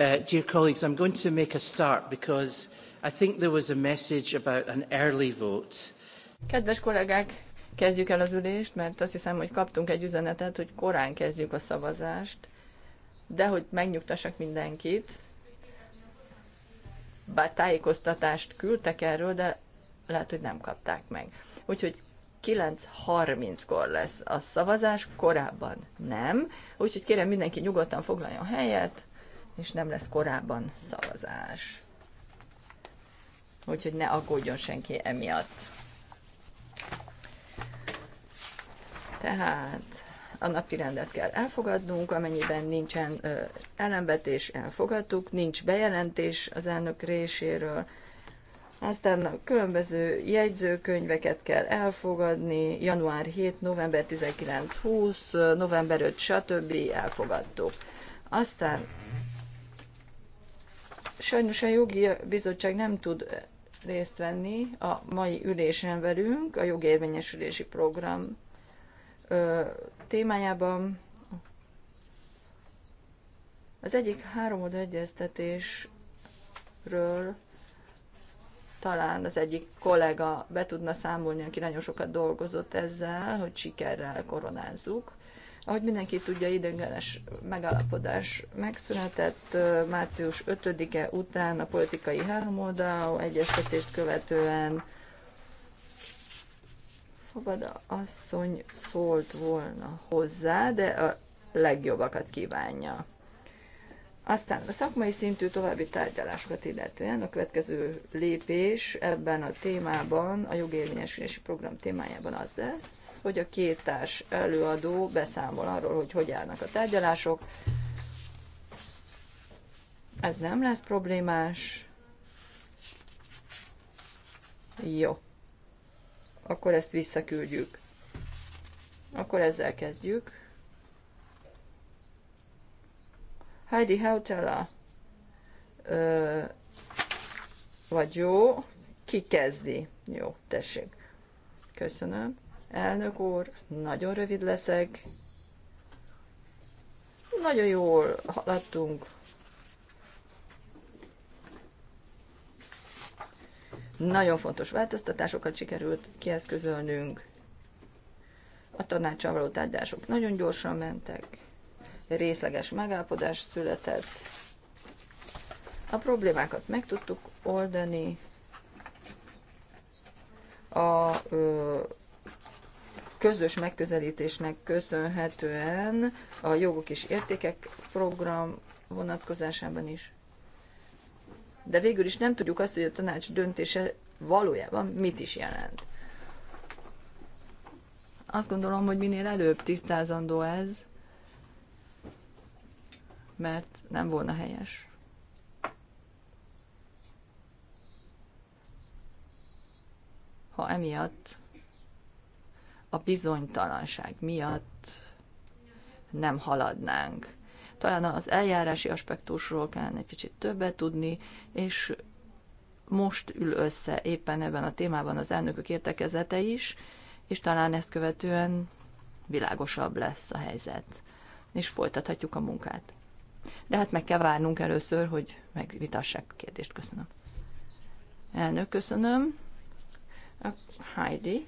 Uh, dear colleagues, I'm going to make a start because I think there was a message about an early vote. Kedves kollégák, kezdjük el az ülést, mert azt hiszem, hogy kaptunk egy üzenetet, hogy korán kezdjük a szavazást, de hogy megnyugtassak mindenkit, bár tájékoztatást küldtek erről, de lehet, hogy nem kapták meg. Úgyhogy 9.30-kor lesz a szavazás, korábban nem. Úgyhogy kérem mindenki nyugodtan foglaljon helyet, és nem lesz korábban szavazás. Úgyhogy ne aggódjon senki emiatt. Tehát a napi rendet kell elfogadnunk, amennyiben nincsen ö, ellenvetés, elfogadtuk, nincs bejelentés az elnök réséről. aztán a különböző jegyzőkönyveket kell elfogadni, január 7, november 19, 20, november 5, stb. elfogadtuk. Aztán Sajnos a jogi bizottság nem tud részt venni a mai ülésen velünk, a jogérvényesülési program témájában. Az egyik három egyeztetésről talán az egyik kollega be tudna számolni, aki nagyon sokat dolgozott ezzel, hogy sikerrel koronázzuk. Ahogy mindenki tudja, időglenes megállapodás megszületett március 5-e után a politikai háromoldal egyeztetést követően Fabada asszony szólt volna hozzá, de a legjobbakat kívánja. Aztán a szakmai szintű további tárgyalásokat illetően a következő lépés ebben a témában, a jogérvényesülési program témájában az lesz, hogy a két társ előadó beszámol arról, hogy hogy állnak a tárgyalások. Ez nem lesz problémás. Jó. Akkor ezt visszaküldjük. Akkor ezzel kezdjük. Heidi Hautala Ö, vagy jó, ki kezdi? Jó, tessék. Köszönöm. Elnök úr, nagyon rövid leszek. Nagyon jól haladtunk. Nagyon fontos változtatásokat sikerült kieszközölnünk. A tanácsal való tárgyások nagyon gyorsan mentek. Részleges megállapodás született. A problémákat meg tudtuk oldani. A ö, közös megközelítésnek köszönhetően a jogok és értékek program vonatkozásában is. De végül is nem tudjuk azt, hogy a tanács döntése valójában mit is jelent. Azt gondolom, hogy minél előbb tisztázandó ez, mert nem volna helyes. Ha emiatt a bizonytalanság miatt nem haladnánk. Talán az eljárási aspektusról kellene egy kicsit többet tudni, és most ül össze éppen ebben a témában az elnökök értekezete is, és talán ezt követően világosabb lesz a helyzet, és folytathatjuk a munkát. De hát meg kell várnunk először, hogy megvitassák a kérdést. Köszönöm. Elnök, köszönöm. Heidi.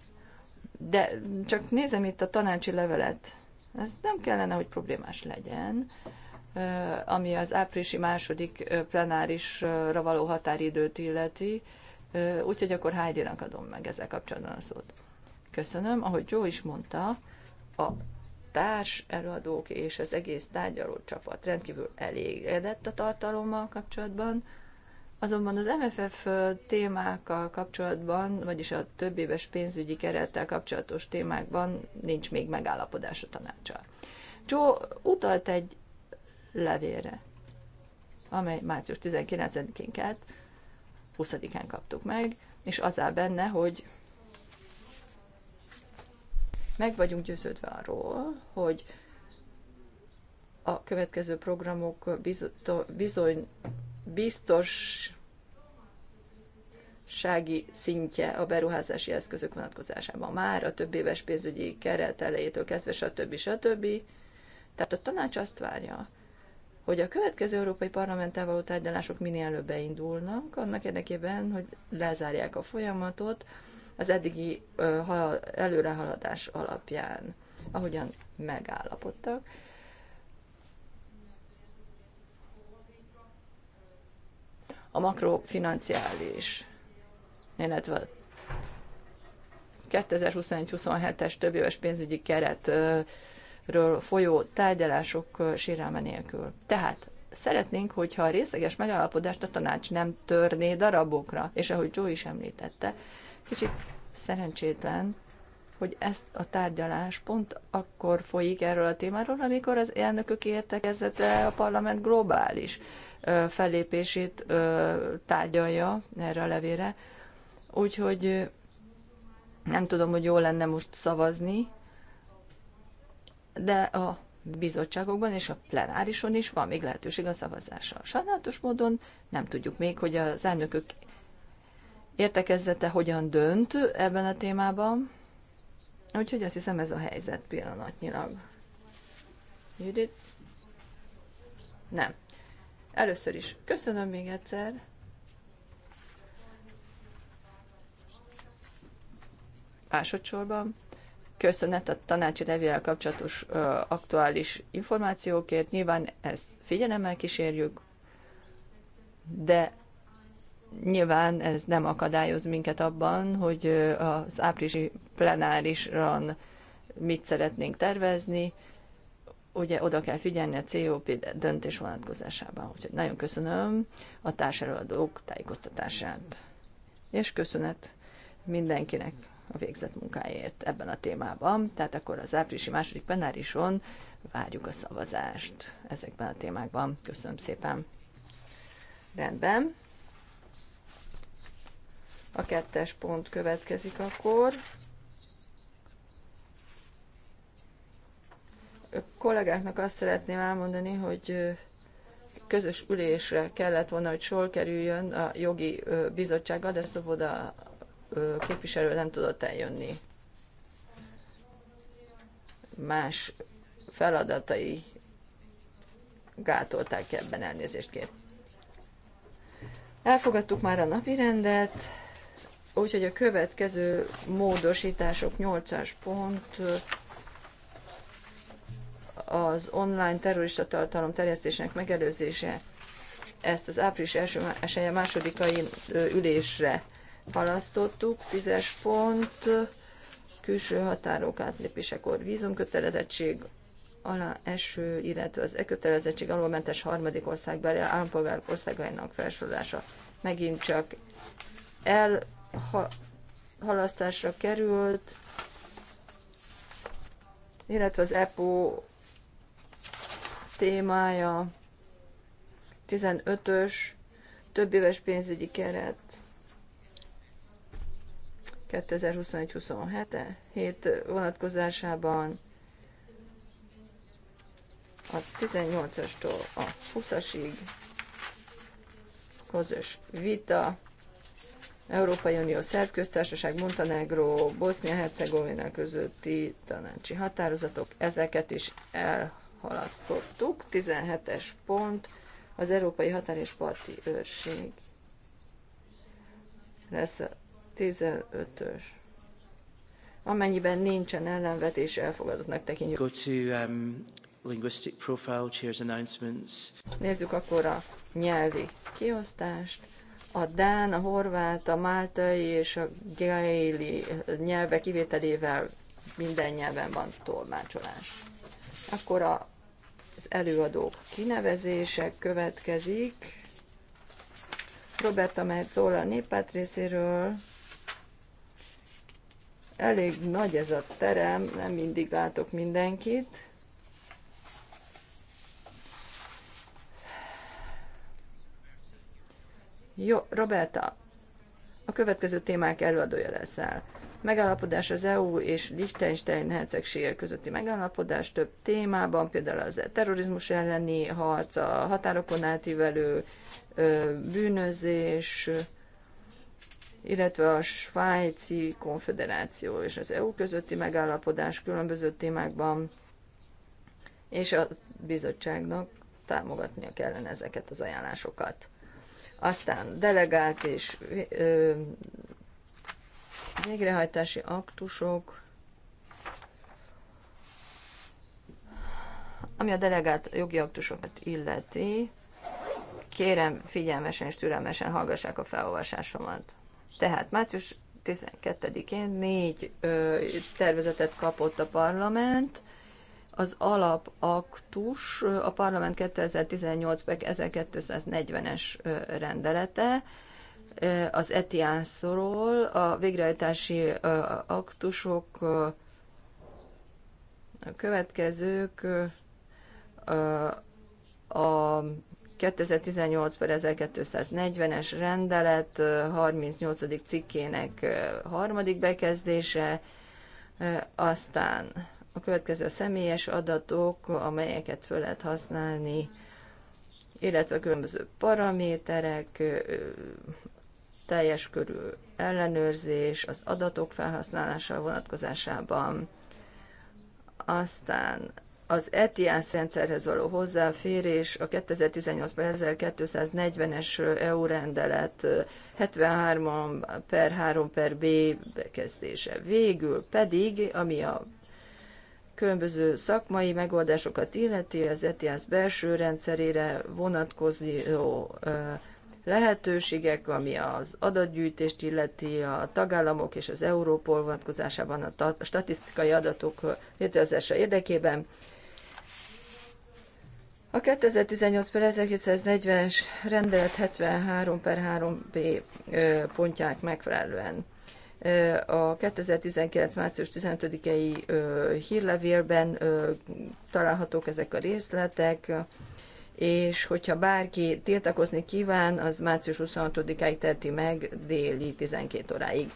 De csak nézem itt a tanácsi levelet. Ez nem kellene, hogy problémás legyen, ami az áprilisi második plenárisra való határidőt illeti. Úgyhogy akkor Heidi-nak adom meg ezzel kapcsolatban a szót. Köszönöm. Ahogy Joe is mondta, a társ előadók és az egész tárgyaló csapat rendkívül elégedett a tartalommal kapcsolatban. Azonban az MFF témákkal kapcsolatban, vagyis a több éves pénzügyi kerettel kapcsolatos témákban nincs még megállapodás a tanácsal. Joe utalt egy levélre, amely március 19-én kelt, 20-án kaptuk meg, és az áll benne, hogy meg vagyunk győződve arról, hogy a következő programok bizony biztossági szintje a beruházási eszközök vonatkozásában már, a több éves pénzügyi keret elejétől kezdve, stb. stb. Tehát a tanács azt várja, hogy a következő Európai Parlamenttel való tárgyalások minél előbb beindulnak, annak érdekében, hogy lezárják a folyamatot az eddigi előrehaladás alapján, ahogyan megállapodtak a makrofinanciális, illetve 2021-27-es többéves pénzügyi keretről folyó tárgyalások sérelme nélkül. Tehát szeretnénk, hogyha a részleges megállapodást a tanács nem törné darabokra, és ahogy Joe is említette, kicsit szerencsétlen, hogy ezt a tárgyalás pont akkor folyik erről a témáról, amikor az elnökök értekezete a parlament globális fellépését tárgyalja erre a levére. Úgyhogy nem tudom, hogy jó lenne most szavazni, de a bizottságokban és a plenárison is van még lehetőség a szavazásra. Sajnálatos módon nem tudjuk még, hogy az elnökök értekezete hogyan dönt ebben a témában. Úgyhogy azt hiszem ez a helyzet pillanatnyilag. Judith? Nem. Először is köszönöm még egyszer. Másodszorban köszönet a tanácsi levélel kapcsolatos ö, aktuális információkért. Nyilván ezt figyelemmel kísérjük, de nyilván ez nem akadályoz minket abban, hogy az áprilisi plenárisran mit szeretnénk tervezni ugye oda kell figyelni a COP döntés vonatkozásában. Úgyhogy nagyon köszönöm a társadalmadók tájékoztatását. És köszönet mindenkinek a végzett munkáért ebben a témában. Tehát akkor az áprilisi második penárison várjuk a szavazást ezekben a témákban. Köszönöm szépen. Rendben. A kettes pont következik akkor. kollégáknak azt szeretném elmondani, hogy közös ülésre kellett volna, hogy sor kerüljön a jogi bizottsággal, de Szoboda képviselő nem tudott eljönni. Más feladatai gátolták ebben elnézést kér. Elfogadtuk már a napi rendet, úgyhogy a következő módosítások 8-as pont az online terrorista tartalom terjesztésének megelőzése ezt az április első esélye másodikai ülésre halasztottuk. Tízes pont, külső határok átlépésekor vízumkötelezettség alá eső, illetve az e kötelezettség alulmentes harmadik ország belé állampolgárok országainak felsorolása megint csak elhalasztásra került, illetve az EPO témája, 15-ös több éves pénzügyi keret, 2021-27 vonatkozásában a 18-astól a 20-asig közös vita, Európai Unió Szerb Köztársaság, Montenegro, Bosznia-Hercegovina közötti tanácsi határozatok, ezeket is el halasztottuk. 17-es pont az Európai Határ és Parti Őrség. Lesz a 15-ös. Amennyiben nincsen ellenvetés, elfogadottnak tekintjük. Go to, um, linguistic profile, chairs announcements. Nézzük akkor a nyelvi kiosztást. A dán, a horvát, a máltai és a gaeli nyelve kivételével minden nyelven van tolmácsolás. Akkor a előadók kinevezések következik. Roberta Metzola néppárt részéről. Elég nagy ez a terem, nem mindig látok mindenkit. Jó, Roberta, a következő témák előadója leszel megállapodás az EU és Liechtenstein hercegsége közötti megállapodás több témában, például az terrorizmus elleni harc, a határokon átívelő bűnözés, illetve a Svájci Konfederáció és az EU közötti megállapodás különböző témákban, és a bizottságnak támogatnia kellene ezeket az ajánlásokat. Aztán delegált és ö, Végrehajtási aktusok, ami a delegált jogi aktusokat illeti, kérem figyelmesen és türelmesen hallgassák a felolvasásomat. Tehát március 12-én négy ö, tervezetet kapott a parlament, az alapaktus, a parlament 2018-ben 1240-es rendelete, Eh, az etiánszról, a végrehajtási eh, aktusok eh, a következők a 2018 per 1240-es rendelet 38. cikkének harmadik bekezdése, aztán a következő a személyes adatok, amelyeket föl lehet használni, illetve a különböző paraméterek, teljes körű ellenőrzés az adatok felhasználása vonatkozásában, aztán az ETIAS rendszerhez való hozzáférés a 2018-ban 1240-es EU rendelet 73 per 3 per B bekezdése. Végül pedig, ami a különböző szakmai megoldásokat illeti, az ETIAS belső rendszerére vonatkozó lehetőségek, ami az adatgyűjtést illeti a tagállamok és az Európol vonatkozásában a statisztikai adatok létrehozása érdekében. A 2018 per 1940-es rendelet 73 per 3b pontják megfelelően a 2019. március 15-i hírlevélben találhatók ezek a részletek, és hogyha bárki tiltakozni kíván, az március 26-áig teheti meg déli 12 óráig.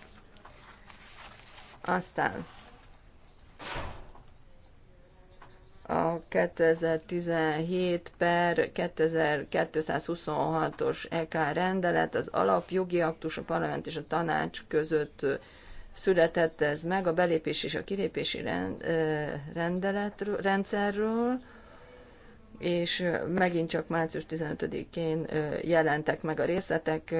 Aztán a 2017 per 2226-os EK rendelet az alapjogi aktus a parlament és a tanács között született ez meg a belépés és a kilépési rend, rendszerről és megint csak március 15-én jelentek meg a részletek.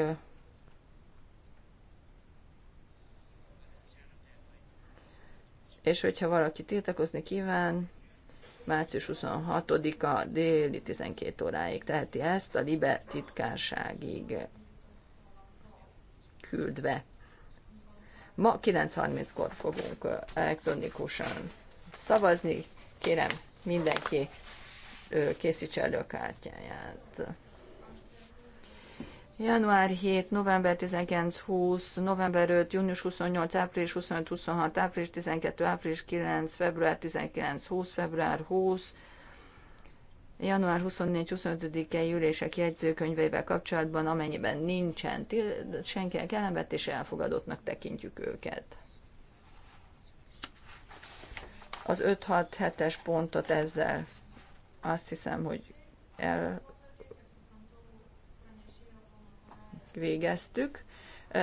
És hogyha valaki tiltakozni kíván, március 26-a déli 12 óráig teheti ezt a Libe titkárságig küldve. Ma 9.30-kor fogunk elektronikusan szavazni. Kérem, mindenki készíts elő a kártyáját. Január 7, november 19, 20, november 5, június 28, április 25, 26, április 12, április 9, február 19, 20, február 20, január 24-25-e ülések jegyzőkönyveivel kapcsolatban, amennyiben nincsen senkinek és elfogadottnak tekintjük őket. Az 5-6-7-es pontot ezzel azt hiszem, hogy el végeztük.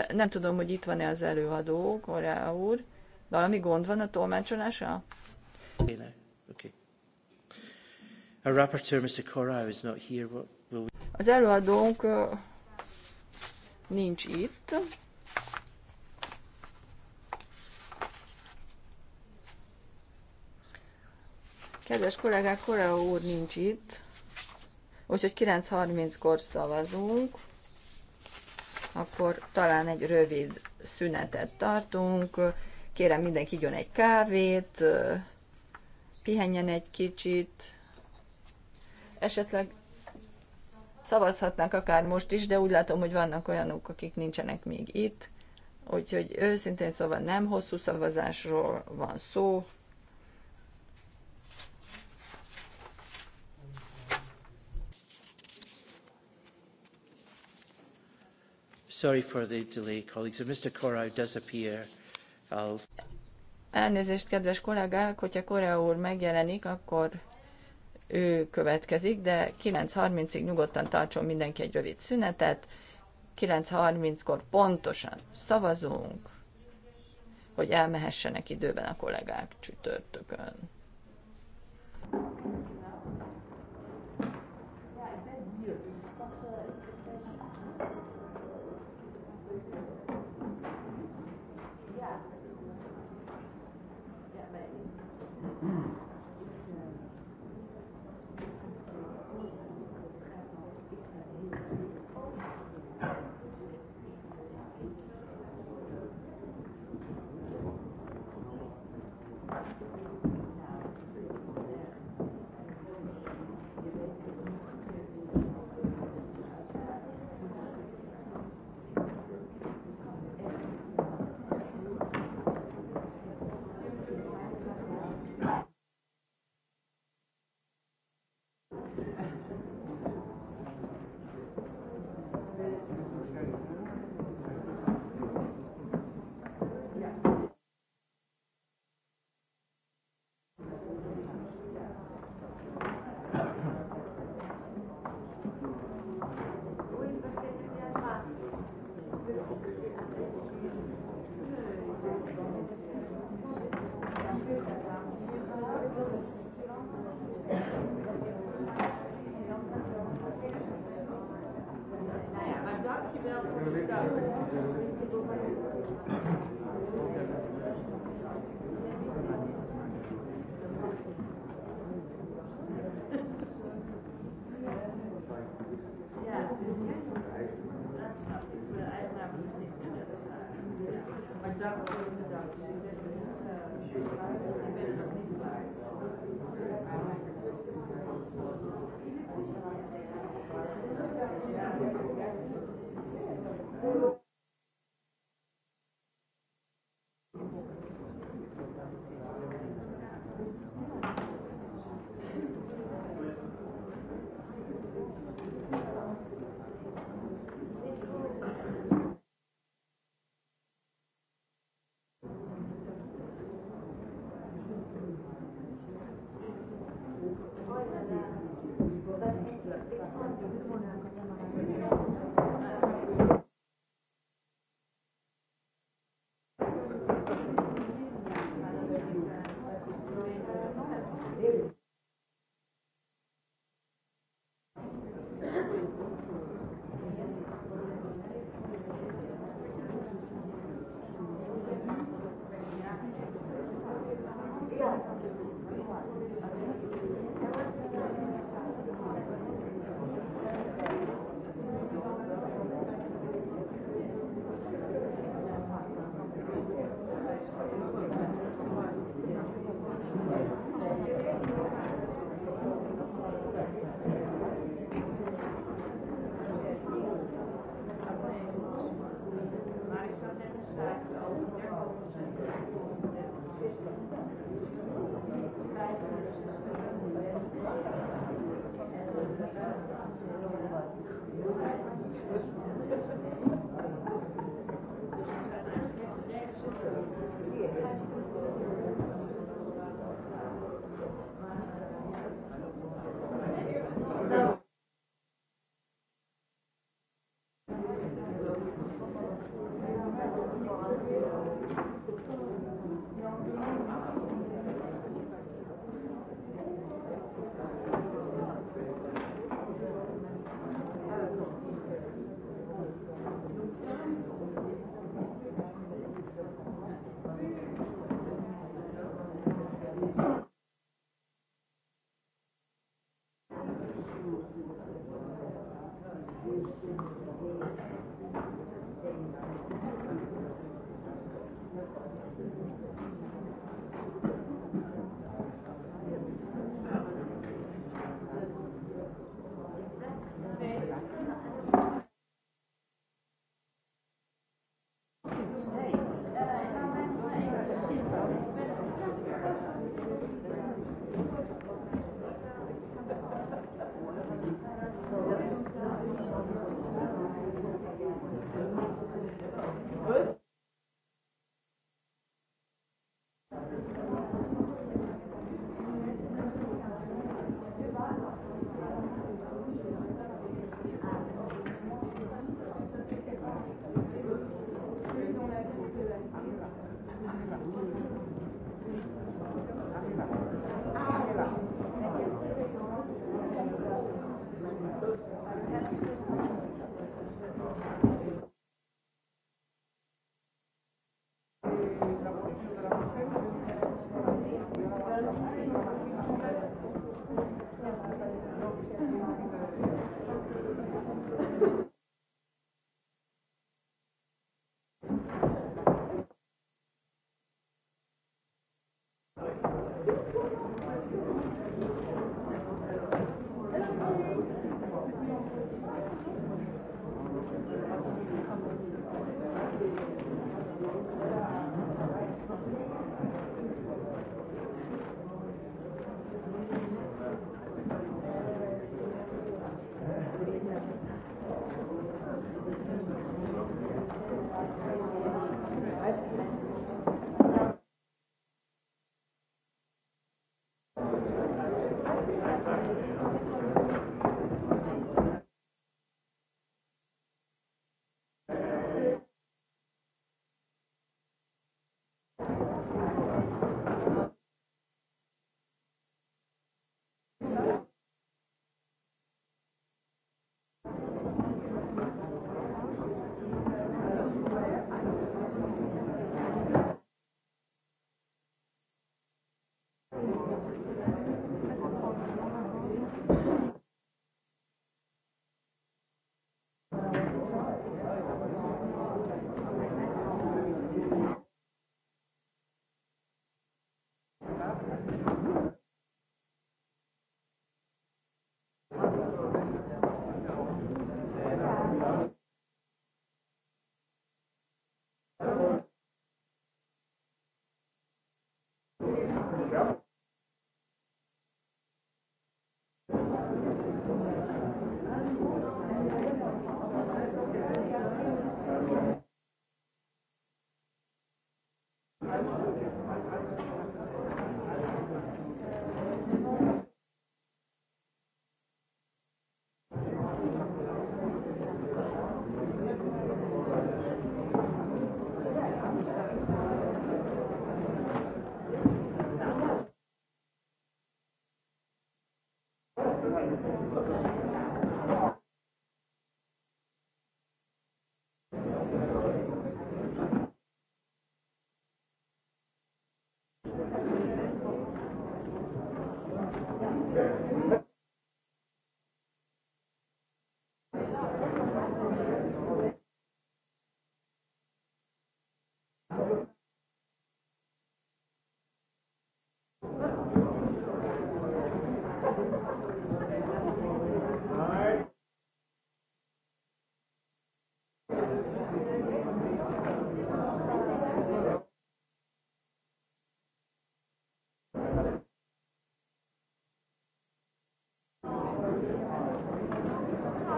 Nem tudom, hogy itt van-e az előadó, Korea úr. Valami gond van a tolmácsolása? Az előadónk nincs itt. Kedves kollégák, Korea úr nincs itt, úgyhogy 9.30-kor szavazunk, akkor talán egy rövid szünetet tartunk. Kérem mindenki igyon egy kávét, pihenjen egy kicsit, esetleg szavazhatnak akár most is, de úgy látom, hogy vannak olyanok, akik nincsenek még itt. Úgyhogy őszintén szóval nem hosszú szavazásról van szó, Sorry for the delay, colleagues. If Mr. does appear, I'll... Elnézést, kedves kollégák, hogyha Korea úr megjelenik, akkor ő következik, de 9.30-ig nyugodtan tartson mindenki egy rövid szünetet. 9.30-kor pontosan szavazunk, hogy elmehessenek időben a kollégák csütörtökön. Köszönöm.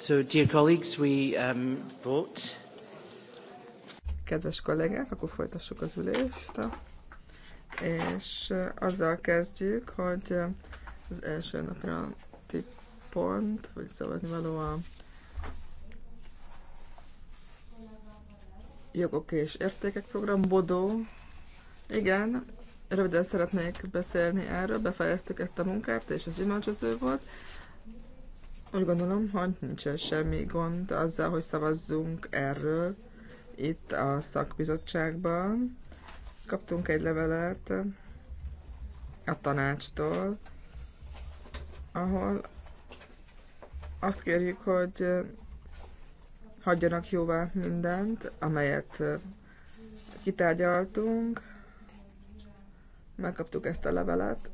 So, dear colleagues, we um, vote. Kedves kollégák, akkor folytassuk az ülést. És uh, azzal kezdjük, hogy uh, az első napra pont, vagy szavazni való a jogok és értékek program, Bodó. Igen, röviden szeretnék beszélni erről, befejeztük ezt a munkát, és az imancsöző volt. Úgy gondolom, hogy nincsen semmi gond azzal, hogy szavazzunk erről itt a szakbizottságban. Kaptunk egy levelet a tanácstól, ahol azt kérjük, hogy hagyjanak jóvá mindent, amelyet kitárgyaltunk. Megkaptuk ezt a levelet.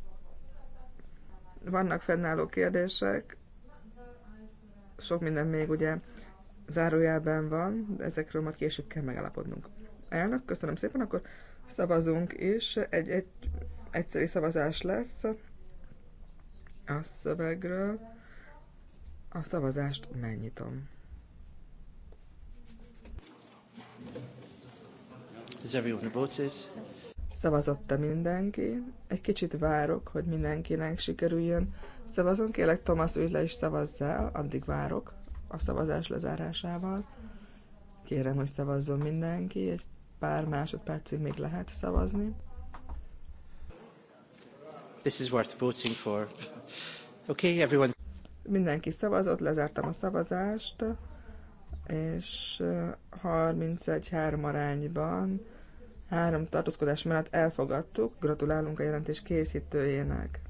Vannak fennálló kérdések, sok minden még ugye zárójelben van, de ezekről majd később kell megállapodnunk. Elnök, köszönöm szépen, akkor szavazunk, is. egy, egy egyszerű szavazás lesz a szövegről. A szavazást megnyitom. Is everyone voted? -e mindenki. Egy kicsit várok, hogy mindenkinek sikerüljön. Szavazon, kérlek Thomas ülj le is szavazzál, addig várok a szavazás lezárásával. Kérem, hogy szavazzon mindenki, egy pár másodpercig még lehet szavazni. This is worth voting for. Okay, everyone. Mindenki szavazott, lezártam a szavazást, és 31-3 arányban három tartózkodás mellett elfogadtuk. Gratulálunk a jelentés készítőjének.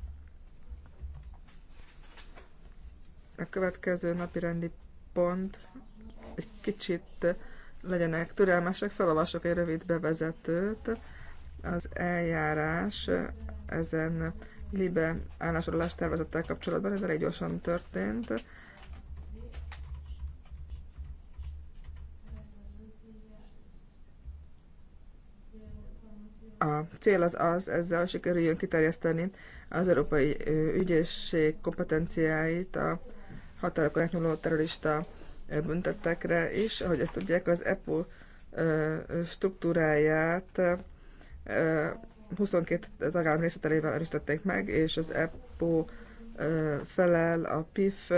A következő napi rendi pont egy kicsit legyenek türelmesek, felolvasok egy rövid bevezetőt. Az eljárás ezen libe állásolás tervezettel kapcsolatban, ez elég gyorsan történt. A cél az az, ezzel sikerüljön kiterjeszteni az Európai Ügyészség kompetenciáit a határokon átnyúló terrorista büntettekre is. Ahogy ezt tudják, az EPO struktúráját 22 tagállam részletelével erősítették meg, és az EPO felel a PIF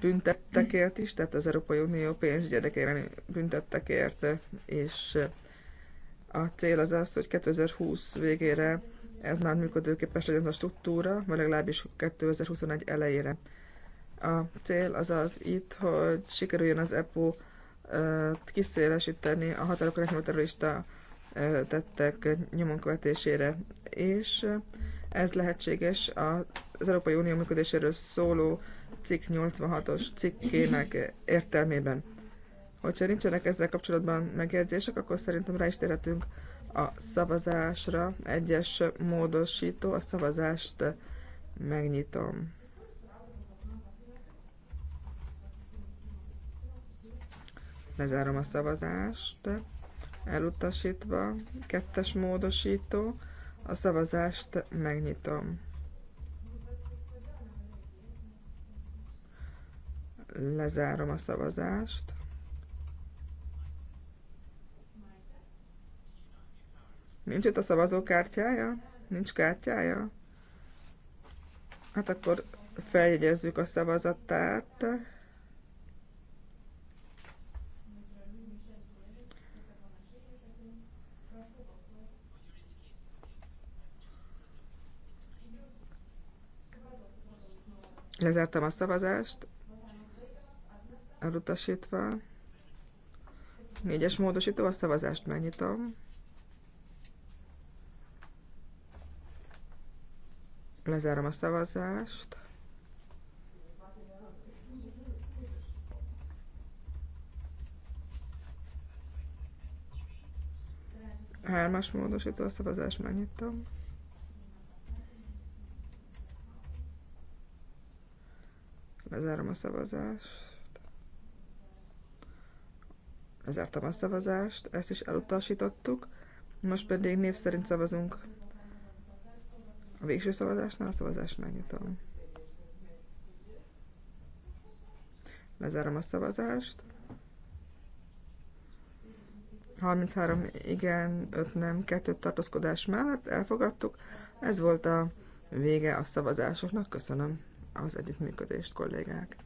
büntettekért is, tehát az Európai Unió pénzügyi érdekében büntettekért, és a cél az az, hogy 2020 végére ez már működőképes legyen a struktúra, vagy legalábbis 2021 elejére. A cél az az itt, hogy sikerüljön az EPO kiszélesíteni a határokon átnyúló terrorista tettek nyomon követésére, és ez lehetséges az Európai Unió működéséről szóló cikk 86-os cikkének értelmében. Hogyha nincsenek ezzel kapcsolatban megjegyzések, akkor szerintem rá is térhetünk a szavazásra. Egyes módosító, a szavazást megnyitom. Lezárom a szavazást. Elutasítva, kettes módosító, a szavazást megnyitom. lezárom a szavazást. Nincs itt a szavazókártyája? Nincs kártyája? Hát akkor feljegyezzük a szavazatát. Lezártam a szavazást, elutasítva. Négyes módosító, a szavazást megnyitom. Lezárom a szavazást. Hármas módosító a szavazás, megnyitom. Lezárom a szavazást. Lezártam a szavazást, ezt is elutasítottuk. Most pedig név szerint szavazunk. A végső szavazásnál a szavazást megnyitom. Lezárom a szavazást. 33 igen, 5 nem, 2 tartózkodás mellett elfogadtuk. Ez volt a vége a szavazásoknak. Köszönöm az együttműködést, kollégák!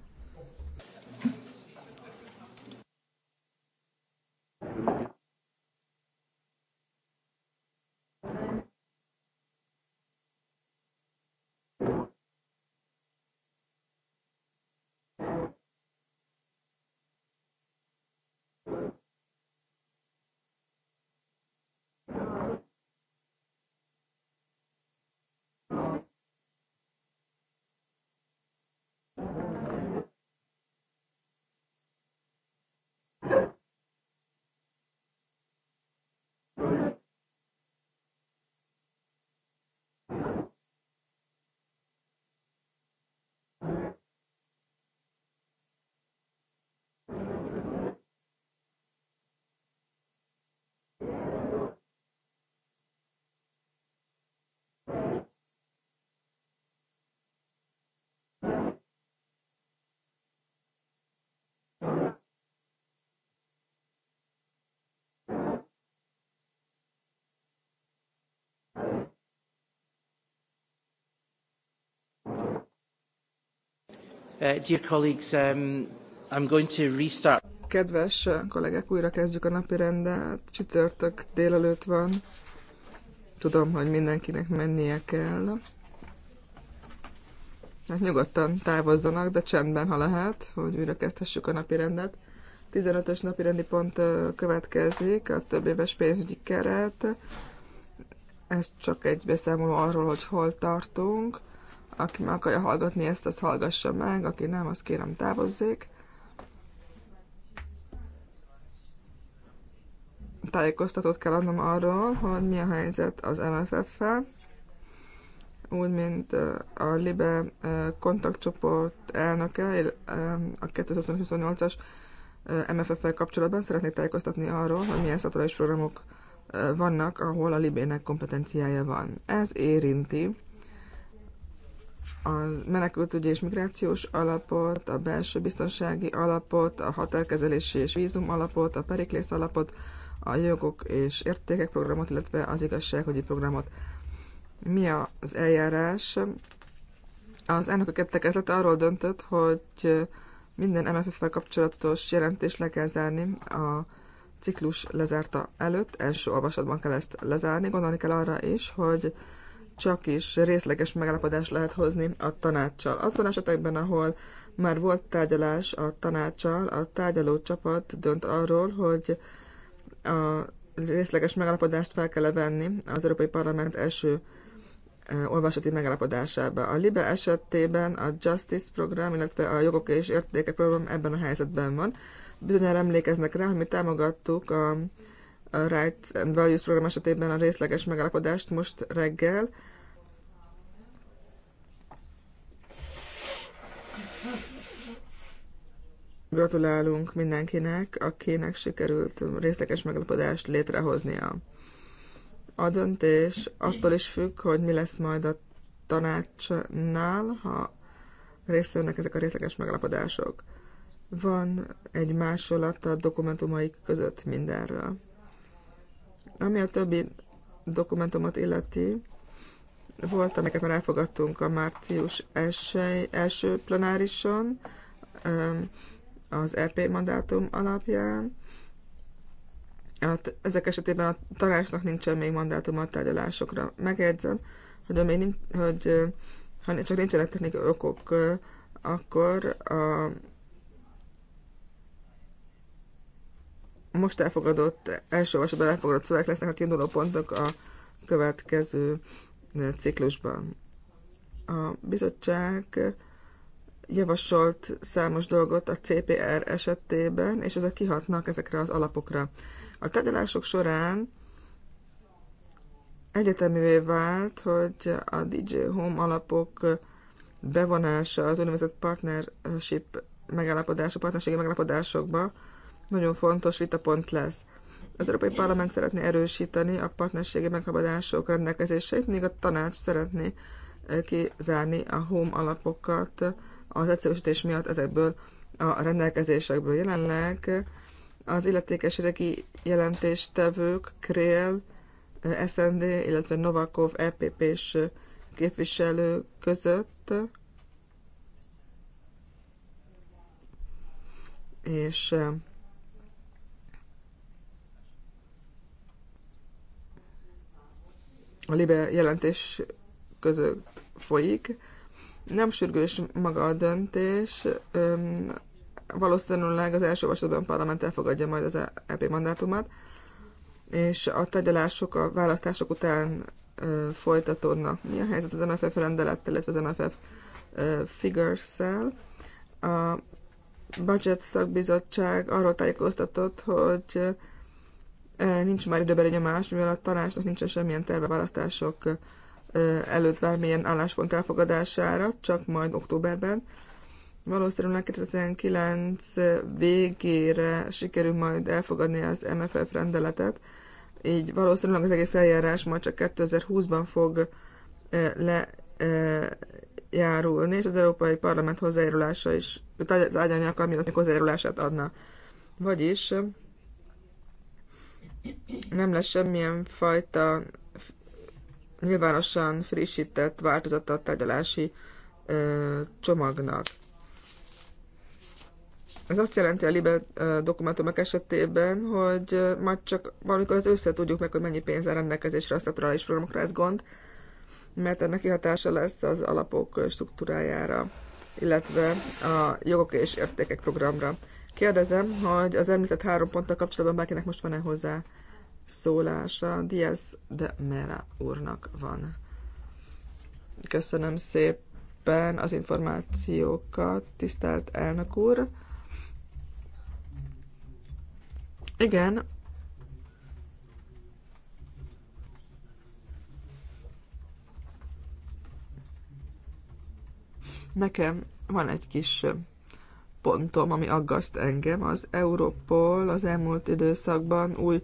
Uh, dear colleagues, um, I'm going to restart. Kedves kollégák, újra kezdjük a napi rendet. Csütörtök délelőtt van. Tudom, hogy mindenkinek mennie kell. Hát nyugodtan távozzanak, de csendben, ha lehet, hogy újra kezdhessük a napi rendet. 15-ös napi rendi pont uh, következik, a több éves pénzügyi keret. Ez csak egy beszámoló arról, hogy hol tartunk aki meg akarja hallgatni ezt, az hallgassa meg, aki nem, azt kérem távozzék. Tájékoztatót kell adnom arról, hogy mi a helyzet az MFF-fel, úgy, mint a Libe kontaktcsoport elnöke, a 2028-as MFF-fel kapcsolatban szeretnék tájékoztatni arról, hogy milyen szaturális programok vannak, ahol a Libének kompetenciája van. Ez érinti a menekültügyi és migrációs alapot, a belső biztonsági alapot, a határkezelési és vízum alapot, a periklész alapot, a jogok és értékek programot, illetve az igazságügyi programot. Mi az eljárás? Az elnökök értekezlete arról döntött, hogy minden MFF-fel kapcsolatos jelentést le kell zárni a ciklus lezárta előtt, első olvasatban kell ezt lezárni. Gondolni kell arra is, hogy csak is részleges megállapodást lehet hozni a tanácssal. Azon esetekben, ahol már volt tárgyalás a tanácssal, a tárgyaló csapat dönt arról, hogy a részleges megállapodást fel kell venni az Európai Parlament első e, olvasati megállapodásába. A LIBE esetében a Justice program, illetve a jogok és értékek program ebben a helyzetben van. Bizonyára emlékeznek rá, hogy mi támogattuk a Rights and Values program esetében a részleges megállapodást most reggel. Gratulálunk mindenkinek, akinek sikerült részleges megállapodást létrehoznia. A döntés attól is függ, hogy mi lesz majd a tanácsnál, ha részt ezek a részleges megállapodások. Van egy másolata dokumentumaik között mindenről. Ami a többi dokumentumot illeti, volt, amiket már elfogadtunk a március első, első plenárison, az EP mandátum alapján. Ezek esetében a tanácsnak nincsen még mandátum a tárgyalásokra. Megjegyzem, hogy, még nincs, hogy ha csak nincsenek technikai okok, akkor a most elfogadott, első olvasatban elfogadott szöveg lesznek a kiinduló pontok a következő eh, ciklusban. A bizottság javasolt számos dolgot a CPR esetében, és ezek kihatnak ezekre az alapokra. A tárgyalások során egyeteművé vált, hogy a DJ Home alapok bevonása az úgynevezett partnership megállapodása, partnerségi megállapodásokba nagyon fontos vitapont lesz. Az Európai Parlament szeretné erősíteni a partnerségi meghaladások rendelkezéseit, míg a tanács szeretné eh, kizárni a home alapokat az egyszerűsítés miatt ezekből a rendelkezésekből. Jelenleg az illetékes regi jelentéstevők Krél, eh, SND, illetve Novakov EPP-s eh, képviselő között és a Libe jelentés között folyik. Nem sürgős maga a döntés, valószínűleg az első a parlament elfogadja majd az EP mandátumát, és a tegyelások a választások után folytatódnak. Mi a helyzet az MFF rendelettel, illetve az MFF figures-szel? A budget szakbizottság arról tájékoztatott, hogy nincs már időben egy más, mivel a tanácsnak nincsen semmilyen terve választások előtt bármilyen álláspont elfogadására, csak majd októberben. Valószínűleg 2019 végére sikerül majd elfogadni az MFF rendeletet, így valószínűleg az egész eljárás majd csak 2020-ban fog lejárulni, és az Európai Parlament hozzájárulása is, tárgyalni akar, mielőtt hozzájárulását adna. Vagyis nem lesz semmilyen fajta nyilvánosan frissített változata a tárgyalási ö, csomagnak. Ez azt jelenti a Libe dokumentumok esetében, hogy majd csak valamikor az össze tudjuk meg, hogy mennyi pénz áll rendelkezésre a szaturális programokra, ez gond, mert ennek kihatása lesz az alapok struktúrájára, illetve a jogok és értékek programra. Kérdezem, hogy az említett három ponttal kapcsolatban bárkinek most van-e hozzá szólása. Diaz de Mera úrnak van. Köszönöm szépen az információkat, tisztelt elnök úr. Igen. Nekem van egy kis pontom, ami aggaszt engem. Az Európol az elmúlt időszakban új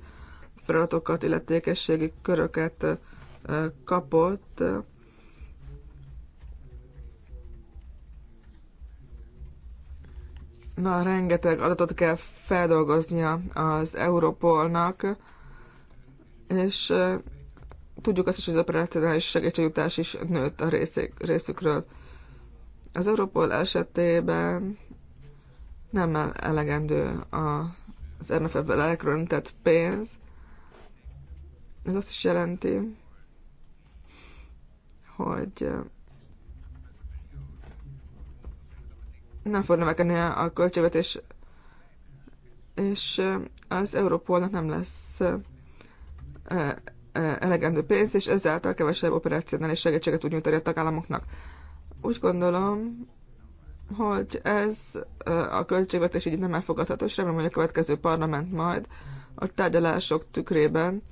feladatokat, illetékességi köröket kapott. Na, rengeteg adatot kell feldolgoznia az Európolnak, és tudjuk azt is, hogy az operacionális segítségjutás is nőtt a részükről. Az Európol esetében nem elegendő az RNFF-ből elkülönített pénz. Ez azt is jelenti, hogy nem fog növekedni a költségvetés, és az Európolnak nem lesz elegendő pénz, és ezáltal kevesebb operációnál és segítséget tud nyújtani a tagállamoknak. Úgy gondolom, hogy ez a költségvetés így nem elfogadható, és remélem, hogy a következő parlament majd a tárgyalások tükrében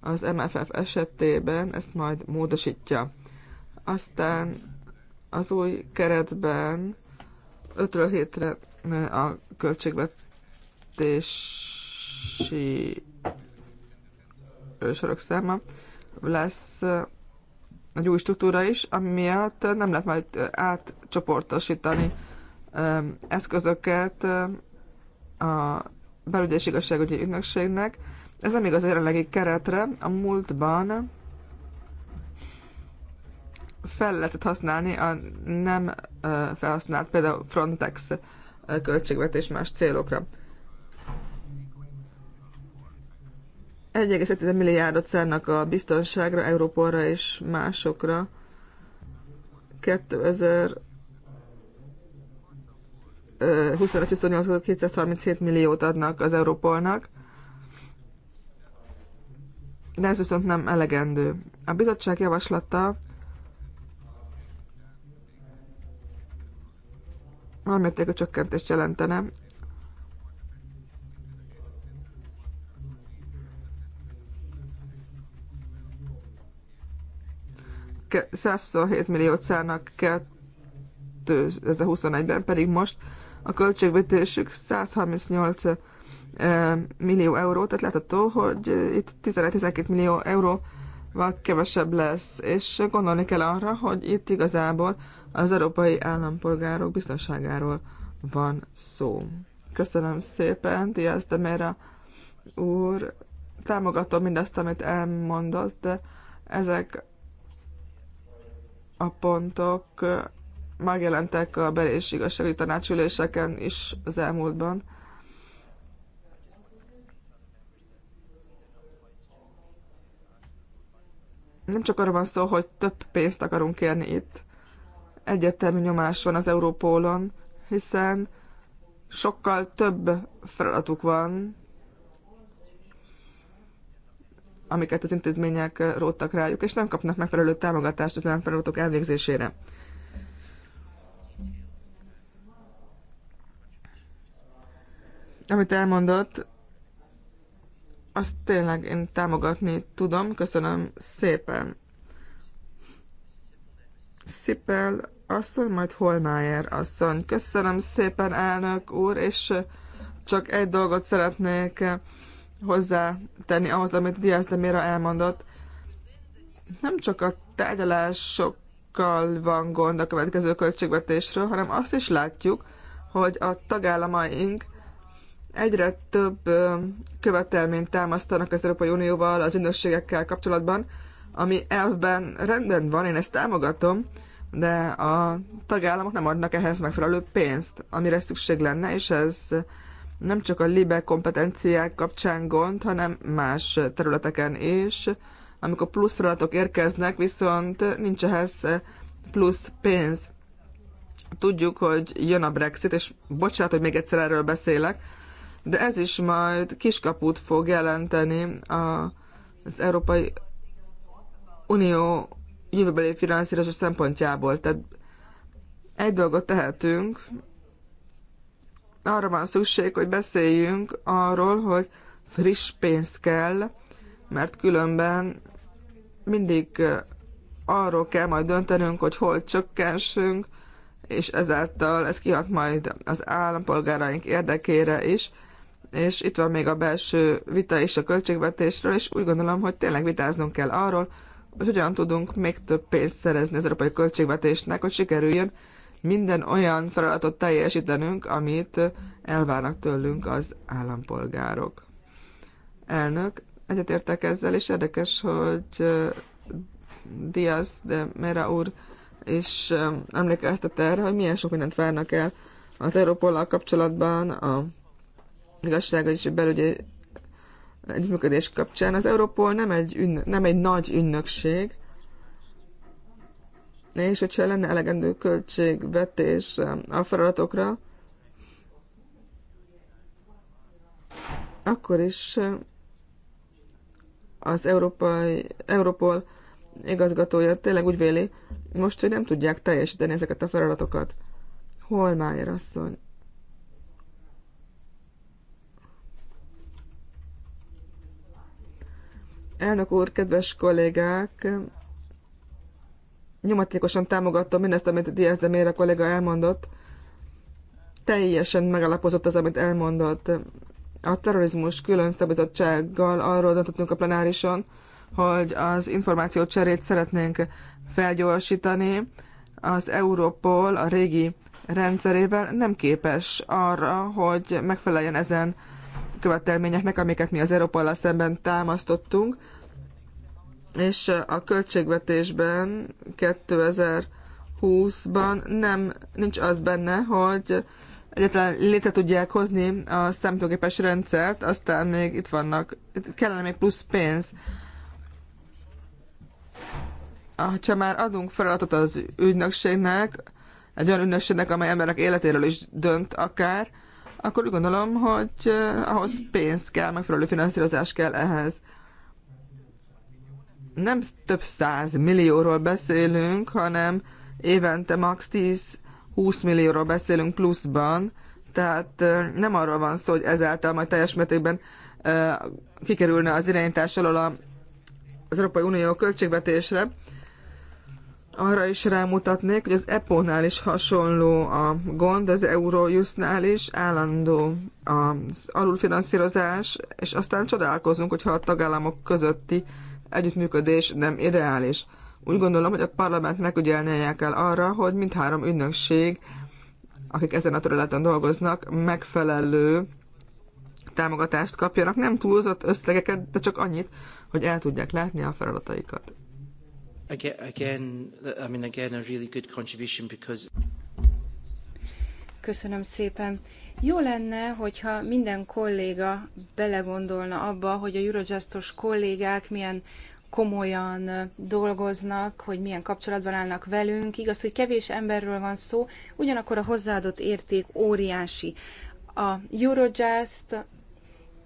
az MFF esetében ezt majd módosítja. Aztán az új keretben 5-ről 7-re a költségvetési sorok száma lesz egy új struktúra is, ami miatt nem lehet majd átcsoportosítani eszközöket a belügyi és igazságügyi ügynökségnek. Ez nem igaz a jelenlegi keretre. A múltban fel lehetett használni a nem felhasznált, például Frontex költségvetés más célokra. 1,1 milliárdot szánnak a biztonságra, Európolra és másokra. 2000 25-28 237 milliót adnak az Európolnak. De ez viszont nem elegendő. A bizottság javaslata nagymértékű csökkentést jelentene 127 milliót szállnak 2021-ben, pedig most a költségvetésük 138 eh, millió euró, tehát látható, hogy itt 11-12 millió euróval kevesebb lesz, és gondolni kell arra, hogy itt igazából az európai állampolgárok biztonságáról van szó. Köszönöm szépen, Diaz de Mera úr, támogatom mindazt, amit elmondott, de ezek a pontok megjelentek a bel- és igazsági tanácsüléseken is az elmúltban. Nem csak arra van szó, hogy több pénzt akarunk kérni itt. Egyértelmű nyomás van az Európólon, hiszen sokkal több feladatuk van, amiket az intézmények róttak rájuk, és nem kapnak megfelelő támogatást az elfeladatok elvégzésére. Amit elmondott, azt tényleg én támogatni tudom. Köszönöm szépen. Szipel asszony, majd Holmájer asszony. Köszönöm szépen, elnök úr, és csak egy dolgot szeretnék hozzátenni ahhoz, amit Diaz de Mera elmondott. Nem csak a tárgyalásokkal van gond a következő költségvetésről, hanem azt is látjuk, hogy a tagállamaink egyre több követelményt támasztanak az Európai Unióval, az ünnösségekkel kapcsolatban, ami elvben rendben van, én ezt támogatom, de a tagállamok nem adnak ehhez megfelelő pénzt, amire szükség lenne, és ez nem csak a libe kompetenciák kapcsán gond, hanem más területeken is. Amikor plusz feladatok érkeznek, viszont nincs ehhez plusz pénz. Tudjuk, hogy jön a Brexit, és bocsánat, hogy még egyszer erről beszélek, de ez is majd kiskaput fog jelenteni a, az Európai Unió jövőbeli finanszírozása szempontjából. Tehát egy dolgot tehetünk, arra van szükség, hogy beszéljünk arról, hogy friss pénz kell, mert különben mindig arról kell majd döntenünk, hogy hol csökkensünk, és ezáltal ez kihat majd az állampolgáraink érdekére is, és itt van még a belső vita és a költségvetésről, és úgy gondolom, hogy tényleg vitáznunk kell arról, hogy hogyan tudunk még több pénzt szerezni az európai költségvetésnek, hogy sikerüljön minden olyan feladatot teljesítenünk, amit elvárnak tőlünk az állampolgárok. Elnök, egyetértek ezzel, és érdekes, hogy Diaz de Mera úr és emlékeztet erre, hogy milyen sok mindent várnak el az Európollal kapcsolatban, a igazságos és belügyi együttműködés kapcsán. Az Európol nem egy, ünn, nem egy nagy ünnökség, és hogyha lenne elegendő költségvetés eh, a feladatokra, akkor is eh, az Európai, Európol igazgatója tényleg úgy véli, most, hogy nem tudják teljesíteni ezeket a feladatokat. Holmájer asszony. Elnök úr, kedves kollégák, nyomatékosan támogattam mindezt, amit Diaz de Mera kolléga elmondott. Teljesen megalapozott az, amit elmondott. A terrorizmus külön szabadsággal arról döntöttünk a plenárison, hogy az információ cserét szeretnénk felgyorsítani. Az Európol a régi rendszerével nem képes arra, hogy megfeleljen ezen követelményeknek, amiket mi az Európallal szemben támasztottunk és a költségvetésben 2020-ban nem, nincs az benne, hogy egyáltalán létre tudják hozni a számítógépes rendszert, aztán még itt vannak, itt kellene még plusz pénz. Ha már adunk feladatot az ügynökségnek, egy olyan ügynökségnek, amely emberek életéről is dönt akár, akkor úgy gondolom, hogy ahhoz pénz kell, megfelelő finanszírozás kell ehhez nem több száz millióról beszélünk, hanem évente max. 10-20 millióról beszélünk pluszban, tehát nem arról van szó, hogy ezáltal majd teljes mértékben kikerülne az irányítás alól az Európai Unió költségvetésre. Arra is rámutatnék, hogy az EPO-nál is hasonló a gond, az Eurojustnál is állandó az alulfinanszírozás, és aztán csodálkozunk, hogyha a tagállamok közötti uh, együttműködés nem ideális. Úgy gondolom, hogy a parlament megügyelnie kell arra, hogy mindhárom ügynökség, akik ezen a területen dolgoznak, megfelelő támogatást kapjanak, nem túlzott összegeket, de csak annyit, hogy el tudják látni a feladataikat. Again, I mean, again, a really good contribution because... Köszönöm szépen. Jó lenne, hogyha minden kolléga belegondolna abba, hogy a Eurojustos kollégák milyen komolyan dolgoznak, hogy milyen kapcsolatban állnak velünk. Igaz, hogy kevés emberről van szó, ugyanakkor a hozzáadott érték óriási. A Eurojust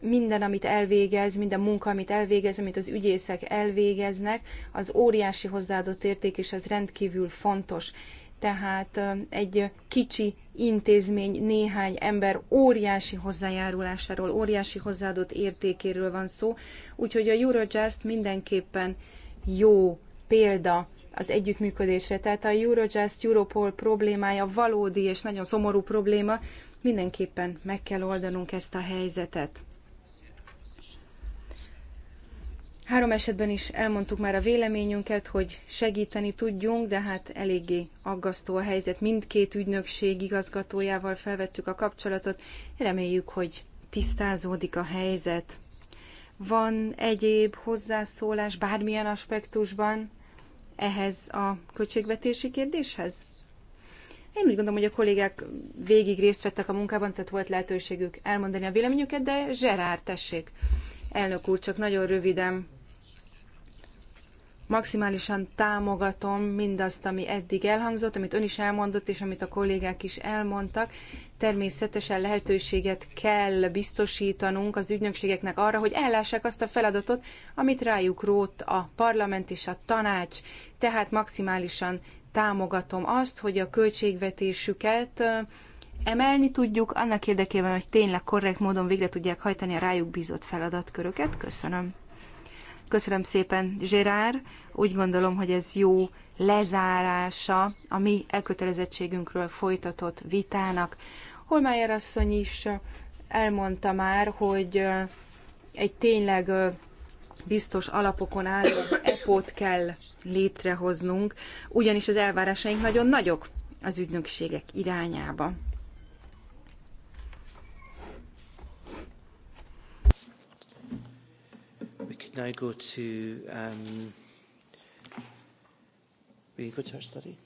minden, amit elvégez, minden munka, amit elvégez, amit az ügyészek elvégeznek, az óriási hozzáadott érték, és ez rendkívül fontos. Tehát egy kicsi intézmény, néhány ember óriási hozzájárulásáról, óriási hozzáadott értékéről van szó, úgyhogy a Eurojust mindenképpen jó példa az együttműködésre. Tehát a Eurojust, Europol problémája valódi és nagyon szomorú probléma, mindenképpen meg kell oldanunk ezt a helyzetet. Három esetben is elmondtuk már a véleményünket, hogy segíteni tudjunk, de hát eléggé aggasztó a helyzet. Mindkét ügynökség igazgatójával felvettük a kapcsolatot. Reméljük, hogy tisztázódik a helyzet. Van egyéb hozzászólás bármilyen aspektusban ehhez a költségvetési kérdéshez? Én úgy gondolom, hogy a kollégák végig részt vettek a munkában, tehát volt lehetőségük elmondani a véleményüket, de Zserár, tessék! Elnök úr, csak nagyon röviden maximálisan támogatom mindazt, ami eddig elhangzott, amit ön is elmondott, és amit a kollégák is elmondtak. Természetesen lehetőséget kell biztosítanunk az ügynökségeknek arra, hogy ellássák azt a feladatot, amit rájuk rót a parlament és a tanács. Tehát maximálisan támogatom azt, hogy a költségvetésüket emelni tudjuk, annak érdekében, hogy tényleg korrekt módon végre tudják hajtani a rájuk bízott feladatköröket. Köszönöm. Köszönöm szépen, Gerard. Úgy gondolom, hogy ez jó lezárása a mi elkötelezettségünkről folytatott vitának. Holmájer asszony is elmondta már, hogy egy tényleg biztos alapokon álló epót kell létrehoznunk, ugyanis az elvárásaink nagyon nagyok az ügynökségek irányába. now go to um, we go to our study.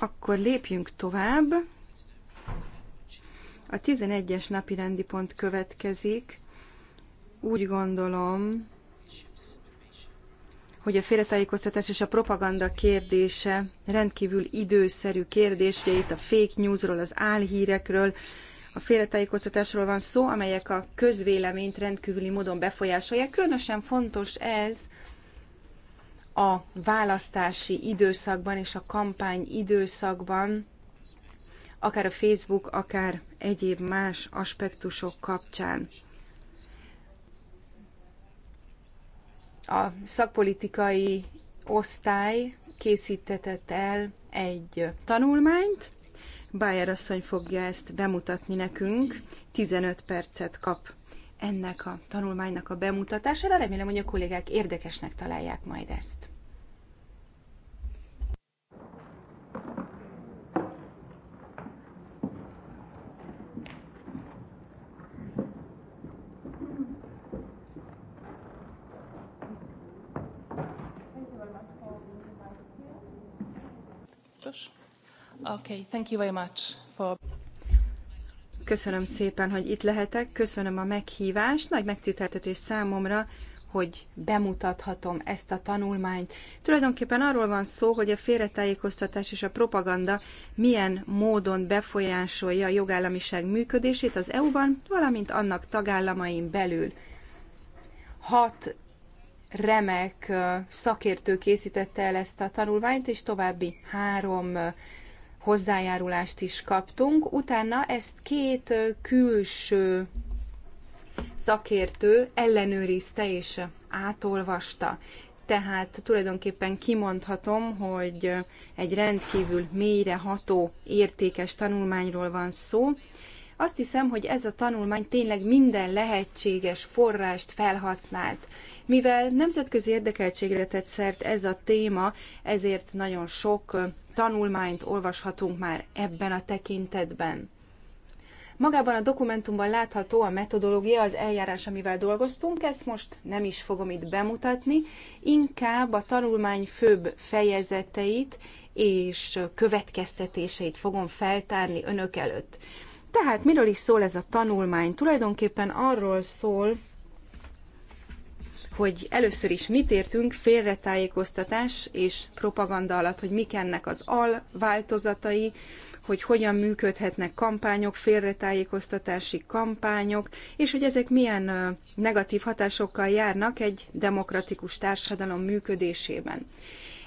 Akkor lépjünk tovább. A 11-es napi rendi pont következik. Úgy gondolom, hogy a félretájékoztatás és a propaganda kérdése rendkívül időszerű kérdés, ugye itt a fake newsról, az álhírekről, a félretájékoztatásról van szó, amelyek a közvéleményt rendkívüli módon befolyásolják. Különösen fontos ez a választási időszakban és a kampány időszakban, akár a Facebook, akár egyéb más aspektusok kapcsán. A szakpolitikai osztály készítetett el egy tanulmányt, Bájer asszony fogja ezt bemutatni nekünk. 15 percet kap ennek a tanulmánynak a bemutatására. Remélem, hogy a kollégák érdekesnek találják majd ezt. Köszönöm. Köszönöm szépen, hogy itt lehetek, köszönöm a meghívást, nagy megtiszteltetés számomra, hogy bemutathatom ezt a tanulmányt. Tulajdonképpen arról van szó, hogy a félretájékoztatás és a propaganda milyen módon befolyásolja a jogállamiság működését az EU-ban, valamint annak tagállamain belül. Hat remek szakértő készítette el ezt a tanulmányt, és további három hozzájárulást is kaptunk. Utána ezt két külső szakértő ellenőrizte és átolvasta. Tehát tulajdonképpen kimondhatom, hogy egy rendkívül mélyre ható értékes tanulmányról van szó, azt hiszem, hogy ez a tanulmány tényleg minden lehetséges forrást felhasznált. Mivel nemzetközi érdekeltségre tett szert ez a téma, ezért nagyon sok tanulmányt olvashatunk már ebben a tekintetben. Magában a dokumentumban látható a metodológia, az eljárás, amivel dolgoztunk, ezt most nem is fogom itt bemutatni, inkább a tanulmány főbb fejezeteit és következtetéseit fogom feltárni önök előtt. Tehát miről is szól ez a tanulmány? Tulajdonképpen arról szól, hogy először is mit értünk félretájékoztatás és propaganda alatt, hogy mik ennek az al változatai, hogy hogyan működhetnek kampányok, félretájékoztatási kampányok, és hogy ezek milyen negatív hatásokkal járnak egy demokratikus társadalom működésében.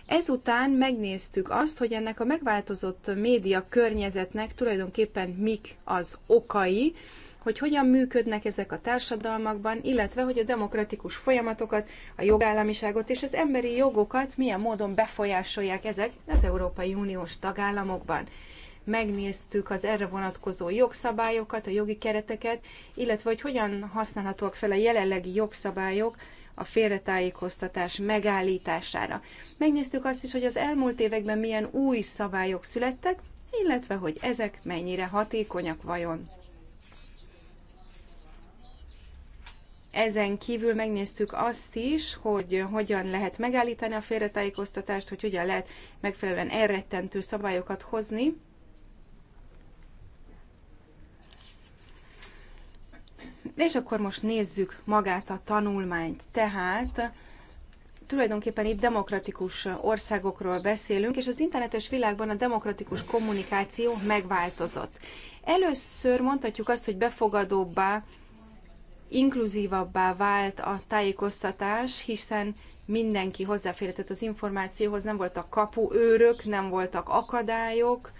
Ezután megnéztük azt, hogy ennek a megváltozott média környezetnek tulajdonképpen mik az okai, hogy hogyan működnek ezek a társadalmakban, illetve hogy a demokratikus folyamatokat, a jogállamiságot és az emberi jogokat milyen módon befolyásolják ezek az Európai Uniós tagállamokban. Megnéztük az erre vonatkozó jogszabályokat, a jogi kereteket, illetve hogy hogyan használhatóak fel a jelenlegi jogszabályok a félretájékoztatás megállítására. Megnéztük azt is, hogy az elmúlt években milyen új szabályok születtek, illetve hogy ezek mennyire hatékonyak vajon. Ezen kívül megnéztük azt is, hogy hogyan lehet megállítani a félretájékoztatást, hogy hogyan lehet megfelelően elrettentő szabályokat hozni, És akkor most nézzük magát a tanulmányt. Tehát tulajdonképpen itt demokratikus országokról beszélünk, és az internetes világban a demokratikus kommunikáció megváltozott. Először mondhatjuk azt, hogy befogadóbbá, inkluzívabbá vált a tájékoztatás, hiszen mindenki hozzáférhetett az információhoz, nem voltak kapuőrök, nem voltak akadályok,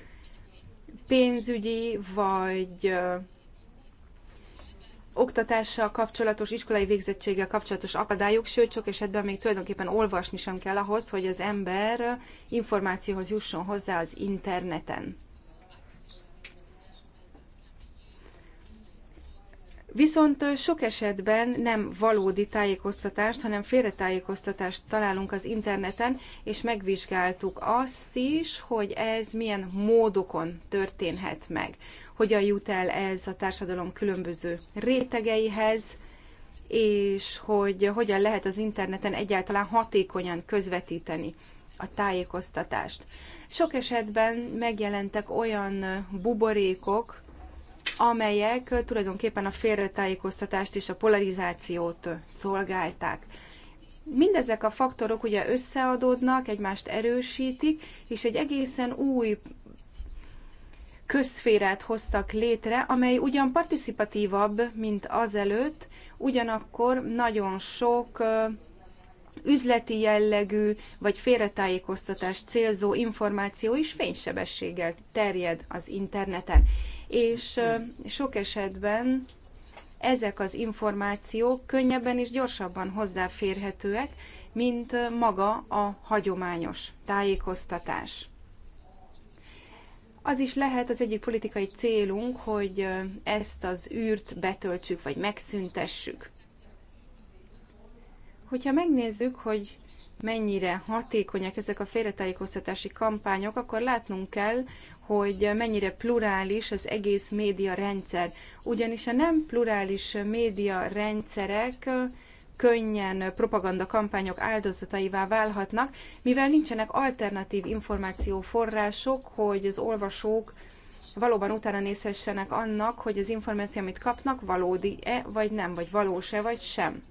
pénzügyi vagy oktatással kapcsolatos, iskolai végzettséggel kapcsolatos akadályok, sőt, sok esetben még tulajdonképpen olvasni sem kell ahhoz, hogy az ember információhoz jusson hozzá az interneten. Viszont sok esetben nem valódi tájékoztatást, hanem félretájékoztatást találunk az interneten, és megvizsgáltuk azt is, hogy ez milyen módokon történhet meg hogyan jut el ez a társadalom különböző rétegeihez, és hogy hogyan lehet az interneten egyáltalán hatékonyan közvetíteni a tájékoztatást. Sok esetben megjelentek olyan buborékok, amelyek tulajdonképpen a félretájékoztatást és a polarizációt szolgálták. Mindezek a faktorok ugye összeadódnak, egymást erősítik, és egy egészen új közszférát hoztak létre, amely ugyan participatívabb, mint azelőtt, ugyanakkor nagyon sok üzleti jellegű vagy félretájékoztatás célzó információ is fénysebességgel terjed az interneten. És sok esetben ezek az információk könnyebben és gyorsabban hozzáférhetőek, mint maga a hagyományos tájékoztatás. Az is lehet az egyik politikai célunk, hogy ezt az űrt betöltsük, vagy megszüntessük. Hogyha megnézzük, hogy mennyire hatékonyak ezek a félretájékoztatási kampányok, akkor látnunk kell, hogy mennyire plurális az egész média rendszer. Ugyanis a nem plurális média rendszerek könnyen propaganda kampányok áldozataivá válhatnak, mivel nincsenek alternatív információforrások, hogy az olvasók valóban utána nézhessenek annak, hogy az információ, amit kapnak, valódi-e, vagy nem, vagy valós-e, vagy sem.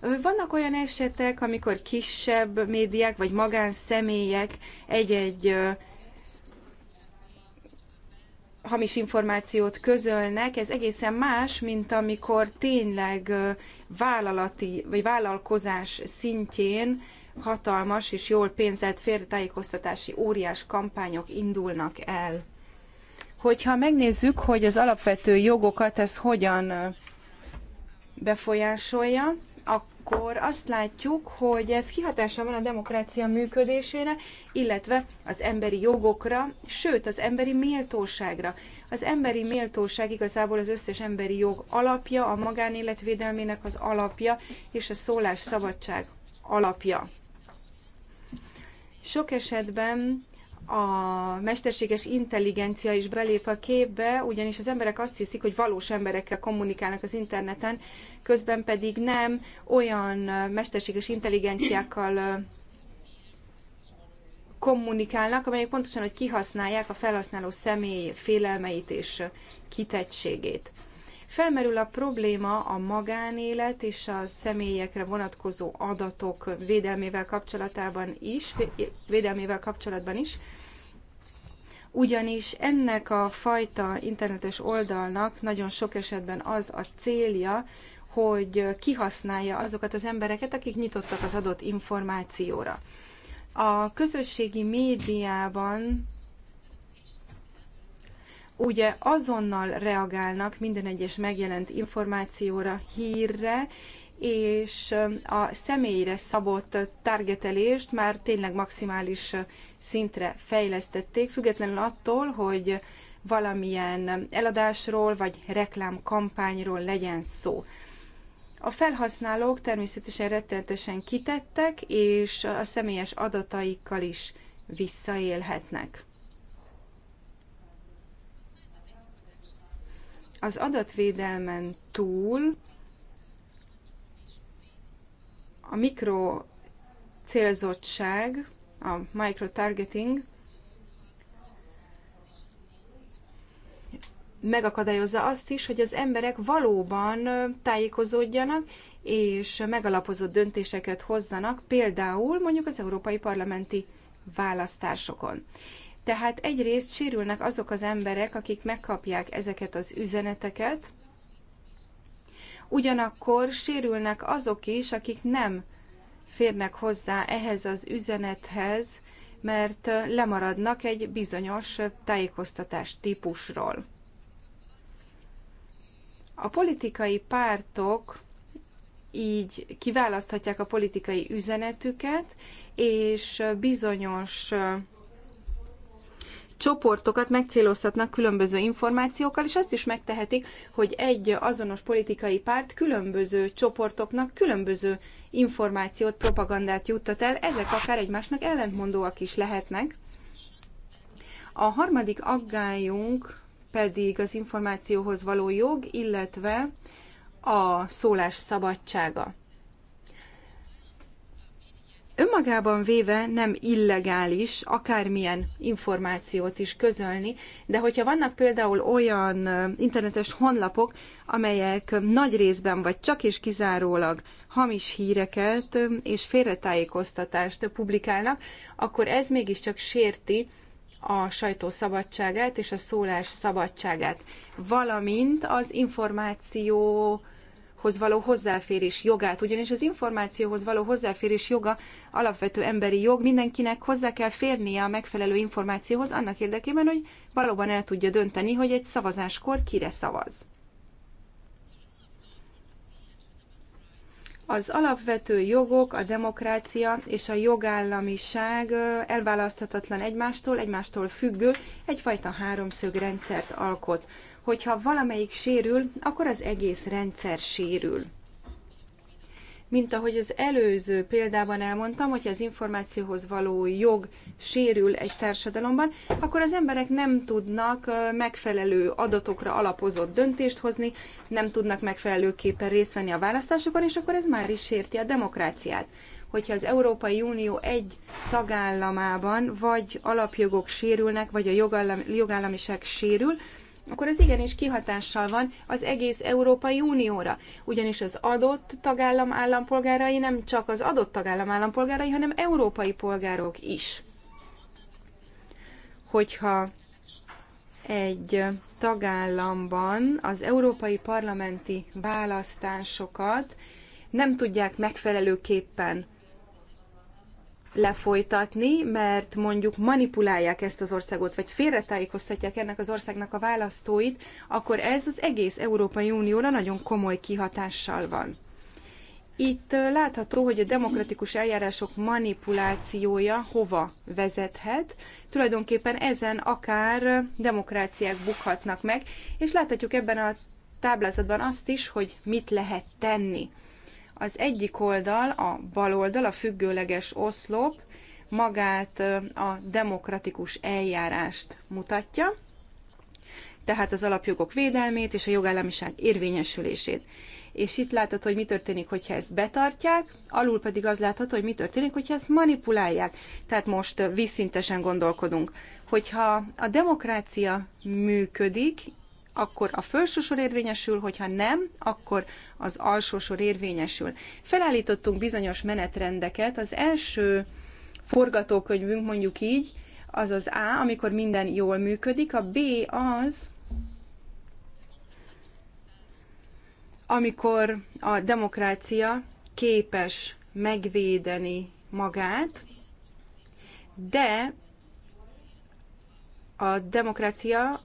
Vannak olyan esetek, amikor kisebb médiák vagy magánszemélyek egy-egy hamis információt közölnek, ez egészen más, mint amikor tényleg vállalati vagy vállalkozás szintjén hatalmas és jól pénzelt félretájékoztatási óriás kampányok indulnak el. Hogyha megnézzük, hogy az alapvető jogokat ez hogyan befolyásolja, akkor azt látjuk, hogy ez kihatása van a demokrácia működésére, illetve az emberi jogokra, sőt az emberi méltóságra. Az emberi méltóság igazából az összes emberi jog alapja, a magánéletvédelmének az alapja és a szólás szabadság alapja. Sok esetben a mesterséges intelligencia is belép a képbe, ugyanis az emberek azt hiszik, hogy valós emberekkel kommunikálnak az interneten, közben pedig nem olyan mesterséges intelligenciákkal kommunikálnak, amelyek pontosan, hogy kihasználják a felhasználó személy félelmeit és kitettségét. Felmerül a probléma a magánélet és a személyekre vonatkozó adatok védelmével kapcsolatában is, védelmével kapcsolatban is, ugyanis ennek a fajta internetes oldalnak nagyon sok esetben az a célja, hogy kihasználja azokat az embereket, akik nyitottak az adott információra. A közösségi médiában ugye azonnal reagálnak minden egyes megjelent információra, hírre, és a személyre szabott targetelést már tényleg maximális szintre fejlesztették, függetlenül attól, hogy valamilyen eladásról vagy reklámkampányról legyen szó. A felhasználók természetesen rettenetesen kitettek, és a személyes adataikkal is visszaélhetnek. Az adatvédelmen túl a mikro célzottság a microtargeting megakadályozza azt is, hogy az emberek valóban tájékozódjanak, és megalapozott döntéseket hozzanak, például mondjuk az európai parlamenti választásokon. Tehát egyrészt sérülnek azok az emberek, akik megkapják ezeket az üzeneteket, ugyanakkor sérülnek azok is, akik nem férnek hozzá ehhez az üzenethez, mert lemaradnak egy bizonyos tájékoztatás típusról. A politikai pártok így kiválaszthatják a politikai üzenetüket, és bizonyos csoportokat megcélozhatnak különböző információkkal, és azt is megtehetik, hogy egy azonos politikai párt különböző csoportoknak különböző információt, propagandát juttat el, ezek akár egymásnak ellentmondóak is lehetnek. A harmadik aggályunk pedig az információhoz való jog, illetve a szólás szabadsága önmagában véve nem illegális akármilyen információt is közölni, de hogyha vannak például olyan internetes honlapok, amelyek nagy részben vagy csak és kizárólag hamis híreket és félretájékoztatást publikálnak, akkor ez mégiscsak sérti a sajtó szabadságát és a szólás szabadságát, valamint az információ információhoz való hozzáférés jogát, ugyanis az információhoz való hozzáférés joga alapvető emberi jog, mindenkinek hozzá kell férnie a megfelelő információhoz annak érdekében, hogy valóban el tudja dönteni, hogy egy szavazáskor kire szavaz. Az alapvető jogok, a demokrácia és a jogállamiság elválaszthatatlan egymástól, egymástól függő, egyfajta háromszögrendszert alkot hogyha valamelyik sérül, akkor az egész rendszer sérül. Mint ahogy az előző példában elmondtam, hogyha az információhoz való jog sérül egy társadalomban, akkor az emberek nem tudnak megfelelő adatokra alapozott döntést hozni, nem tudnak megfelelőképpen részt venni a választásokon, és akkor ez már is sérti a demokráciát hogyha az Európai Unió egy tagállamában vagy alapjogok sérülnek, vagy a jogállamiság sérül, akkor az igenis kihatással van az egész Európai Unióra. Ugyanis az adott tagállam állampolgárai nem csak az adott tagállam állampolgárai, hanem európai polgárok is. Hogyha egy tagállamban az európai parlamenti választásokat nem tudják megfelelőképpen lefolytatni, mert mondjuk manipulálják ezt az országot, vagy félretájékoztatják ennek az országnak a választóit, akkor ez az egész Európai Unióra nagyon komoly kihatással van. Itt látható, hogy a demokratikus eljárások manipulációja hova vezethet. Tulajdonképpen ezen akár demokráciák bukhatnak meg, és láthatjuk ebben a táblázatban azt is, hogy mit lehet tenni. Az egyik oldal, a bal oldal, a függőleges oszlop magát a demokratikus eljárást mutatja, tehát az alapjogok védelmét és a jogállamiság érvényesülését. És itt látod, hogy mi történik, hogyha ezt betartják, alul pedig az látható, hogy mi történik, hogyha ezt manipulálják. Tehát most vízszintesen gondolkodunk. Hogyha a demokrácia működik, akkor a felső sor érvényesül, hogyha nem, akkor az alsó sor érvényesül. Felállítottunk bizonyos menetrendeket. Az első forgatókönyvünk mondjuk így, az az A, amikor minden jól működik, a B az, amikor a demokrácia képes megvédeni magát, de a demokrácia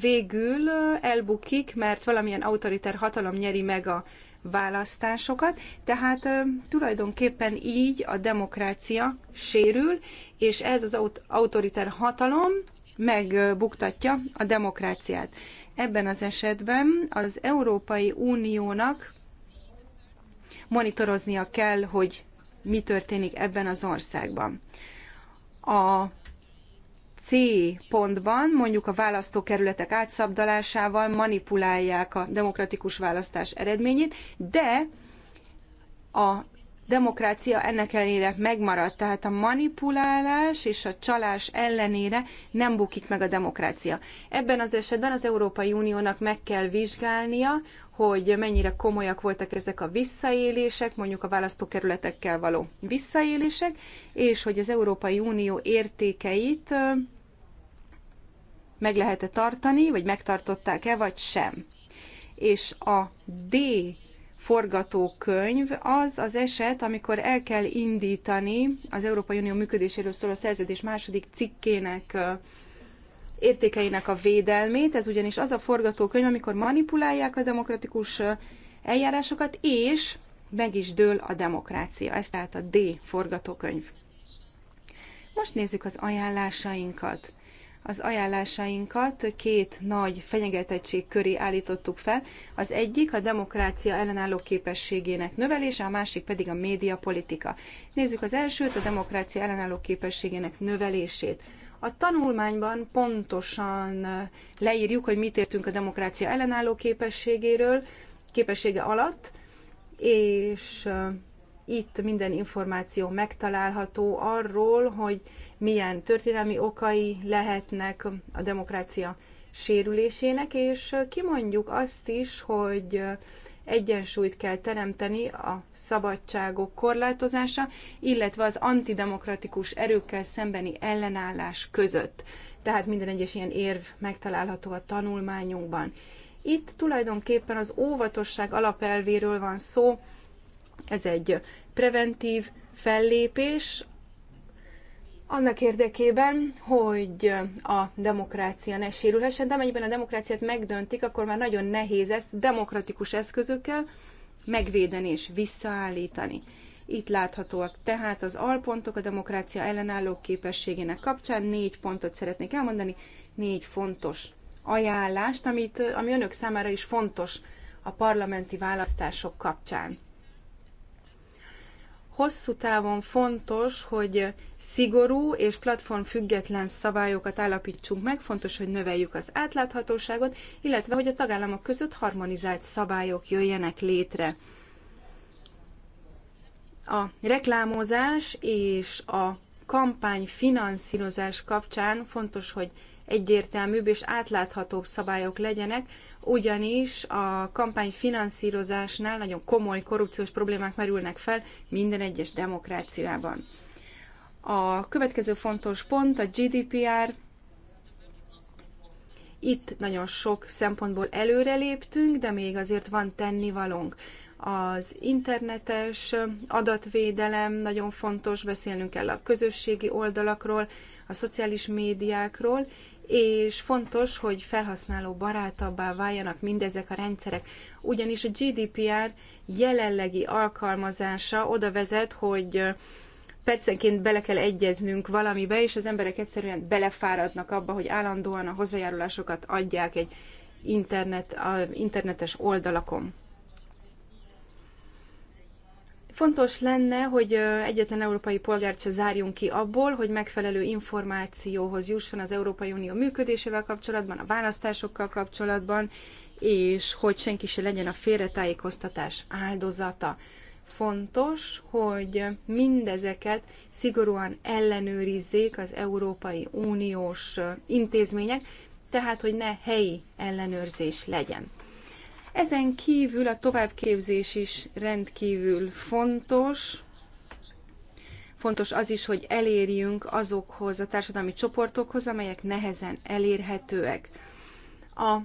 végül elbukik, mert valamilyen autoriter hatalom nyeri meg a választásokat, tehát tulajdonképpen így a demokrácia sérül, és ez az autoriter hatalom megbuktatja a demokráciát. Ebben az esetben az Európai Uniónak monitoroznia kell, hogy mi történik ebben az országban. A C pontban mondjuk a választókerületek átszabdalásával manipulálják a demokratikus választás eredményét, de a demokrácia ennek ellenére megmarad. Tehát a manipulálás és a csalás ellenére nem bukik meg a demokrácia. Ebben az esetben az Európai Uniónak meg kell vizsgálnia, hogy mennyire komolyak voltak ezek a visszaélések, mondjuk a választókerületekkel való visszaélések, és hogy az Európai Unió értékeit meg lehet-e tartani, vagy megtartották-e, vagy sem. És a D forgatókönyv az az eset, amikor el kell indítani az Európai Unió működéséről szóló szerződés második cikkének értékeinek a védelmét, ez ugyanis az a forgatókönyv, amikor manipulálják a demokratikus eljárásokat, és meg is dől a demokrácia. Ez tehát a D forgatókönyv. Most nézzük az ajánlásainkat. Az ajánlásainkat két nagy fenyegetettség köré állítottuk fel. Az egyik a demokrácia ellenálló képességének növelése, a másik pedig a médiapolitika. Nézzük az elsőt, a demokrácia ellenálló képességének növelését. A tanulmányban pontosan eh, leírjuk, hogy mit értünk a demokrácia ellenálló képességéről, képessége alatt, és eh, itt minden információ megtalálható arról, hogy milyen történelmi okai lehetnek a demokrácia sérülésének, és eh, kimondjuk azt is, hogy egyensúlyt kell teremteni a szabadságok korlátozása, illetve az antidemokratikus erőkkel szembeni ellenállás között. Tehát minden egyes ilyen érv megtalálható a tanulmányunkban. Itt tulajdonképpen az óvatosság alapelvéről van szó, ez egy preventív fellépés, annak érdekében, hogy a demokrácia ne sérülhessen, de amennyiben a demokráciát megdöntik, akkor már nagyon nehéz ezt demokratikus eszközökkel megvédeni és visszaállítani. Itt láthatóak tehát az alpontok a demokrácia ellenálló képességének kapcsán. Négy pontot szeretnék elmondani, négy fontos ajánlást, amit, ami önök számára is fontos a parlamenti választások kapcsán hosszú távon fontos, hogy szigorú és platformfüggetlen szabályokat állapítsunk meg, fontos, hogy növeljük az átláthatóságot, illetve hogy a tagállamok között harmonizált szabályok jöjjenek létre. A reklámozás és a kampányfinanszírozás kapcsán fontos, hogy egyértelműbb és átláthatóbb szabályok legyenek, ugyanis a kampány finanszírozásnál nagyon komoly korrupciós problémák merülnek fel minden egyes demokráciában. A következő fontos pont a GDPR. Itt nagyon sok szempontból előreléptünk, de még azért van tennivalónk az internetes adatvédelem nagyon fontos, beszélnünk kell a közösségi oldalakról, a szociális médiákról, és fontos, hogy felhasználó barátabbá váljanak mindezek a rendszerek, ugyanis a GDPR jelenlegi alkalmazása oda vezet, hogy percenként bele kell egyeznünk valamibe, és az emberek egyszerűen belefáradnak abba, hogy állandóan a hozzájárulásokat adják egy internet, internetes oldalakon. Fontos lenne, hogy egyetlen európai polgárt se zárjunk ki abból, hogy megfelelő információhoz jusson az Európai Unió működésével kapcsolatban, a választásokkal kapcsolatban, és hogy senki se legyen a félretájékoztatás áldozata. Fontos, hogy mindezeket szigorúan ellenőrizzék az Európai Uniós intézmények, tehát hogy ne helyi ellenőrzés legyen. Ezen kívül a továbbképzés is rendkívül fontos, fontos az is, hogy elérjünk azokhoz a társadalmi csoportokhoz, amelyek nehezen elérhetőek. A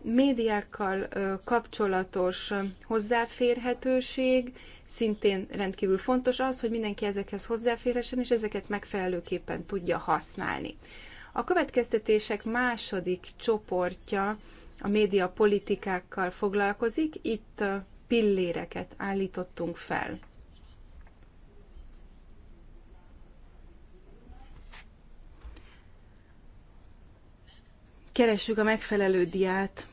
médiákkal kapcsolatos hozzáférhetőség szintén rendkívül fontos az, hogy mindenki ezekhez hozzáférhessen, és ezeket megfelelőképpen tudja használni. A következtetések második csoportja a média politikákkal foglalkozik, itt pilléreket állítottunk fel. Keressük a megfelelő diát.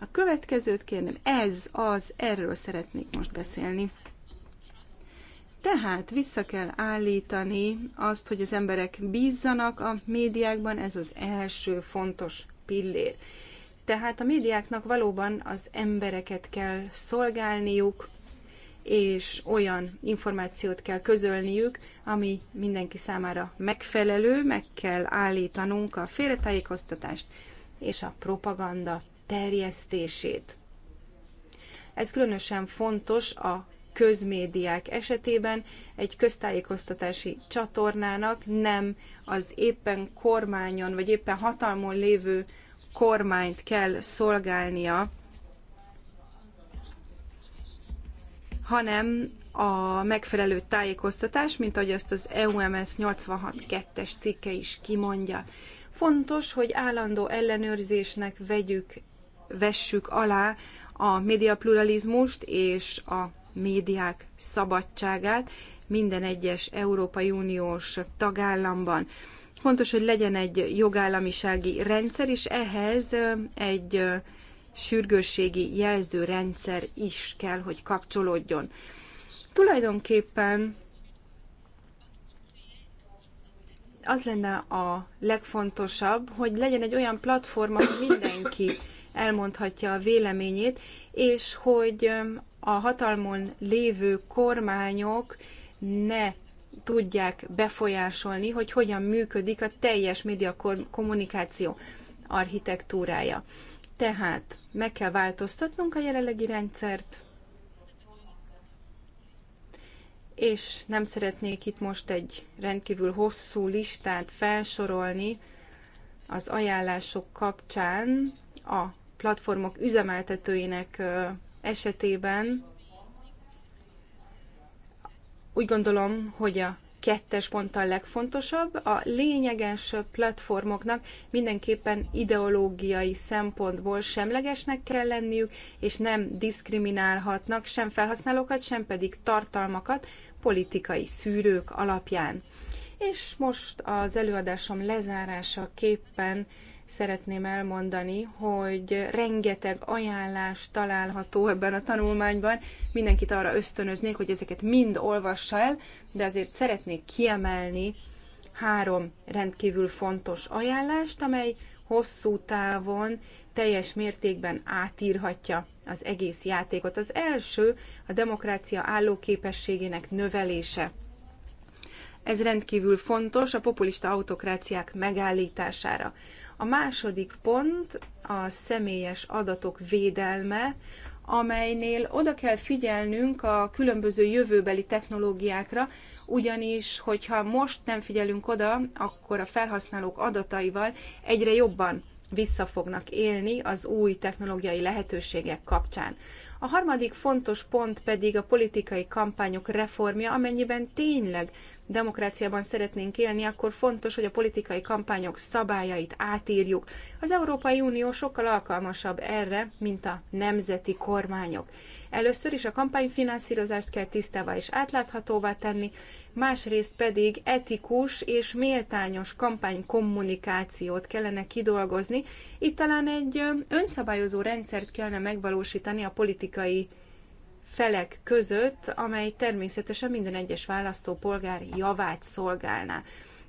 A következőt kérném, ez az, erről szeretnék most beszélni. Tehát vissza kell állítani azt, hogy az emberek bízzanak a médiákban, ez az első fontos pillér. Tehát a médiáknak valóban az embereket kell szolgálniuk, és olyan információt kell közölniük, ami mindenki számára megfelelő, meg kell állítanunk a félretájékoztatást és a propaganda terjesztését. Ez különösen fontos a közmédiák esetében egy köztájékoztatási csatornának nem az éppen kormányon vagy éppen hatalmon lévő kormányt kell szolgálnia, hanem a megfelelő tájékoztatás, mint ahogy azt az EUMS 86.2-es cikke is kimondja. Fontos, hogy állandó ellenőrzésnek vegyük, vessük alá a médiapluralizmust és a médiák szabadságát minden egyes Európai Uniós tagállamban. Fontos, hogy legyen egy jogállamisági rendszer, és ehhez egy sürgősségi jelzőrendszer is kell, hogy kapcsolódjon. Tulajdonképpen az lenne a legfontosabb, hogy legyen egy olyan platform, ahol mindenki elmondhatja a véleményét, és hogy a hatalmon lévő kormányok ne tudják befolyásolni, hogy hogyan működik a teljes média kommunikáció architektúrája. Tehát meg kell változtatnunk a jelenlegi rendszert, és nem szeretnék itt most egy rendkívül hosszú listát felsorolni az ajánlások kapcsán a platformok üzemeltetőinek esetében, úgy gondolom, hogy a kettes pont a legfontosabb. A lényeges platformoknak mindenképpen ideológiai szempontból semlegesnek kell lenniük, és nem diszkriminálhatnak sem felhasználókat, sem pedig tartalmakat politikai szűrők alapján. És most az előadásom képpen szeretném elmondani, hogy rengeteg ajánlás található ebben a tanulmányban. Mindenkit arra ösztönöznék, hogy ezeket mind olvassa el, de azért szeretnék kiemelni három rendkívül fontos ajánlást, amely hosszú távon teljes mértékben átírhatja az egész játékot. Az első a demokrácia állóképességének növelése. Ez rendkívül fontos a populista autokráciák megállítására. A második pont a személyes adatok védelme, amelynél oda kell figyelnünk a különböző jövőbeli technológiákra, ugyanis, hogyha most nem figyelünk oda, akkor a felhasználók adataival egyre jobban vissza fognak élni az új technológiai lehetőségek kapcsán. A harmadik fontos pont pedig a politikai kampányok reformja, amennyiben tényleg demokráciában szeretnénk élni, akkor fontos, hogy a politikai kampányok szabályait átírjuk. Az Európai Unió sokkal alkalmasabb erre, mint a nemzeti kormányok. Először is a kampányfinanszírozást kell tisztává és átláthatóvá tenni, másrészt pedig etikus és méltányos kampánykommunikációt kellene kidolgozni. Itt talán egy önszabályozó rendszert kellene megvalósítani a politikai felek között, amely természetesen minden egyes választópolgár javát szolgálná.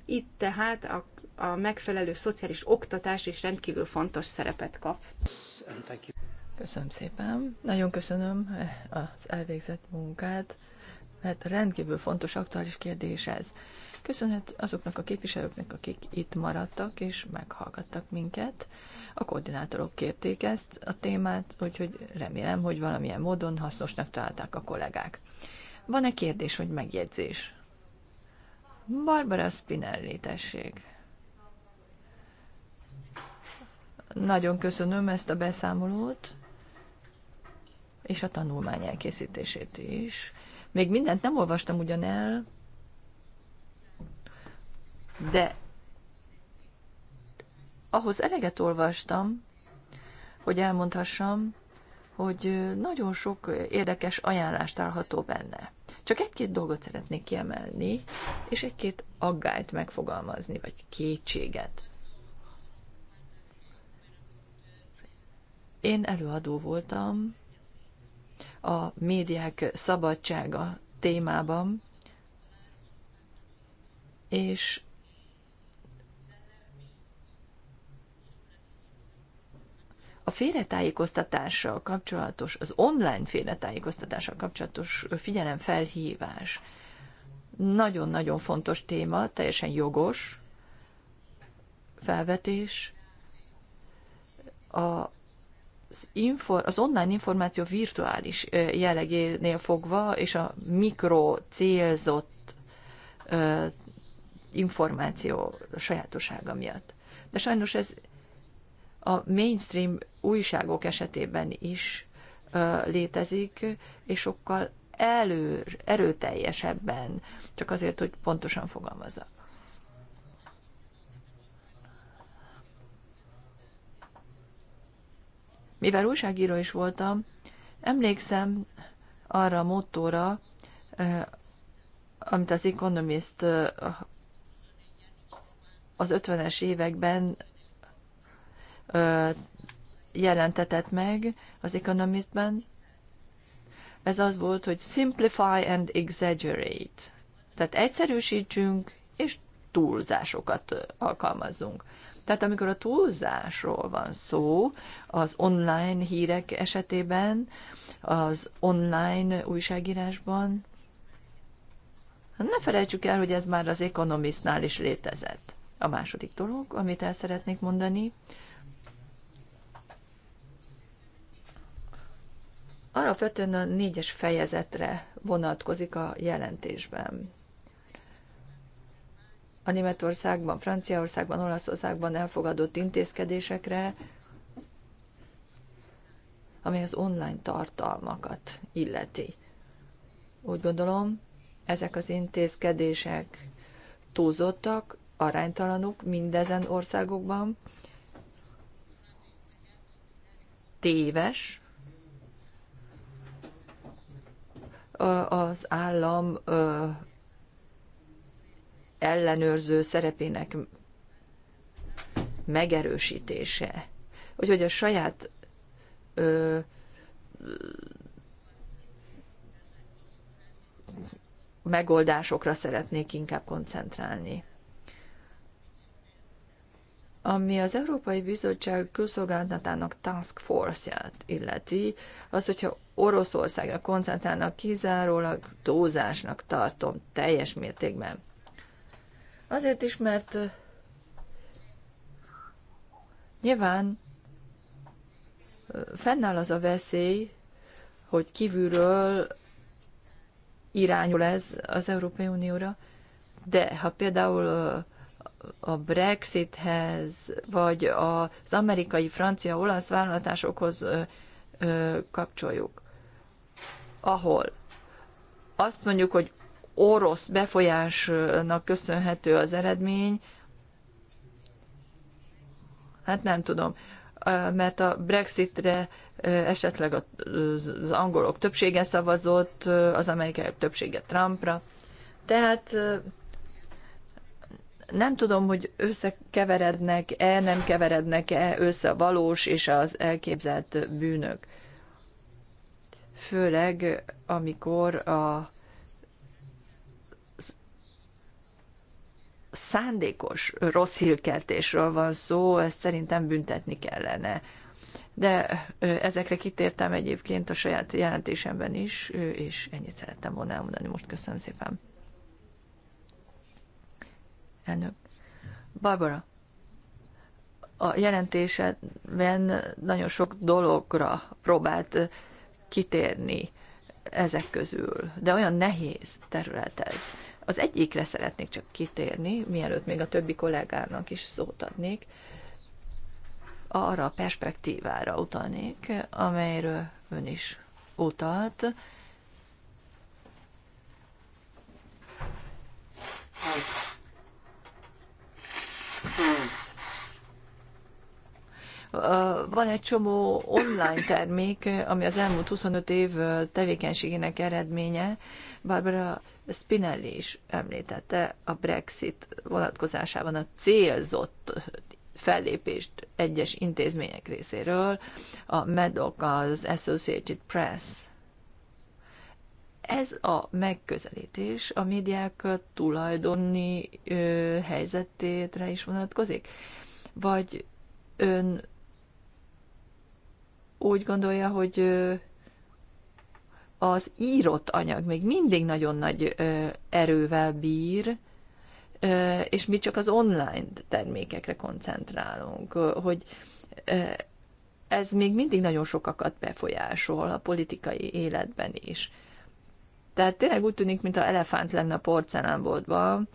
Itt tehát a, a megfelelő szociális oktatás is rendkívül fontos szerepet kap. Köszönöm szépen. Nagyon köszönöm eh, az elvégzett munkát, mert hát rendkívül fontos aktuális kérdés ez. Köszönhet azoknak a képviselőknek, akik itt maradtak és meghallgattak minket. A koordinátorok kérték ezt a témát, úgyhogy remélem, hogy valamilyen módon hasznosnak találták a kollégák. Van-e kérdés, hogy megjegyzés? Barbara Spinelli, tessék. Nagyon köszönöm ezt a beszámolót, és a tanulmány elkészítését is. Még mindent nem olvastam ugyan el, de ahhoz eleget olvastam, hogy elmondhassam, hogy nagyon sok érdekes ajánlást található benne. Csak egy-két dolgot szeretnék kiemelni, és egy-két aggályt megfogalmazni, vagy kétséget. Én előadó voltam a médiák szabadsága témában, és A félretájékoztatással kapcsolatos, az online félretájékoztatással kapcsolatos figyelemfelhívás nagyon-nagyon fontos téma, teljesen jogos felvetés. A, az, infor, az online információ virtuális jellegénél fogva, és a mikro célzott információ sajátossága miatt. De sajnos ez a mainstream újságok esetében is létezik, és sokkal előr, erőteljesebben, csak azért, hogy pontosan fogalmazza. Mivel újságíró is voltam, emlékszem arra a motóra, amit az Economist az 50-es években jelentetett meg az Economistben, ez az volt, hogy simplify and exaggerate. Tehát egyszerűsítsünk, és túlzásokat alkalmazzunk. Tehát amikor a túlzásról van szó, az online hírek esetében, az online újságírásban, ne felejtsük el, hogy ez már az Economistnál is létezett. A második dolog, amit el szeretnék mondani, alapvetően a négyes fejezetre vonatkozik a jelentésben. A Németországban, Franciaországban, Olaszországban elfogadott intézkedésekre, amely az online tartalmakat illeti. Úgy gondolom, ezek az intézkedések túlzottak, aránytalanok mindezen országokban, téves, az állam ellenőrző szerepének megerősítése. Úgyhogy a saját ö, megoldásokra szeretnék inkább koncentrálni. Ami az Európai Bizottság külszolgálatának task force-ját illeti, az, hogyha Oroszországra koncentrálnak, kizárólag túlzásnak tartom teljes mértékben. Azért is, mert nyilván fennáll az a veszély, hogy kívülről irányul ez az Európai Unióra, de ha például a Brexithez, vagy az amerikai, francia, olasz vállalatásokhoz kapcsoljuk, ahol azt mondjuk, hogy orosz befolyásnak köszönhető az eredmény, hát nem tudom, mert a Brexitre esetleg az angolok többsége szavazott, az amerikaiak többsége Trumpra. Tehát nem tudom, hogy összekeverednek-e, nem keverednek-e össze a valós és az elképzelt bűnök. Főleg, amikor a szándékos rossz hírkeltésről van szó, ezt szerintem büntetni kellene. De ezekre kitértem egyébként a saját jelentésemben is, és ennyit szerettem volna elmondani. Most köszönöm szépen. Elnök. Barbara, a jelentésedben nagyon sok dologra próbált kitérni ezek közül, de olyan nehéz terület ez. Az egyikre szeretnék csak kitérni, mielőtt még a többi kollégának is szót adnék, arra a perspektívára utalnék, amelyről ön is utalt. Thank van egy csomó online termék, ami az elmúlt 25 év tevékenységének eredménye. Barbara Spinelli is említette a Brexit vonatkozásában a célzott fellépést egyes intézmények részéről, a MEDOC, az Associated Press ez a megközelítés a médiák tulajdoni ö, helyzetétre is vonatkozik? Vagy ön úgy gondolja, hogy ö, az írott anyag még mindig nagyon nagy ö, erővel bír, ö, és mi csak az online termékekre koncentrálunk, ö, hogy ö, ez még mindig nagyon sokakat befolyásol a politikai életben is. Ö, tehát tényleg úgy tűnik, mintha elefánt lenne a porcelánboltban,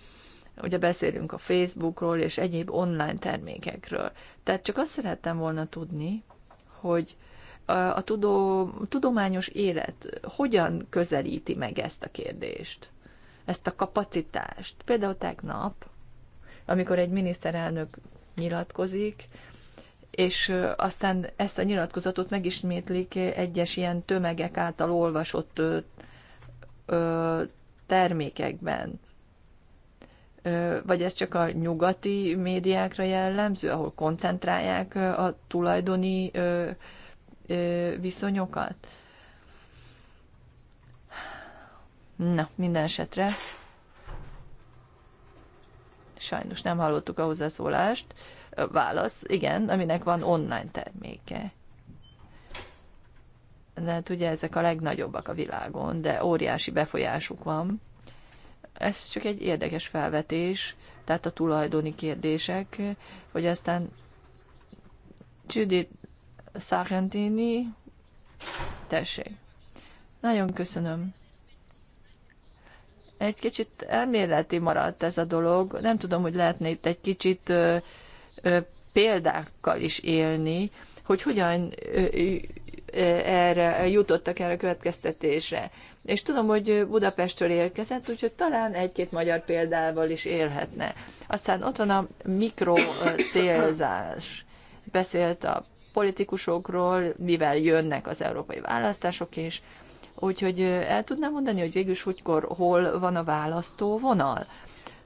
ugye beszélünk a Facebookról és egyéb online termékekről. Tehát csak azt szerettem volna tudni, hogy a tudó, tudományos élet hogyan közelíti meg ezt a kérdést, ezt a kapacitást. Például tegnap, amikor egy miniszterelnök nyilatkozik, és aztán ezt a nyilatkozatot megismétlik egyes ilyen tömegek által olvasott termékekben. Vagy ez csak a nyugati médiákra jellemző, ahol koncentrálják a tulajdoni viszonyokat? Na, minden esetre sajnos nem hallottuk a hozzászólást. Válasz, igen, aminek van online terméke hát ugye ezek a legnagyobbak a világon, de óriási befolyásuk van. Ez csak egy érdekes felvetés, tehát a tulajdoni kérdések, hogy aztán Judith Sargentini, tessék. Nagyon köszönöm. Egy kicsit elméleti maradt ez a dolog. Nem tudom, hogy lehetne itt egy kicsit ö, ö, példákkal is élni, hogy hogyan erre jutottak erre a következtetésre. És tudom, hogy Budapestről érkezett, úgyhogy talán egy-két magyar példával is élhetne. Aztán ott van a mikrocélzás. Beszélt a politikusokról, mivel jönnek az európai választások is. Úgyhogy el tudnám mondani, hogy végül is úgykor hol van a választó vonal.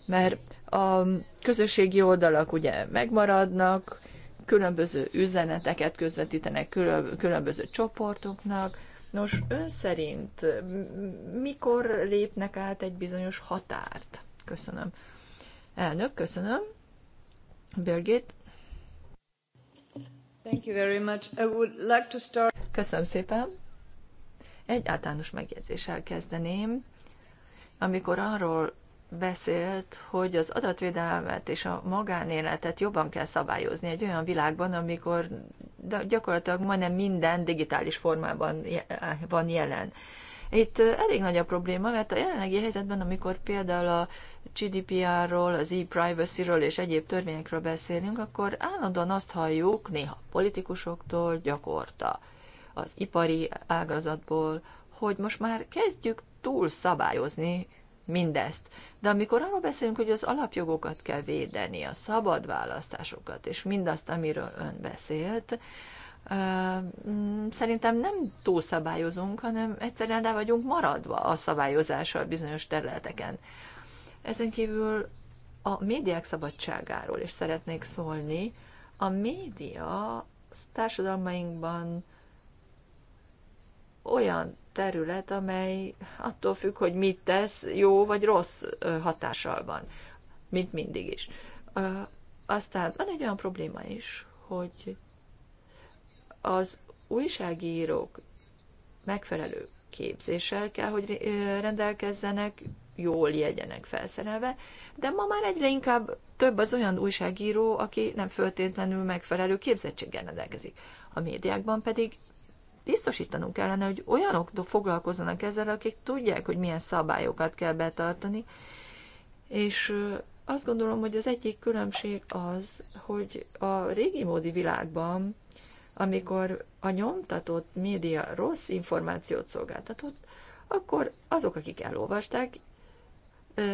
Mert a közösségi oldalak ugye megmaradnak, különböző üzeneteket közvetítenek különböző csoportoknak. Nos, ön szerint mikor lépnek át egy bizonyos határt? Köszönöm. Elnök, köszönöm. Birgit. Thank you very much. I would like to start... Köszönöm szépen. Egy általános megjegyzéssel kezdeném. Amikor arról beszélt, hogy az adatvédelmet és a magánéletet jobban kell szabályozni egy olyan világban, amikor gyakorlatilag majdnem minden digitális formában van jelen. Itt elég nagy a probléma, mert a jelenlegi helyzetben, amikor például a GDPR-ról, az e-privacy-ről és egyéb törvényekről beszélünk, akkor állandóan azt halljuk néha politikusoktól gyakorta az ipari ágazatból, hogy most már kezdjük túl szabályozni mindezt. De amikor arról beszélünk, hogy az alapjogokat kell védeni, a szabad választásokat, és mindazt, amiről ön beszélt, mm, szerintem nem túlszabályozunk, hanem egyszerűen le vagyunk maradva a szabályozással bizonyos területeken. Ezen kívül a médiák szabadságáról is szeretnék szólni. A média társadalmainkban olyan terület, amely attól függ, hogy mit tesz, jó vagy rossz hatással van, mint mindig is. Aztán van egy olyan probléma is, hogy az újságírók megfelelő képzéssel kell, hogy rendelkezzenek, jól jegyenek felszerelve, de ma már egyre inkább több az olyan újságíró, aki nem föltétlenül megfelelő képzettséggel rendelkezik. A médiákban pedig biztosítanunk kellene, hogy olyanok foglalkozzanak ezzel, akik tudják, hogy milyen szabályokat kell betartani, és azt gondolom, hogy az egyik különbség az, hogy a régi módi világban, amikor a nyomtatott média rossz információt szolgáltatott, akkor azok, akik elolvasták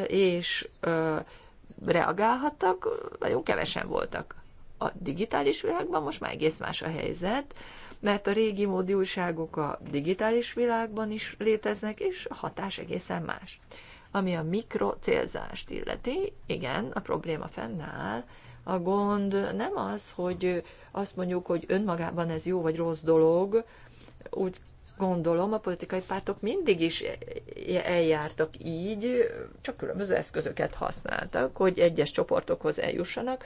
és reagálhattak, nagyon kevesen voltak. A digitális világban most már egész más a helyzet, mert a régi módi újságok a digitális világban is léteznek, és a hatás egészen más. Ami a célzást illeti, igen, a probléma fennáll, a gond nem az, hogy azt mondjuk, hogy önmagában ez jó vagy rossz dolog, úgy gondolom, a politikai pártok mindig is eljártak így, csak különböző eszközöket használtak, hogy egyes csoportokhoz eljussanak.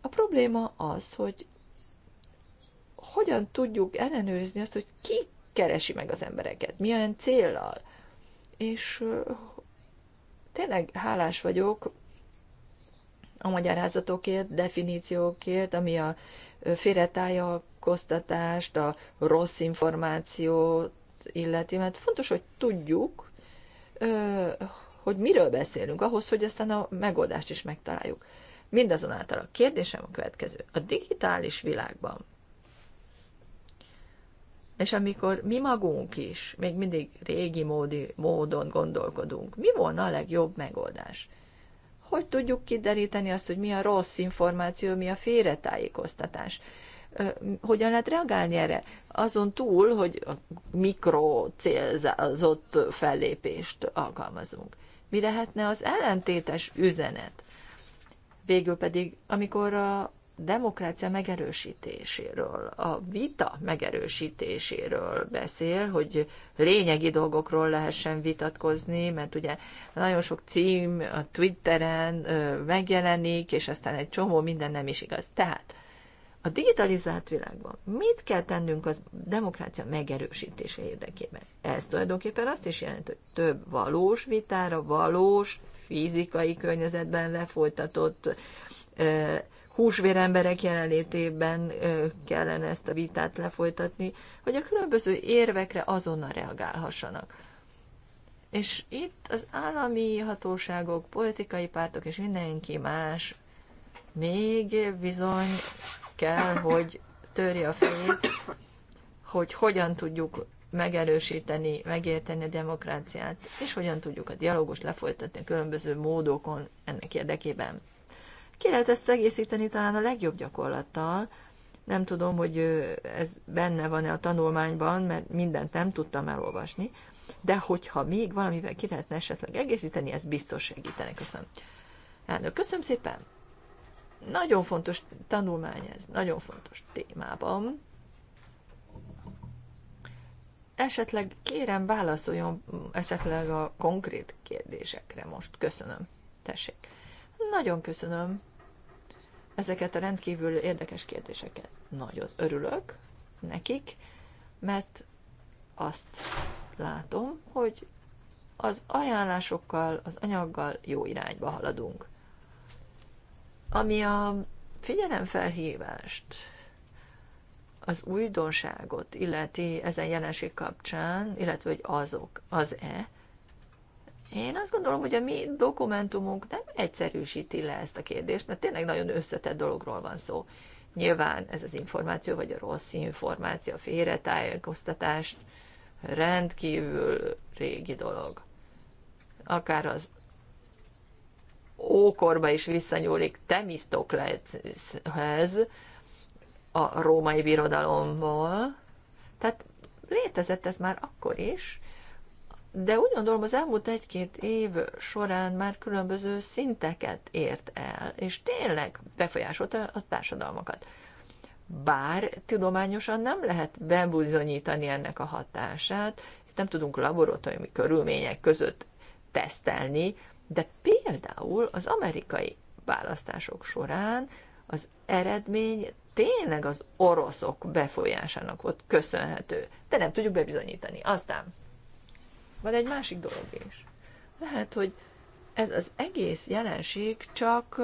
A probléma az, hogy hogyan tudjuk ellenőrizni azt, hogy ki keresi meg az embereket, milyen céllal. És tényleg hálás vagyok a magyarázatokért, definíciókért, ami a félretájakoztatást, a rossz információt illeti, mert fontos, hogy tudjuk, hogy miről beszélünk, ahhoz, hogy aztán a megoldást is megtaláljuk. Mindazonáltal a kérdésem a következő. A digitális világban és amikor mi magunk is még mindig régi módi, módon gondolkodunk, mi volna a legjobb megoldás? Hogy tudjuk kideríteni azt, hogy mi a rossz információ, mi a félretájékoztatás? Hogyan lehet reagálni erre? Azon túl, hogy a mikro célzott fellépést alkalmazunk. Mi lehetne az ellentétes üzenet? Végül pedig, amikor a demokrácia megerősítéséről, a vita megerősítéséről beszél, hogy lényegi dolgokról lehessen vitatkozni, mert ugye nagyon sok cím a Twitteren megjelenik, és aztán egy csomó minden nem is igaz. Tehát a digitalizált világban mit kell tennünk az demokrácia megerősítése érdekében? Ez tulajdonképpen azt is jelenti, hogy több valós vitára, valós, fizikai környezetben lefolytatott emberek jelenlétében kellene ezt a vitát lefolytatni, hogy a különböző érvekre azonnal reagálhassanak. És itt az állami hatóságok, politikai pártok és mindenki más még bizony kell, hogy törje a fejét, hogy hogyan tudjuk megerősíteni, megérteni a demokráciát, és hogyan tudjuk a dialógust lefolytatni a különböző módokon ennek érdekében. Ki lehet ezt egészíteni talán a legjobb gyakorlattal. Nem tudom, hogy ez benne van-e a tanulmányban, mert mindent nem tudtam elolvasni, de hogyha még valamivel ki lehetne esetleg egészíteni, ez biztos segítene. Köszönöm. Elnök, köszönöm szépen. Nagyon fontos tanulmány ez, nagyon fontos témában esetleg kérem válaszoljon esetleg a konkrét kérdésekre most. Köszönöm. Tessék. Nagyon köszönöm ezeket a rendkívül érdekes kérdéseket. Nagyon örülök nekik, mert azt látom, hogy az ajánlásokkal, az anyaggal jó irányba haladunk. Ami a figyelemfelhívást, az újdonságot illeti ezen jelenség kapcsán, illetve hogy azok, az-e, én azt gondolom, hogy a mi dokumentumunk nem egyszerűsíti le ezt a kérdést, mert tényleg nagyon összetett dologról van szó. Nyilván ez az információ, vagy a rossz információ, a félretájékoztatás rendkívül régi dolog. Akár az ókorba is visszanyúlik Temisztokleshez, a római birodalomból. Tehát létezett ez már akkor is, de úgy gondolom az elmúlt egy-két év során már különböző szinteket ért el, és tényleg befolyásolta a társadalmakat. Bár tudományosan nem lehet bebizonyítani ennek a hatását, nem tudunk laboratóriumi körülmények között tesztelni, de például az amerikai választások során az eredmény tényleg az oroszok befolyásának volt köszönhető, de nem tudjuk bebizonyítani. Aztán van egy másik dolog is. Lehet, hogy ez az egész jelenség csak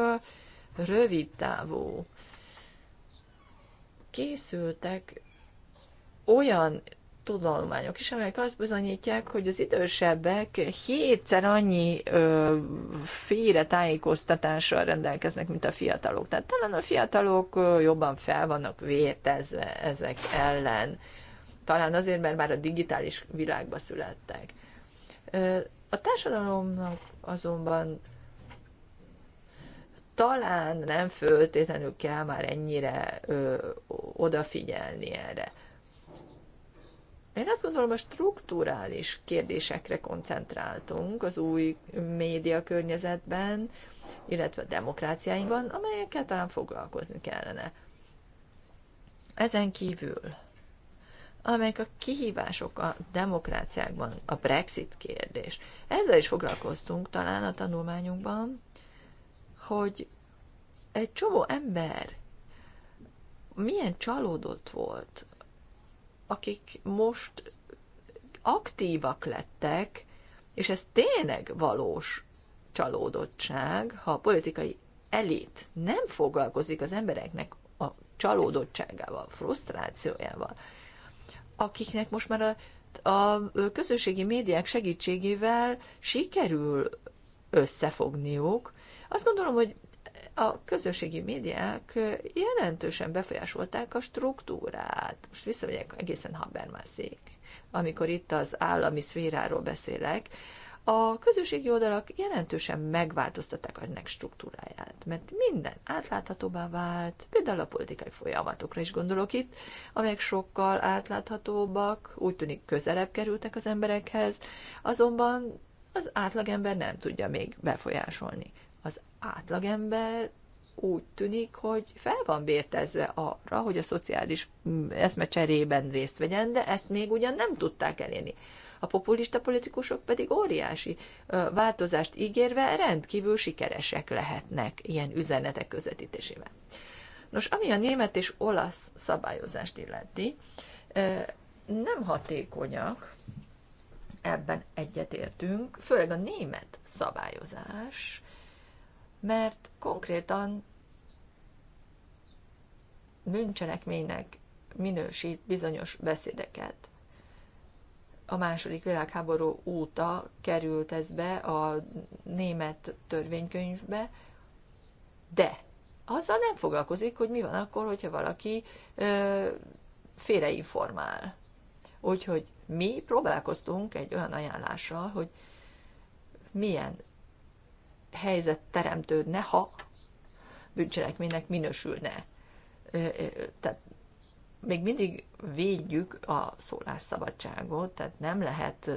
rövid távú. Készültek olyan tudományok is, amelyek azt bizonyítják, hogy az idősebbek hétszer annyi ö, féle tájékoztatással rendelkeznek, mint a fiatalok. Tehát talán a fiatalok ö, jobban fel vannak vértezve ezek ellen. Talán azért, mert már a digitális világba születtek. A társadalomnak azonban talán nem föltétlenül kell már ennyire ö, odafigyelni erre. Én azt gondolom, a strukturális kérdésekre koncentráltunk az új média környezetben, illetve a demokráciáinkban, amelyekkel talán foglalkozni kellene. Ezen kívül amelyek a kihívások a demokráciákban, a Brexit kérdés. Ezzel is foglalkoztunk talán a tanulmányunkban, hogy egy csomó ember milyen csalódott volt, akik most aktívak lettek, és ez tényleg valós csalódottság, ha a politikai elit nem foglalkozik az embereknek a csalódottságával, frusztrációjával, akiknek most már a, a közösségi médiák segítségével sikerül összefogniuk. Azt gondolom, hogy a közösségi médiák jelentősen befolyásolták a struktúrát. Most visszamegyek egészen Habermasék, amikor itt az állami szféráról beszélek, a közösségi oldalak jelentősen megváltoztatták ennek struktúráját, mert minden átláthatóbbá vált, például a politikai folyamatokra is gondolok itt, amelyek sokkal átláthatóbbak, úgy tűnik közelebb kerültek az emberekhez, azonban az átlagember nem tudja még befolyásolni. Az átlagember úgy tűnik, hogy fel van bértezve arra, hogy a szociális mm, eszmecserében részt vegyen, de ezt még ugyan nem tudták elérni a populista politikusok pedig óriási változást ígérve rendkívül sikeresek lehetnek ilyen üzenetek közvetítésével. Nos, ami a német és olasz szabályozást illeti, nem hatékonyak, ebben egyetértünk, főleg a német szabályozás, mert konkrétan bűncselekménynek minősít bizonyos beszédeket a második világháború óta került ez be a német törvénykönyvbe, de azzal nem foglalkozik, hogy mi van akkor, hogyha valaki ö, félreinformál. Úgyhogy mi próbálkoztunk egy olyan ajánlással, hogy milyen helyzet teremtődne, ha bűncselekménynek minősülne. Tehát még mindig védjük a szólásszabadságot, tehát nem lehet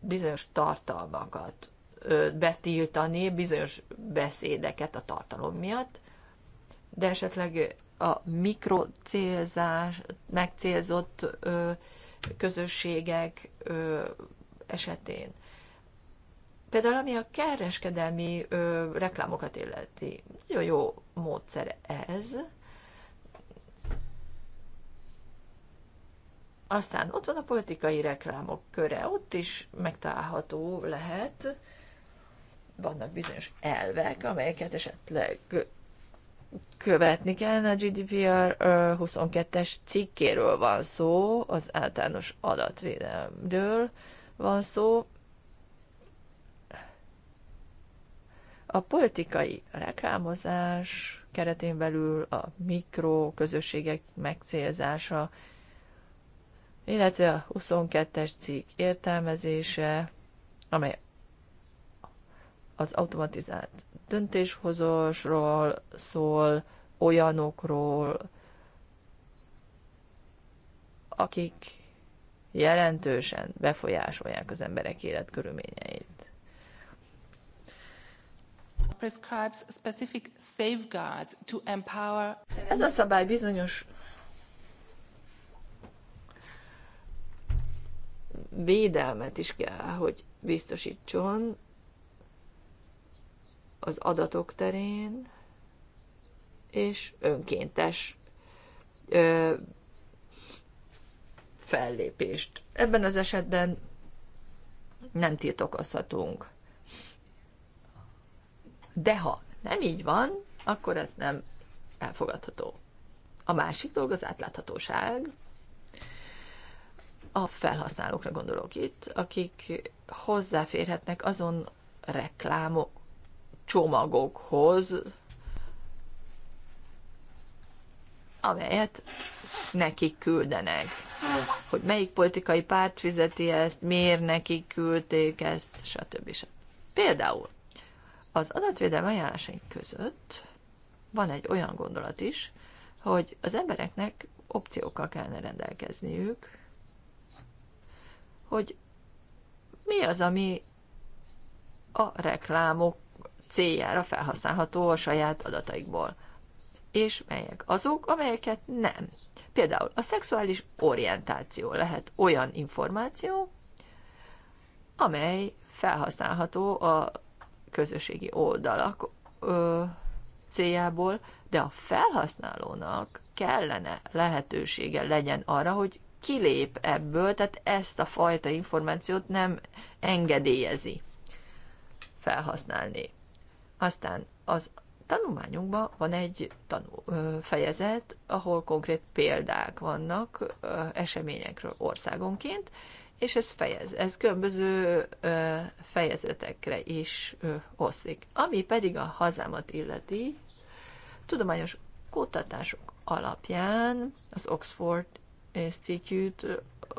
bizonyos tartalmakat betiltani, bizonyos beszédeket a tartalom miatt, de esetleg a mikrocélzás, megcélzott közösségek esetén. Például ami a kereskedelmi reklámokat illeti, nagyon jó módszer ez, Aztán ott van a politikai reklámok köre, ott is megtalálható lehet. Vannak bizonyos elvek, amelyeket esetleg követni kellene. A GDPR 22-es cikkéről van szó, az általános adatvédelmről van szó. A politikai reklámozás keretén belül a mikroközösségek megcélzása, illetve a 22-es cikk értelmezése, amely az automatizált döntéshozósról szól, olyanokról, akik jelentősen befolyásolják az emberek életkörülményeit. Ez a szabály bizonyos védelmet is kell, hogy biztosítson az adatok terén, és önkéntes ö, fellépést. Ebben az esetben nem tiltokozhatunk. De ha nem így van, akkor ez nem elfogadható. A másik dolog az átláthatóság, a felhasználókra gondolok itt, akik hozzáférhetnek azon reklámok csomagokhoz, amelyet nekik küldenek. Hogy melyik politikai párt fizeti ezt, miért nekik küldték ezt, stb. stb. Például az adatvédelmi ajánlásaink között van egy olyan gondolat is, hogy az embereknek opciókkal kellene rendelkezniük, hogy mi az, ami a reklámok céljára felhasználható a saját adataikból, és melyek azok, amelyeket nem. Például a szexuális orientáció lehet olyan információ, amely felhasználható a közösségi oldalak ö, céljából, de a felhasználónak kellene lehetősége legyen arra, hogy kilép ebből, tehát ezt a fajta információt nem engedélyezi felhasználni. Aztán az tanulmányunkban van egy tanul, fejezet, ahol konkrét példák vannak eseményekről országonként, és ez, fejez, ez különböző fejezetekre is oszlik. Ami pedig a hazámat illeti, tudományos kutatások alapján az Oxford és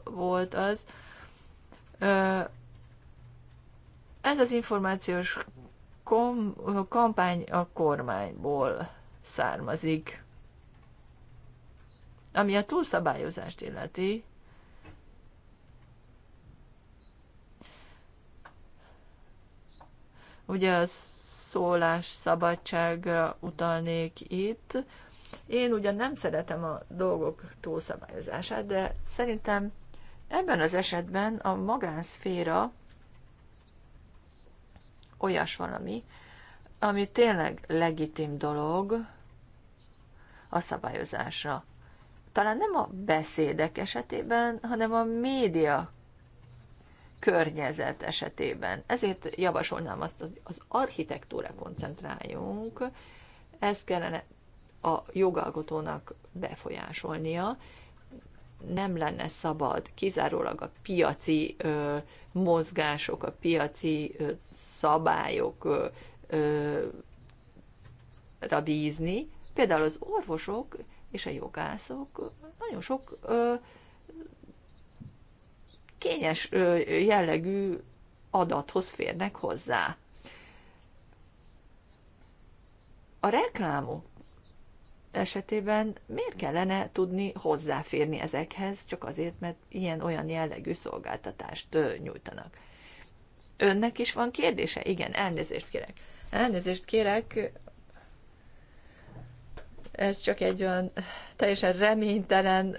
volt az. Ez az információs kampány a kormányból származik. Ami a túlszabályozást illeti, ugye a szólásszabadságra utalnék itt, én ugyan nem szeretem a dolgok túlszabályozását, de szerintem ebben az esetben a magánszféra olyas valami, ami tényleg legitim dolog a szabályozásra. Talán nem a beszédek esetében, hanem a média környezet esetében. Ezért javasolnám azt, hogy az architektúra koncentráljunk, ezt kellene a jogalkotónak befolyásolnia. Nem lenne szabad kizárólag a piaci ö, mozgások, a piaci ö, szabályok ö, ra bízni. Például az orvosok és a jogászok nagyon sok ö, kényes ö, jellegű adathoz férnek hozzá. A reklámok esetében miért kellene tudni hozzáférni ezekhez, csak azért, mert ilyen-olyan jellegű szolgáltatást nyújtanak. Önnek is van kérdése? Igen, elnézést kérek. Elnézést kérek, ez csak egy olyan teljesen reménytelen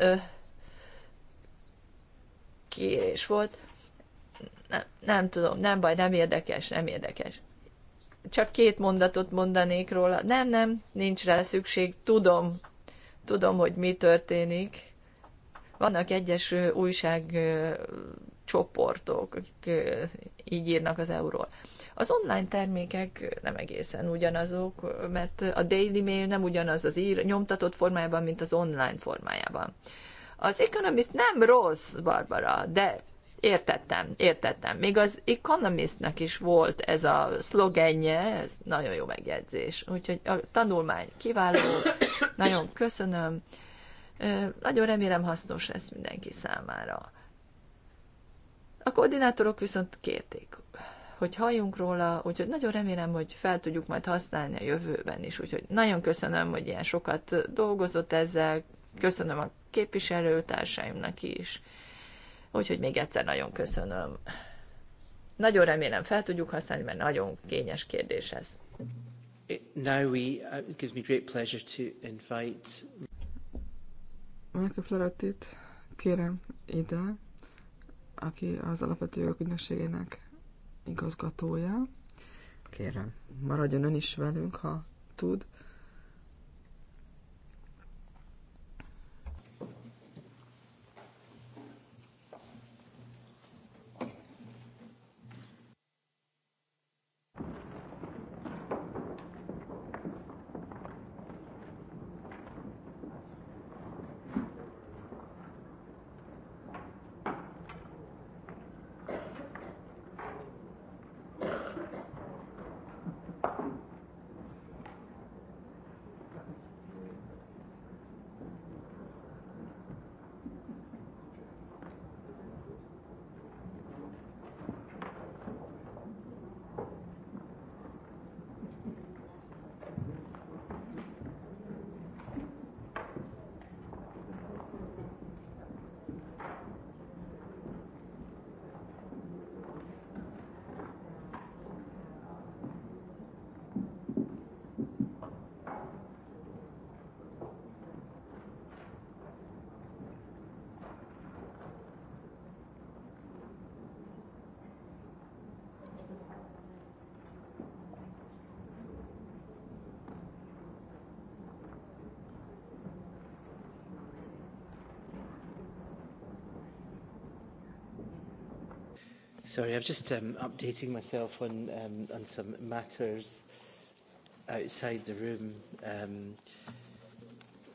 kérés volt. Nem, nem tudom, nem baj, nem érdekes, nem érdekes csak két mondatot mondanék róla. Nem, nem, nincs rá szükség, tudom, tudom, hogy mi történik. Vannak egyes újság csoportok, akik így írnak az euról. Az online termékek nem egészen ugyanazok, mert a Daily Mail nem ugyanaz az ír nyomtatott formájában, mint az online formájában. Az Economist nem rossz, Barbara, de Értettem, értettem. Még az Economistnak is volt ez a szlogenje, ez nagyon jó megjegyzés. Úgyhogy a tanulmány kiváló, nagyon köszönöm. Nagyon remélem hasznos lesz mindenki számára. A koordinátorok viszont kérték, hogy halljunk róla, úgyhogy nagyon remélem, hogy fel tudjuk majd használni a jövőben is. Úgyhogy nagyon köszönöm, hogy ilyen sokat dolgozott ezzel, köszönöm a képviselőtársaimnak is Úgyhogy még egyszer nagyon köszönöm. Nagyon remélem fel tudjuk használni, mert nagyon kényes kérdés ez. Now we, uh, it gives me great pleasure to invite... Michael Florettit kérem ide, aki az alapvető jogok ügynökségének igazgatója. Kérem, maradjon ön is velünk, ha tud. Sorry, I'm just um, updating myself on, um, on some matters outside the room. Um,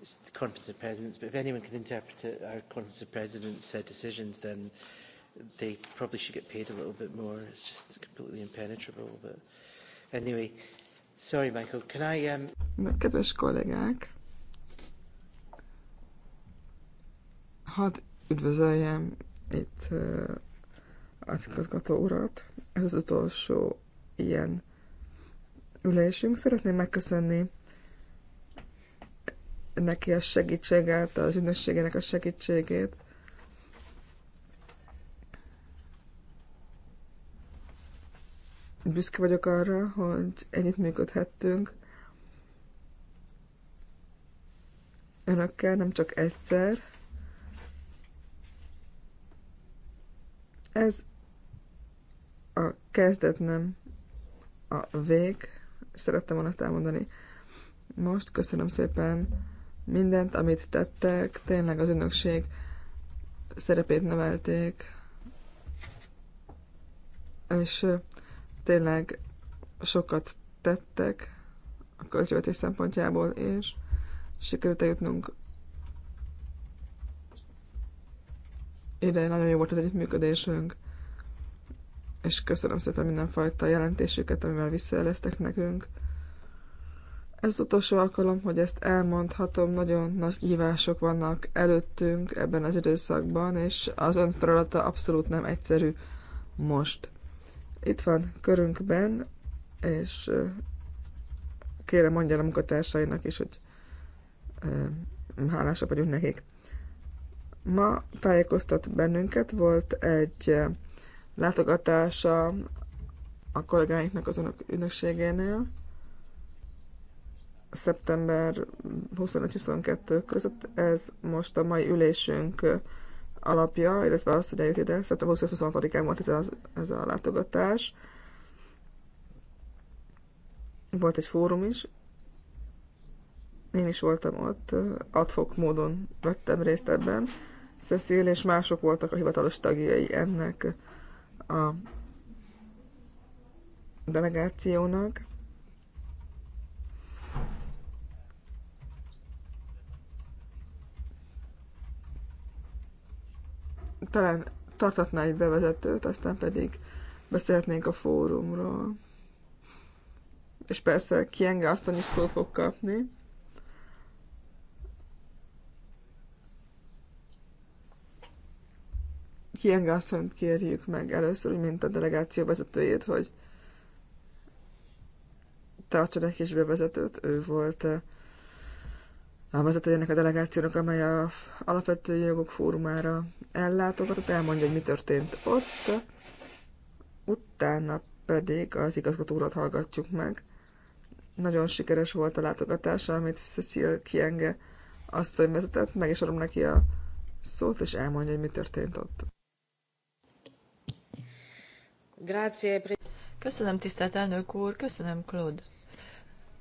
it's the Conference of Presidents, but if anyone can interpret it, our Conference of Presidents' uh, decisions, then they probably should get paid a little bit more. It's just completely impenetrable. But anyway, sorry, Michael. Can I? Um... Na, kedves kollégák, hadd üdvözöljem itt uh az igazgató urat. Ez az utolsó ilyen ülésünk. Szeretném megköszönni neki a segítséget, az ünnösségének a segítségét. Büszke vagyok arra, hogy ennyit működhettünk önökkel, nem csak egyszer. Ez a kezdet nem a vég. Szerettem volna ezt elmondani. Most köszönöm szépen mindent, amit tettek. Tényleg az ünnökség szerepét nevelték. És tényleg sokat tettek a költségvetés szempontjából, és sikerült eljutnunk ide. Nagyon jó volt az együttműködésünk és köszönöm szépen mindenfajta jelentésüket, amivel visszajeleztek nekünk. Ez az utolsó alkalom, hogy ezt elmondhatom, nagyon nagy kihívások vannak előttünk ebben az időszakban, és az ön feladata abszolút nem egyszerű most. Itt van körünkben, és kérem mondja a munkatársainak is, hogy hálásak vagyunk nekik. Ma tájékoztat bennünket, volt egy látogatása a kollégáinknak az önök ügynökségénél szeptember 25-22 között. Ez most a mai ülésünk alapja, illetve az, hogy eljött ide. Szeptember 26-án volt ez a, ez a látogatás. Volt egy fórum is. Én is voltam ott, adfok módon vettem részt ebben. Cecil és mások voltak a hivatalos tagjai ennek a delegációnak. Talán tartatná egy bevezetőt, aztán pedig beszélhetnénk a fórumról. És persze Kienge aztán is szót fog kapni. Kienge asszonyt kérjük meg először, mint a delegáció vezetőjét, hogy tartson egy kis bevezetőt. Ő volt eh, a vezetőjének a delegációnak, amely a Alapvető Jogok Fórumára ellátogatott, elmondja, hogy mi történt ott. Utána pedig az igazgatórat hallgatjuk meg. Nagyon sikeres volt a látogatása, amit Cecil Kienge asszony vezetett, meg is adom neki a szót, és elmondja, hogy mi történt ott. Köszönöm, tisztelt elnök úr, köszönöm, Claude.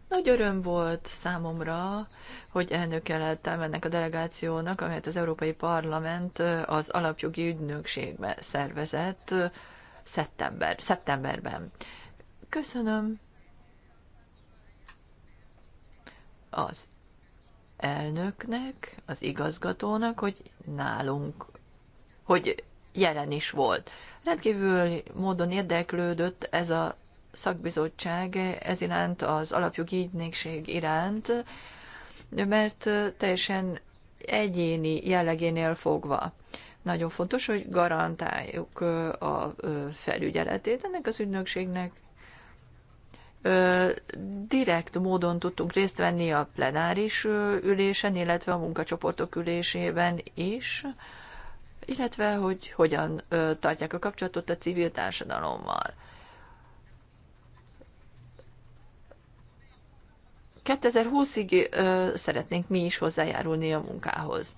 Nagy öröm volt számomra, hogy elnöke lettem ennek a delegációnak, amelyet az Európai Parlament az alapjogi ügynökségbe szervezett szeptember, szeptemberben. Köszönöm az elnöknek, az igazgatónak, hogy nálunk, hogy jelen is volt. Rendkívül módon érdeklődött ez a szakbizottság ez iránt, az alapjogi ügynökség iránt, mert teljesen egyéni jellegénél fogva. Nagyon fontos, hogy garantáljuk a felügyeletét ennek az ügynökségnek. Direkt módon tudtunk részt venni a plenáris ülésen, illetve a munkacsoportok ülésében is illetve hogy hogyan tartják a kapcsolatot a civil társadalommal. 2020-ig szeretnénk mi is hozzájárulni a munkához.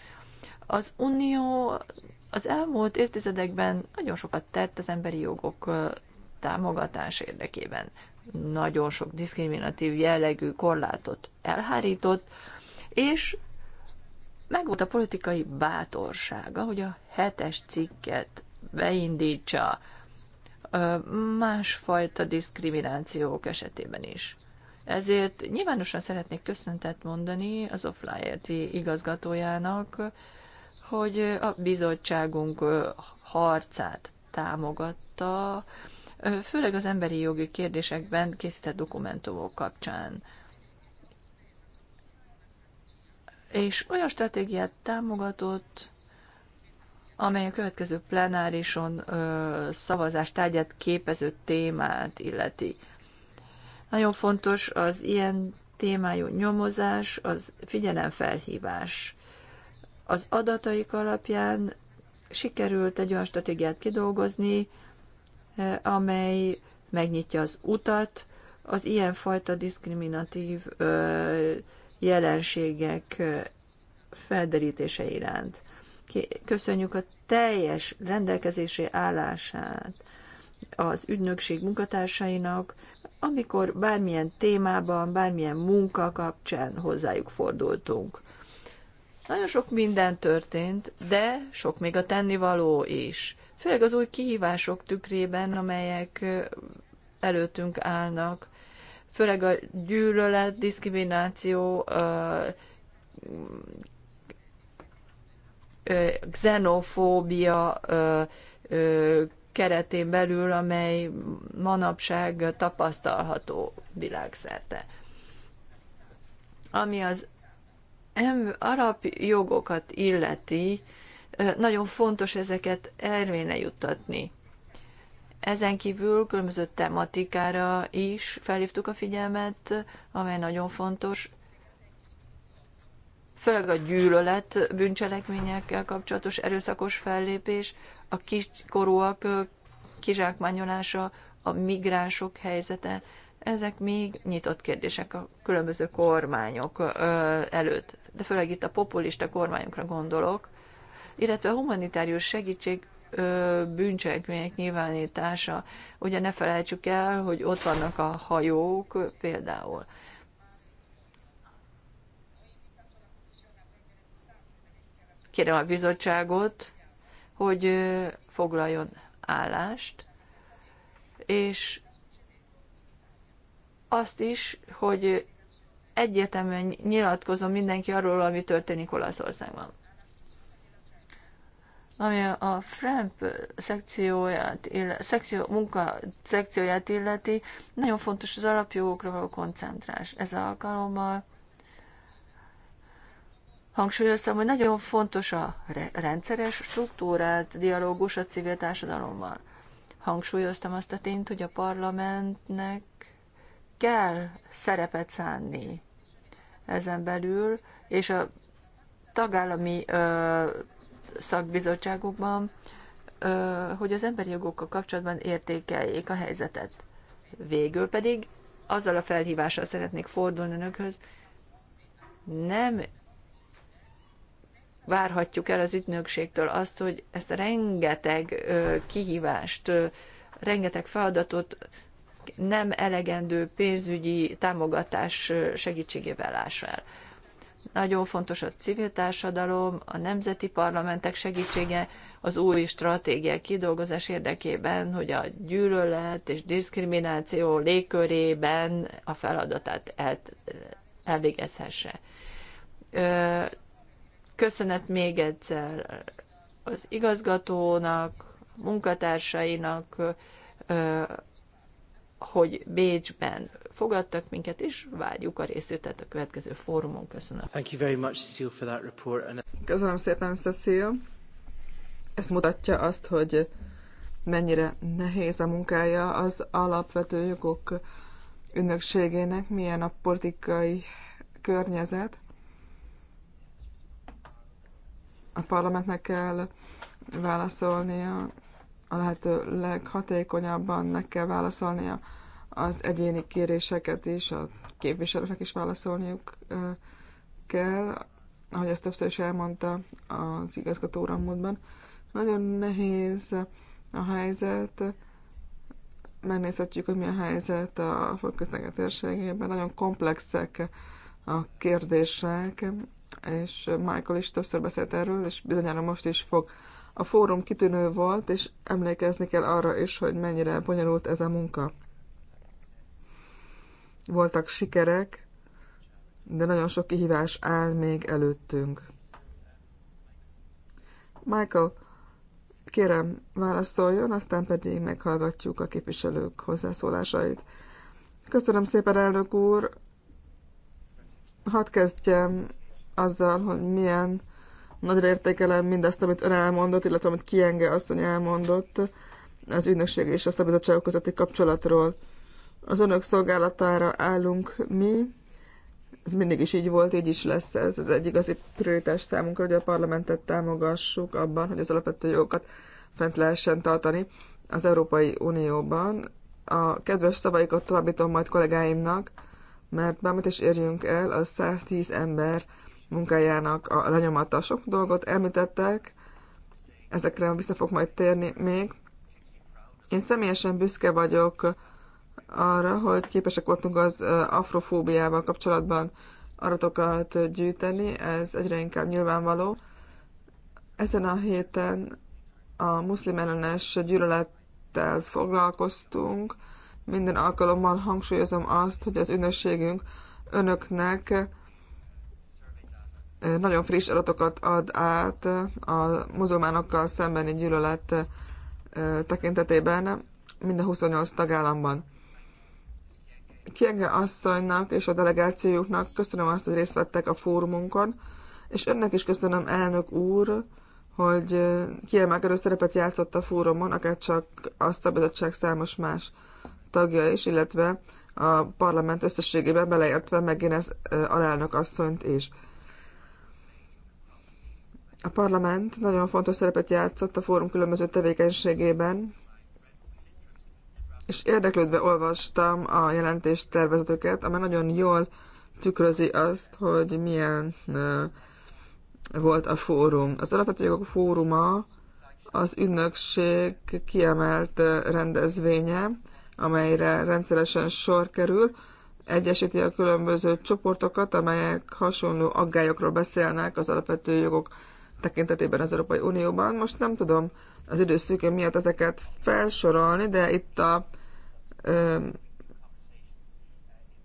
Az Unió az elmúlt évtizedekben nagyon sokat tett az emberi jogok támogatás érdekében. Nagyon sok diszkriminatív jellegű korlátot elhárított, és megvolt a politikai bátorsága, hogy a hetes cikket beindítsa másfajta diszkriminációk esetében is. Ezért nyilvánosan szeretnék köszöntet mondani az offline igazgatójának, hogy a bizottságunk harcát támogatta, főleg az emberi jogi kérdésekben készített dokumentumok kapcsán. és olyan stratégiát támogatott, amely a következő plenárison ö, szavazást tárgyát képező témát illeti. Nagyon fontos az ilyen témájú nyomozás, az figyelemfelhívás. Az adataik alapján sikerült egy olyan stratégiát kidolgozni, amely megnyitja az utat az ilyenfajta diszkriminatív ö, jelenségek felderítése iránt. Köszönjük a teljes rendelkezésé állását az ügynökség munkatársainak, amikor bármilyen témában, bármilyen munka kapcsán hozzájuk fordultunk. Nagyon sok minden történt, de sok még a tennivaló is. Főleg az új kihívások tükrében, amelyek előttünk állnak, főleg a gyűlölet, diszkrimináció, xenofóbia keretén belül, amely manapság tapasztalható világszerte. Ami az arab jogokat illeti, nagyon fontos ezeket ervéne juttatni. Ezen kívül különböző tematikára is felhívtuk a figyelmet, amely nagyon fontos, főleg a gyűlölet bűncselekményekkel kapcsolatos erőszakos fellépés, a kiskorúak kizsákmányolása, a migránsok helyzete, ezek még nyitott kérdések a különböző kormányok előtt, de főleg itt a populista kormányokra gondolok, illetve a humanitárius segítség bűncselekmények nyilvánítása. Ugye ne felejtsük el, hogy ott vannak a hajók például. Kérem a bizottságot, hogy foglaljon állást, és azt is, hogy egyértelműen nyilatkozom mindenki arról, ami történik Olaszországban. Ami a FRAMP e szekcióját, szekció, munka szekcióját illeti, nagyon fontos az alapjogokra való koncentrás. Ez alkalommal hangsúlyoztam, hogy nagyon fontos a rendszeres, struktúrált dialógus a civil társadalommal. Hangsúlyoztam azt a tényt, hogy a parlamentnek kell szerepet szánni ezen belül, és a tagállami ö, szakbizottságokban, hogy az emberi jogokkal kapcsolatban értékeljék a helyzetet. Végül pedig azzal a felhívással szeretnék fordulni önökhöz, nem várhatjuk el az ügynökségtől azt, hogy ezt a rengeteg kihívást, rengeteg feladatot nem elegendő pénzügyi támogatás segítségével lássa el. Nagyon fontos a civil társadalom, a nemzeti parlamentek segítsége az új stratégiák kidolgozás érdekében, hogy a gyűlölet és diszkrimináció légkörében a feladatát el, elvégezhesse. Köszönet még egyszer az igazgatónak, munkatársainak, hogy Bécsben fogadtak minket, és várjuk a részletet a következő fórumon. Köszönöm. Thank you very much, Cecil, for that report. And... Köszönöm szépen, Cecil. Ez mutatja azt, hogy mennyire nehéz a munkája az alapvető jogok ünnökségének, milyen a politikai környezet. A parlamentnek kell válaszolnia, a lehető leghatékonyabban meg kell válaszolnia az egyéni kéréseket is, a képviselőknek is válaszolniuk kell, ahogy ezt többször is elmondta az igazgató múltban. Nagyon nehéz a helyzet, megnézhetjük, hogy mi a helyzet a fogközlege térségében. Nagyon komplexek a kérdések, és Michael is többször beszélt erről, és bizonyára most is fog. A fórum kitűnő volt, és emlékezni kell arra is, hogy mennyire bonyolult ez a munka. Voltak sikerek, de nagyon sok kihívás áll még előttünk. Michael, kérem, válaszoljon, aztán pedig meghallgatjuk a képviselők hozzászólásait. Köszönöm szépen, elnök úr! Hadd kezdjem azzal, hogy milyen nagyra értékelem mindazt, amit ön elmondott, illetve amit Kienge asszony elmondott az ügynökség és a szabizottságok közötti kapcsolatról. Az önök szolgálatára állunk mi. Ez mindig is így volt, így is lesz ez. Ez egy igazi prioritás számunkra, hogy a parlamentet támogassuk abban, hogy az alapvető jogokat fent lehessen tartani az Európai Unióban. A kedves szavaikat továbbítom majd kollégáimnak, mert bármit is érjünk el, az 110 ember munkájának a lenyomata. Sok dolgot említettek, ezekre vissza fog majd térni még. Én személyesen büszke vagyok arra, hogy képesek voltunk az afrofóbiával kapcsolatban aratokat gyűjteni, ez egyre inkább nyilvánvaló. Ezen a héten a muszlim ellenes gyűlölettel foglalkoztunk. Minden alkalommal hangsúlyozom azt, hogy az ünnepségünk önöknek nagyon friss adatokat ad át a muzulmánokkal szembeni gyűlölet tekintetében minden 28 tagállamban. Kienge asszonynak és a delegációjuknak köszönöm azt, hogy részt vettek a fórumunkon, és önnek is köszönöm, elnök úr, hogy kiemelkedő szerepet játszott a fórumon, akár csak a szabadság számos más tagja is, illetve a parlament összességében beleértve megint ez alelnök asszonyt is. A parlament nagyon fontos szerepet játszott a fórum különböző tevékenységében, és érdeklődve olvastam a jelentés tervezetőket, amely nagyon jól tükrözi azt, hogy milyen volt a fórum. Az Alapvető Jogok Fóruma az ünnökség kiemelt rendezvénye, amelyre rendszeresen sor kerül, egyesíti a különböző csoportokat, amelyek hasonló aggályokról beszélnek az alapvető jogok tekintetében az Európai Unióban. Most nem tudom az időszűkén miatt ezeket felsorolni, de itt a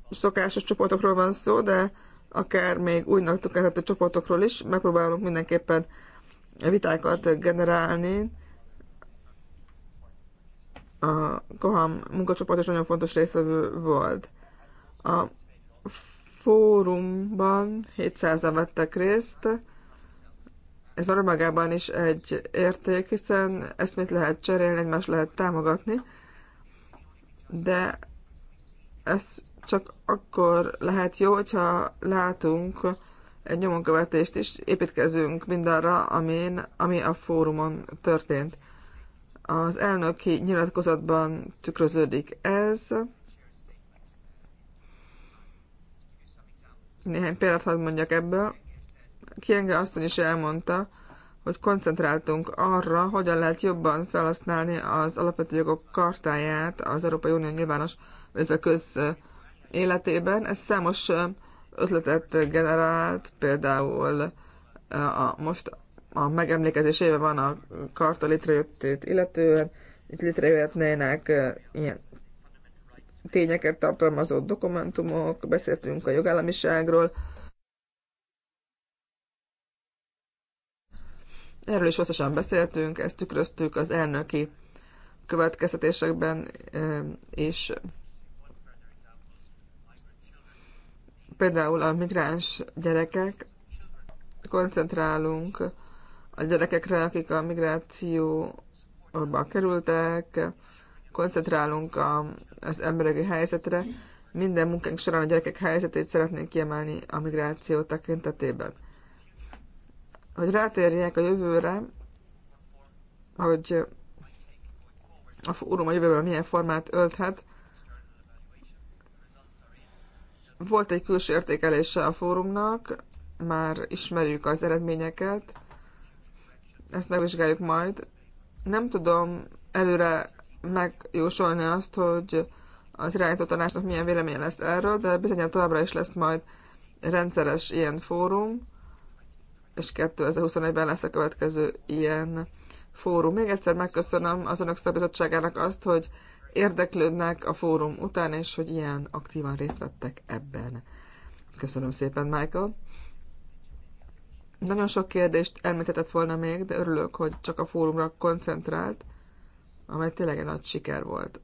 szokásos csoportokról van szó, de akár még úgynak a csoportokról is, megpróbálunk mindenképpen vitákat generálni. A Koham munkacsoport is nagyon fontos részevő volt. A fórumban 700-an vettek részt, ez már magában is egy érték, hiszen eszmét lehet cserélni, egymást lehet támogatni, de ez csak akkor lehet jó, hogyha látunk egy nyomonkövetést is, építkezünk mindarra, amin, ami a fórumon történt. Az elnöki nyilatkozatban tükröződik ez. Néhány példát hadd mondjak ebből. Kienge asszony is elmondta, hogy koncentráltunk arra, hogyan lehet jobban felhasználni az alapvető jogok kartáját az Európai Unió nyilvános, illetve köz életében. Ez számos ötletet generált, például a, most a megemlékezés éve van a karta létrejöttét illetően, itt létrejöhetnének ilyen tényeket tartalmazó dokumentumok, beszéltünk a jogállamiságról, Erről is hosszasan beszéltünk, ezt tükröztük az elnöki következtetésekben is. Például a migráns gyerekek, koncentrálunk a gyerekekre, akik a migrációba kerültek, koncentrálunk a, az emberi helyzetre, minden munkánk során a gyerekek helyzetét szeretnénk kiemelni a migráció tekintetében hogy rátérjenek a jövőre, hogy a fórum a jövőben milyen formát ölthet. Volt egy külső értékelése a fórumnak, már ismerjük az eredményeket, ezt megvizsgáljuk majd. Nem tudom előre megjósolni azt, hogy az irányító tanácsnak milyen véleménye lesz erről, de bizonyára továbbra is lesz majd rendszeres ilyen fórum, és 2021-ben lesz a következő ilyen fórum. Még egyszer megköszönöm az Önök Szabizottságának azt, hogy érdeklődnek a fórum után, és hogy ilyen aktívan részt vettek ebben. Köszönöm szépen, Michael. Nagyon sok kérdést említetett volna még, de örülök, hogy csak a fórumra koncentrált, amely tényleg egy nagy siker volt.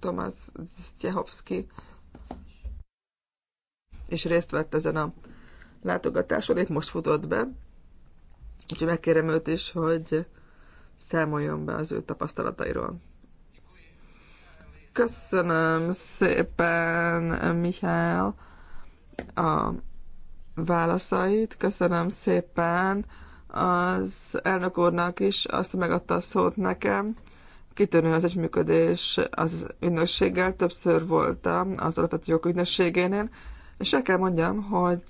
Tomasz Ztyehovszki és részt vett ezen a látogatáson, épp most futott be, úgyhogy megkérem őt is, hogy számoljon be az ő tapasztalatairól. Köszönöm szépen, Mihály, a válaszait. Köszönöm szépen az elnök úrnak is, azt megadta a szót nekem. Kitűnő az egyműködés az ügynökséggel, többször voltam az alapvető jogügynökségénél. És el kell mondjam, hogy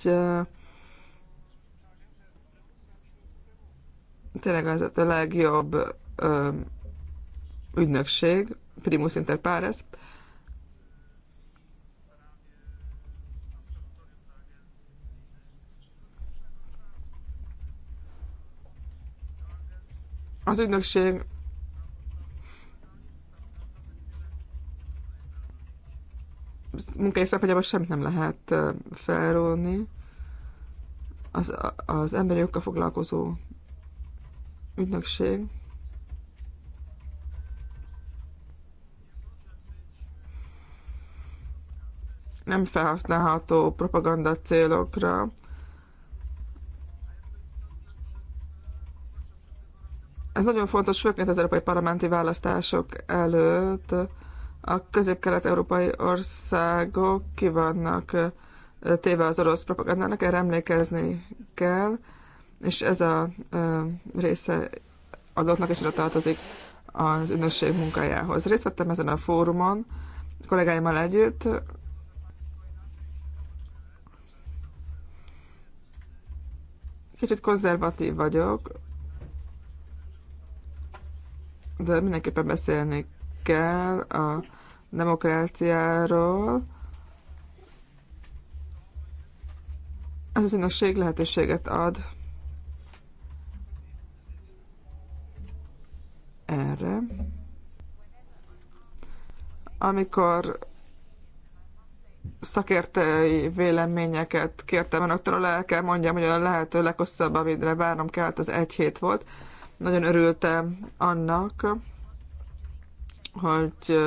tényleg ez a legjobb ö, ügynökség, Primus Inter Pares. Az ügynökség munkai szempontjából semmit nem lehet felrólni. Az, az emberi jogokkal foglalkozó ügynökség nem felhasználható propaganda célokra. Ez nagyon fontos, főként az európai parlamenti választások előtt, a közép-kelet-európai országok ki vannak téve az orosz propagandának, erre emlékezni kell, és ez a része adatnak is oda tartozik az ünnösség munkájához. Részt vettem ezen a fórumon kollégáimmal együtt, kicsit konzervatív vagyok, de mindenképpen beszélni kell a demokráciáról. Ez az ügynökség lehetőséget ad erre. Amikor szakértői véleményeket kértem önöktől, el kell mondjam, hogy a lehető leghosszabb, amire várnom kellett, az egy hét volt. Nagyon örültem annak, hogy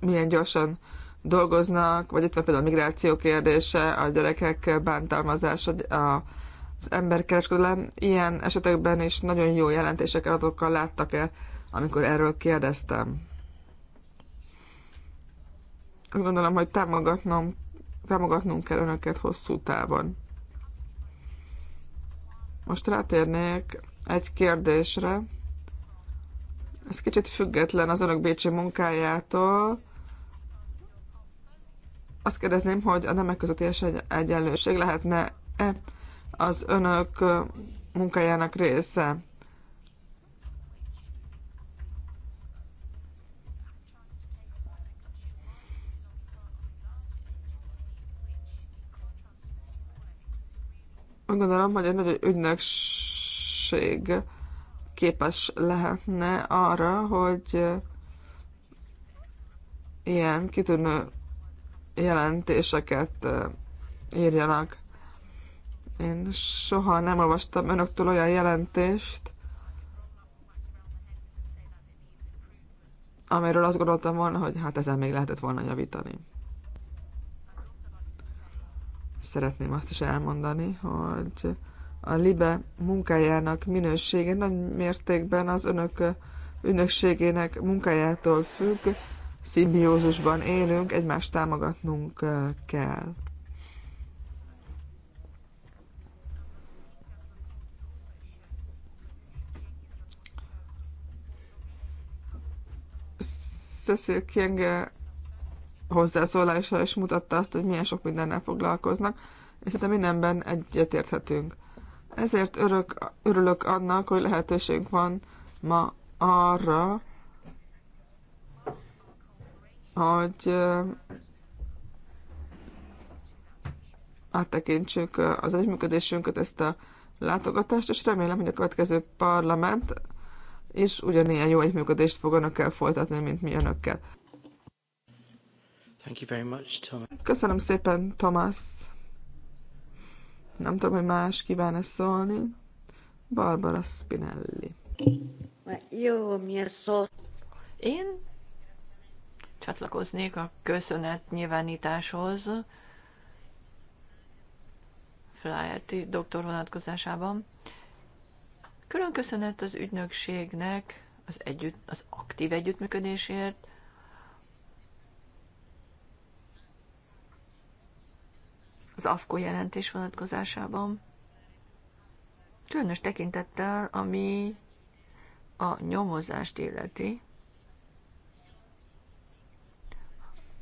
milyen gyorsan dolgoznak, vagy itt van például a migráció kérdése, a gyerekek bántalmazása, az emberkereskedelem. Ilyen esetekben is nagyon jó jelentések adatokkal láttak e amikor erről kérdeztem. Úgy gondolom, hogy támogatnom, támogatnunk kell önöket hosszú távon. Most rátérnék egy kérdésre, ez kicsit független az önök bécsi munkájától. Azt kérdezném, hogy a nemek közötti egy egyenlőség lehetne-e az önök munkájának része? gondolom, hogy egy nagy ügynökség képes lehetne arra, hogy ilyen kitűnő jelentéseket írjanak. Én soha nem olvastam önöktől olyan jelentést, amiről azt gondoltam volna, hogy hát ezen még lehetett volna javítani. Szeretném azt is elmondani, hogy a LIBE munkájának minősége nagy mértékben az önök ügynökségének munkájától függ, szimbiózusban élünk, egymást támogatnunk kell. Cecil Kienge hozzászólása is mutatta azt, hogy milyen sok mindennel foglalkoznak, és szerintem mindenben egyetérthetünk. Ezért örök, örülök annak, hogy lehetőség van ma arra, hogy áttekintsük az egyműködésünket, ezt a látogatást, és remélem, hogy a következő parlament és ugyanilyen jó együttműködést fog önökkel folytatni, mint mi önökkel. Thank you very much, Thomas. Köszönöm szépen, Thomas. Nem tudom, hogy más kíván-e szólni. Barbara Spinelli. Jó, mi a szó? Én csatlakoznék a köszönet nyilvánításhoz Flaherty doktor vonatkozásában. Külön köszönet az ügynökségnek az, együtt, az aktív együttműködésért, az AFKO jelentés vonatkozásában. Különös tekintettel, ami a nyomozást illeti,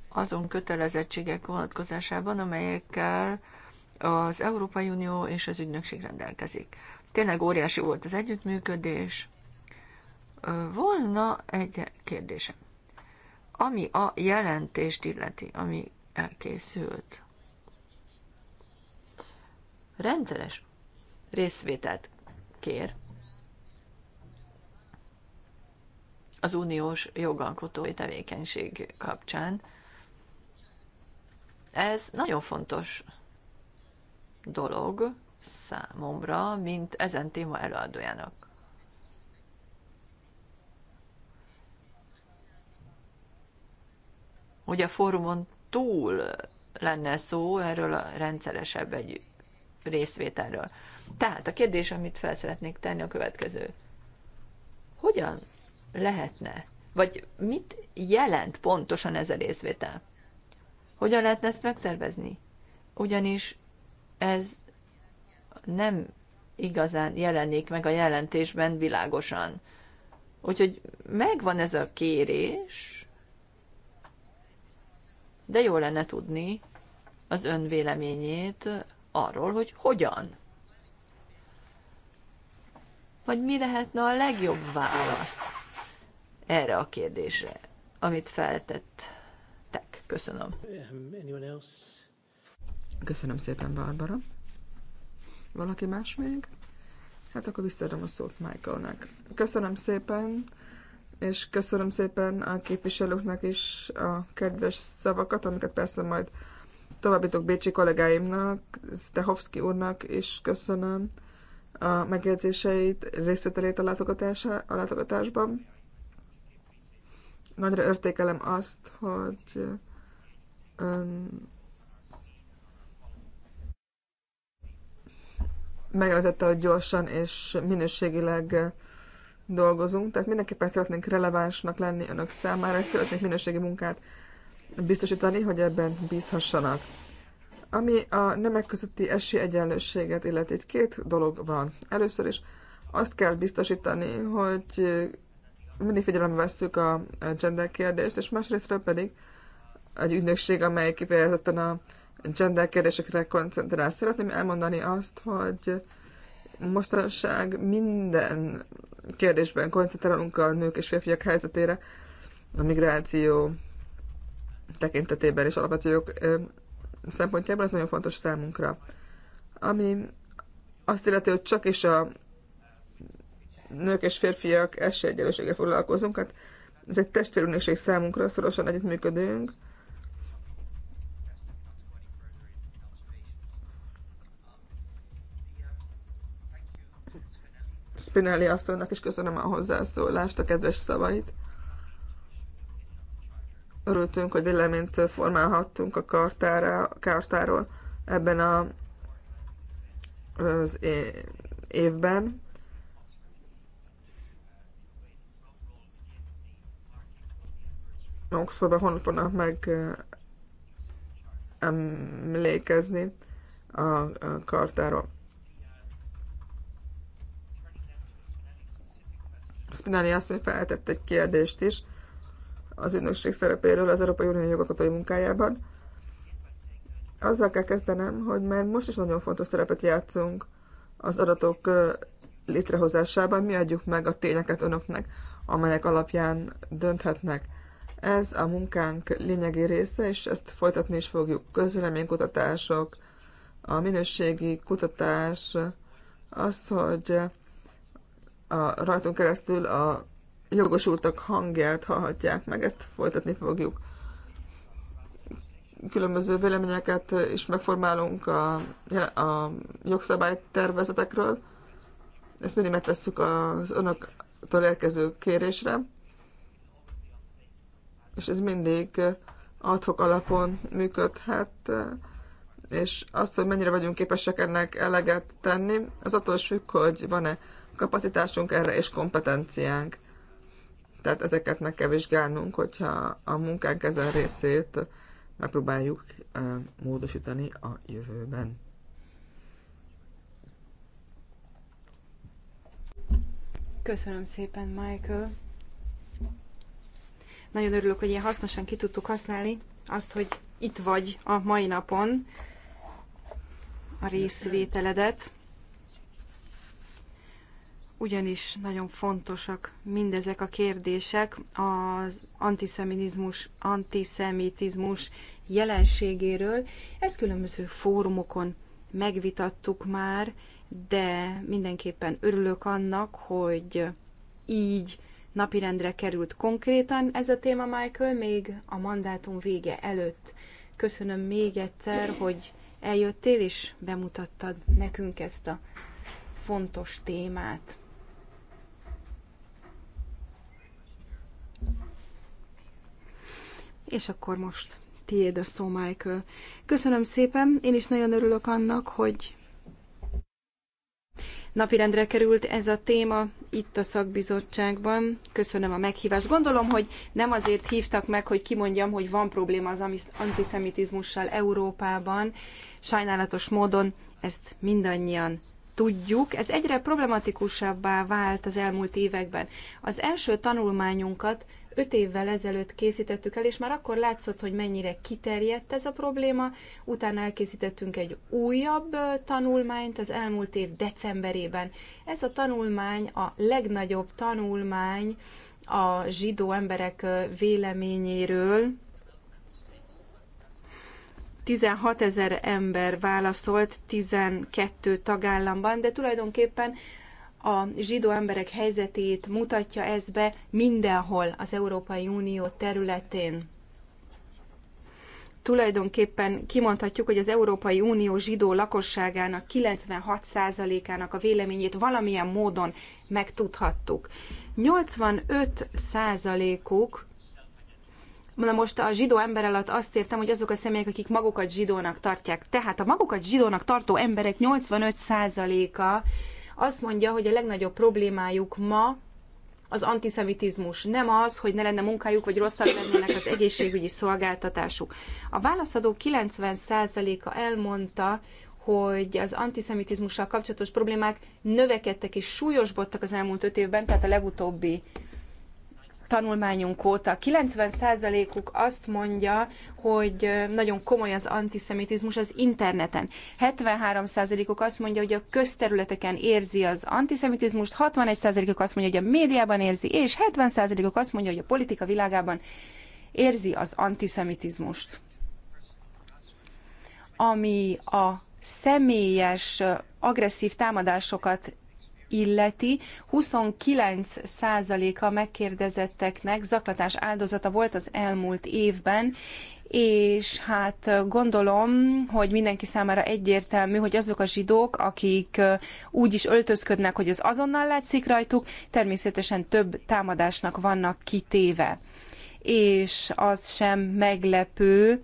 azon kötelezettségek vonatkozásában, amelyekkel az Európai Unió és az ügynökség rendelkezik. Tényleg óriási volt az együttműködés. Volna egy kérdésem. Ami a jelentést illeti, ami elkészült rendszeres részvételt kér az uniós jogalkotói tevékenység kapcsán. Ez nagyon fontos dolog számomra, mint ezen téma előadójának. hogy a fórumon túl lenne szó erről a rendszeresebb együtt részvételről. Tehát a kérdés, amit fel szeretnék tenni, a következő. Hogyan lehetne, vagy mit jelent pontosan ez a részvétel? Hogyan lehetne ezt megszervezni? Ugyanis ez nem igazán jelenik meg a jelentésben világosan. Úgyhogy megvan ez a kérés, de jó lenne tudni az ön véleményét arról, hogy hogyan. Vagy mi lehetne a legjobb válasz erre a kérdésre, amit feltettek. Köszönöm. Köszönöm szépen, Barbara. Valaki más még? Hát akkor visszaadom a szót Michaelnek. Köszönöm szépen, és köszönöm szépen a képviselőknek is a kedves szavakat, amiket persze majd továbbítok Bécsi kollégáimnak, Stehovski úrnak is köszönöm a megjegyzéseit, részvételét a, látogatása, a látogatásban. Nagyra értékelem azt, hogy ön megjelentette, hogy gyorsan és minőségileg dolgozunk, tehát mindenképpen szeretnénk relevánsnak lenni önök számára, és szeretnénk minőségi munkát biztosítani, hogy ebben bízhassanak. Ami a nemek közötti esélyegyenlőséget illeti, itt két dolog van. Először is azt kell biztosítani, hogy mindig figyelembe vesszük a gender kérdést, és másrésztről pedig egy ügynökség, amely kifejezetten a gender kérdésekre koncentrál. Szeretném elmondani azt, hogy mostanság minden kérdésben koncentrálunk a nők és férfiak helyzetére, a migráció, tekintetében és alapvető jog szempontjából ez nagyon fontos számunkra. Ami azt illeti, hogy csak is a nők és férfiak esélyegyelősége foglalkozunk, hát ez egy testvérügynökség számunkra, szorosan együttműködünk. Spinelli asszonynak is köszönöm a hozzászólást, a kedves szavait örültünk, hogy véleményt formálhattunk a kartára, kartáról ebben a, az évben. Oxfordban honnan fognak meg emlékezni a kartáról. Spinelli asszony feltett egy kérdést is az ügynökség szerepéről az Európai Unió jogalkotói munkájában. Azzal kell kezdenem, hogy már most is nagyon fontos szerepet játszunk az adatok létrehozásában, mi adjuk meg a tényeket önöknek, amelyek alapján dönthetnek. Ez a munkánk lényegi része, és ezt folytatni is fogjuk. Közleménykutatások, a minőségi kutatás, az, hogy a rajtunk keresztül a jogosultak hangját hallhatják meg, ezt folytatni fogjuk. Különböző véleményeket is megformálunk a, a jogszabálytervezetekről. Ezt mindig megtesszük az önöktől érkező kérésre. És ez mindig adhok alapon működhet, és azt, hogy mennyire vagyunk képesek ennek eleget tenni, az attól függ, hogy van-e kapacitásunk erre és kompetenciánk. Tehát ezeket meg kell vizsgálnunk, hogyha a munkánk ezen részét megpróbáljuk módosítani a jövőben. Köszönöm szépen, Michael. Nagyon örülök, hogy ilyen hasznosan ki tudtuk használni azt, hogy itt vagy a mai napon a részvételedet ugyanis nagyon fontosak mindezek a kérdések az antiszemitizmus, antiszemitizmus jelenségéről. Ezt különböző fórumokon megvitattuk már, de mindenképpen örülök annak, hogy így napirendre került konkrétan ez a téma, Michael, még a mandátum vége előtt. Köszönöm még egyszer, hogy eljöttél és bemutattad nekünk ezt a fontos témát. És akkor most tiéd a szó, Michael. Köszönöm szépen, én is nagyon örülök annak, hogy napirendre került ez a téma itt a szakbizottságban. Köszönöm a meghívást. Gondolom, hogy nem azért hívtak meg, hogy kimondjam, hogy van probléma az antiszemitizmussal Európában. Sajnálatos módon ezt mindannyian tudjuk, ez egyre problematikusabbá vált az elmúlt években. Az első tanulmányunkat Öt évvel ezelőtt készítettük el, és már akkor látszott, hogy mennyire kiterjedt ez a probléma. Utána elkészítettünk egy újabb tanulmányt az elmúlt év decemberében. Ez a tanulmány a legnagyobb tanulmány a zsidó emberek véleményéről, 16 ezer ember válaszolt 12 tagállamban, de tulajdonképpen a zsidó emberek helyzetét mutatja ez be mindenhol az Európai Unió területén. Tulajdonképpen kimondhatjuk, hogy az Európai Unió zsidó lakosságának 96%-ának a véleményét valamilyen módon megtudhattuk. 85%-uk Na most a zsidó ember alatt azt értem, hogy azok a személyek, akik magukat zsidónak tartják. Tehát a magukat zsidónak tartó emberek 85%-a azt mondja, hogy a legnagyobb problémájuk ma az antiszemitizmus. Nem az, hogy ne lenne munkájuk, vagy rosszabb lennének az egészségügyi szolgáltatásuk. A válaszadó 90%-a elmondta, hogy az antiszemitizmussal kapcsolatos problémák növekedtek és súlyosbodtak az elmúlt öt évben, tehát a legutóbbi tanulmányunk óta. 90%-uk azt mondja, hogy nagyon komoly az antiszemitizmus az interneten. 73%-uk azt mondja, hogy a közterületeken érzi az antiszemitizmust, 61%-uk azt mondja, hogy a médiában érzi, és 70%-uk azt mondja, hogy a politika világában érzi az antiszemitizmust. Ami a személyes agresszív támadásokat illeti, 29% a megkérdezetteknek zaklatás áldozata volt az elmúlt évben, és hát gondolom, hogy mindenki számára egyértelmű, hogy azok a zsidók, akik úgy is öltözködnek, hogy ez azonnal látszik rajtuk, természetesen több támadásnak vannak kitéve. És az sem meglepő,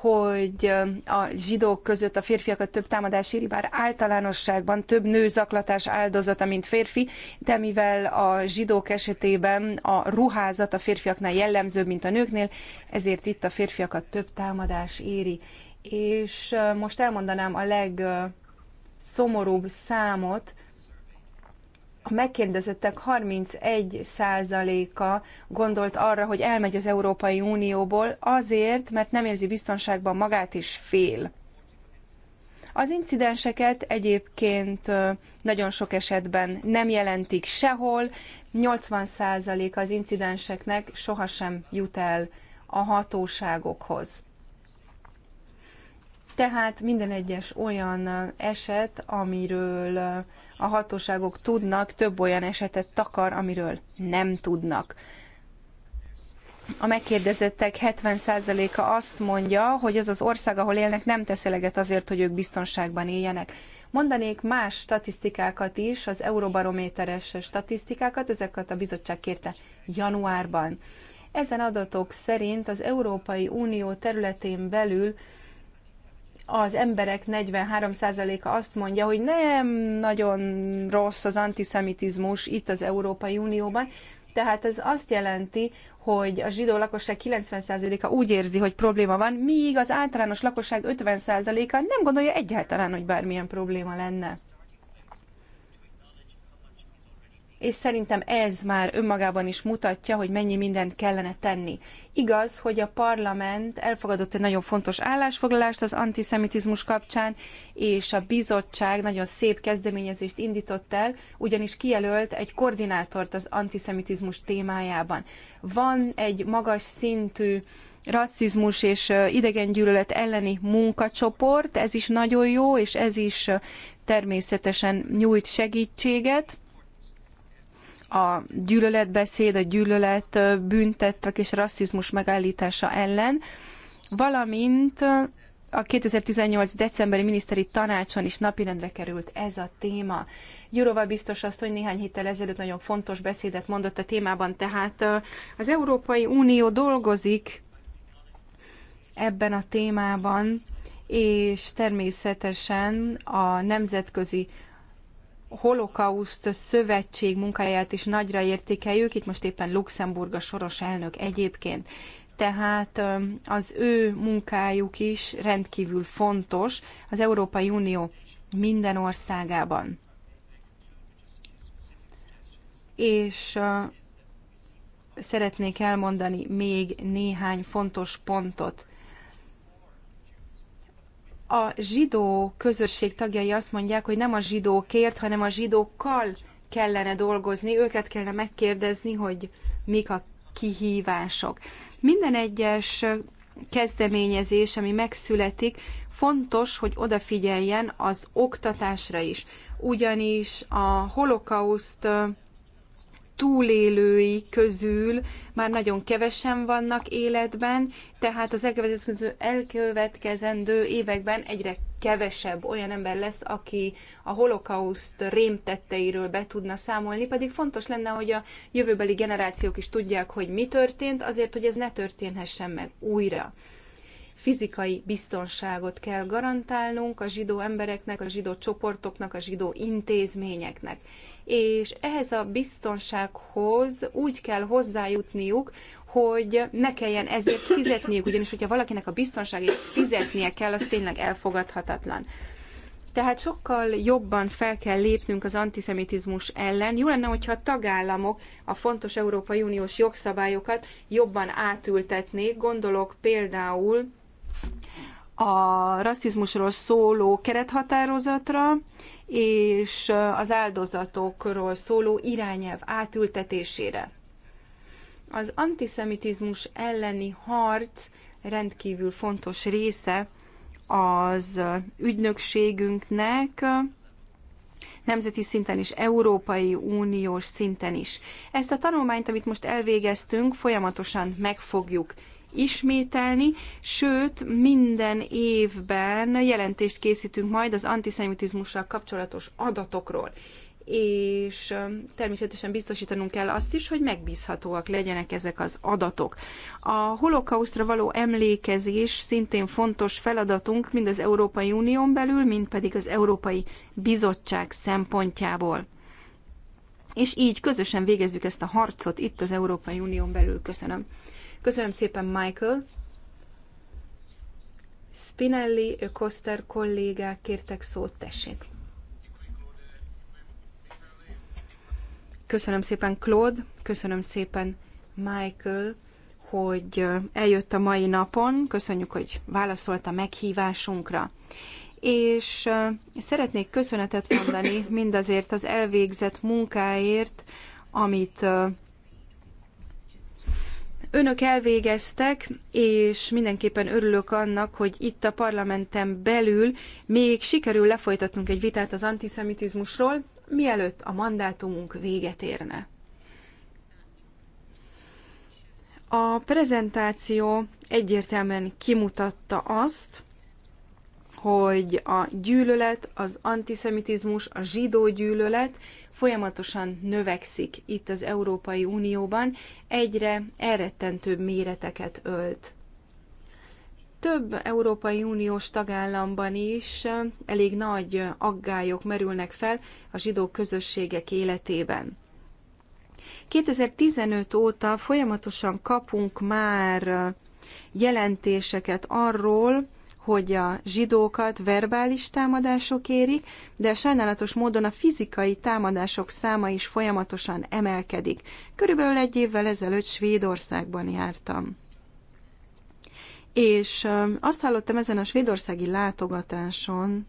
hogy a zsidók között a férfiakat több támadás éri, bár általánosságban több nő zaklatás áldozata, mint férfi, de mivel a zsidók esetében a ruházat a férfiaknál jellemzőbb, mint a nőknél, ezért itt a férfiakat több támadás éri. És most elmondanám a legszomorúbb számot, a megkérdezettek 31%-a gondolt arra, hogy elmegy az Európai Unióból azért, mert nem érzi biztonságban magát is fél. Az incidenseket egyébként nagyon sok esetben nem jelentik sehol, 80% az incidenseknek sohasem jut el a hatóságokhoz. Tehát minden egyes olyan eset, amiről a hatóságok tudnak, több olyan esetet takar, amiről nem tudnak. A megkérdezettek 70%-a azt mondja, hogy az az ország, ahol élnek, nem tesz eleget azért, hogy ők biztonságban éljenek. Mondanék más statisztikákat is, az Euróbarométeres statisztikákat, ezeket a bizottság kérte januárban. Ezen adatok szerint az Európai Unió területén belül az emberek 43%-a azt mondja, hogy nem nagyon rossz az antiszemitizmus itt az Európai Unióban, tehát ez azt jelenti, hogy a zsidó lakosság 90%-a úgy érzi, hogy probléma van, míg az általános lakosság 50%-a nem gondolja egyáltalán, hogy bármilyen probléma lenne. és szerintem ez már önmagában is mutatja, hogy mennyi mindent kellene tenni. Igaz, hogy a parlament elfogadott egy nagyon fontos állásfoglalást az antiszemitizmus kapcsán, és a bizottság nagyon szép kezdeményezést indított el, ugyanis kijelölt egy koordinátort az antiszemitizmus témájában. Van egy magas szintű rasszizmus és idegengyűlölet elleni munkacsoport, ez is nagyon jó, és ez is természetesen nyújt segítséget a gyűlöletbeszéd, a gyűlölet büntettek és a rasszizmus megállítása ellen, valamint a 2018. decemberi miniszteri tanácson is napirendre került ez a téma. Jurova biztos azt, hogy néhány héttel ezelőtt nagyon fontos beszédet mondott a témában, tehát az Európai Unió dolgozik ebben a témában, és természetesen a nemzetközi holokauszt szövetség munkáját is nagyra értékeljük, itt most éppen Luxemburg a soros elnök egyébként. Tehát az ő munkájuk is rendkívül fontos az Európai Unió minden országában. És szeretnék elmondani még néhány fontos pontot a zsidó közösség tagjai azt mondják, hogy nem a zsidókért, hanem a zsidókkal kellene dolgozni, őket kellene megkérdezni, hogy mik a kihívások. Minden egyes kezdeményezés, ami megszületik, fontos, hogy odafigyeljen az oktatásra is, ugyanis a holokauszt túlélői közül már nagyon kevesen vannak életben, tehát az elkövetkezendő években egyre kevesebb olyan ember lesz, aki a holokauszt rémtetteiről be tudna számolni, pedig fontos lenne, hogy a jövőbeli generációk is tudják, hogy mi történt, azért, hogy ez ne történhessen meg újra fizikai biztonságot kell garantálnunk a zsidó embereknek, a zsidó csoportoknak, a zsidó intézményeknek és ehhez a biztonsághoz úgy kell hozzájutniuk, hogy ne kelljen ezért fizetniük, ugyanis hogyha valakinek a biztonságért fizetnie kell, az tényleg elfogadhatatlan. Tehát sokkal jobban fel kell lépnünk az antiszemitizmus ellen. Jó lenne, hogyha a tagállamok a fontos Európai Uniós jogszabályokat jobban átültetnék. Gondolok például a rasszizmusról szóló kerethatározatra, és az áldozatokról szóló irányelv átültetésére. Az antiszemitizmus elleni harc rendkívül fontos része az ügynökségünknek, nemzeti szinten is, Európai Uniós szinten is. Ezt a tanulmányt, amit most elvégeztünk, folyamatosan meg fogjuk ismételni, sőt, minden évben jelentést készítünk majd az antiszemitizmussal kapcsolatos adatokról és természetesen biztosítanunk kell azt is, hogy megbízhatóak legyenek ezek az adatok. A holokausztra való emlékezés szintén fontos feladatunk, mind az Európai Unión belül, mind pedig az Európai Bizottság szempontjából. És így közösen végezzük ezt a harcot itt az Európai Unión belül. Köszönöm. Köszönöm szépen, Michael. Spinelli, Koster kollégák kértek szót, tessék. Köszönöm szépen, Claude, köszönöm szépen, Michael, hogy eljött a mai napon. Köszönjük, hogy válaszolt a meghívásunkra és szeretnék köszönetet mondani mindazért az elvégzett munkáért, amit önök elvégeztek, és mindenképpen örülök annak, hogy itt a parlamenten belül még sikerül lefolytatnunk egy vitát az antiszemitizmusról, mielőtt a mandátumunk véget érne. A prezentáció egyértelműen kimutatta azt, hogy a gyűlölet, az antiszemitizmus, a zsidó gyűlölet folyamatosan növekszik itt az Európai Unióban, egyre elrettentőbb méreteket ölt. Több Európai Uniós tagállamban is elég nagy aggályok merülnek fel a zsidó közösségek életében. 2015 óta folyamatosan kapunk már jelentéseket arról, hogy a zsidókat verbális támadások érik, de sajnálatos módon a fizikai támadások száma is folyamatosan emelkedik. Körülbelül egy évvel ezelőtt Svédországban jártam. És azt hallottam ezen a svédországi látogatáson,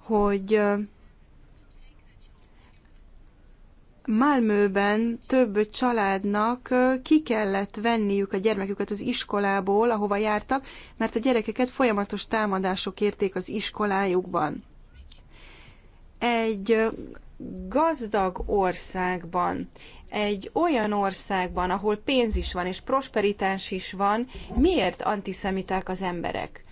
hogy Malmöben több családnak ki kellett venniük a gyermeküket az iskolából, ahova jártak, mert a gyerekeket folyamatos támadások érték az iskolájukban. Egy gazdag országban, egy olyan országban, ahol pénz is van és prosperitás is van, miért antiszemiták az emberek?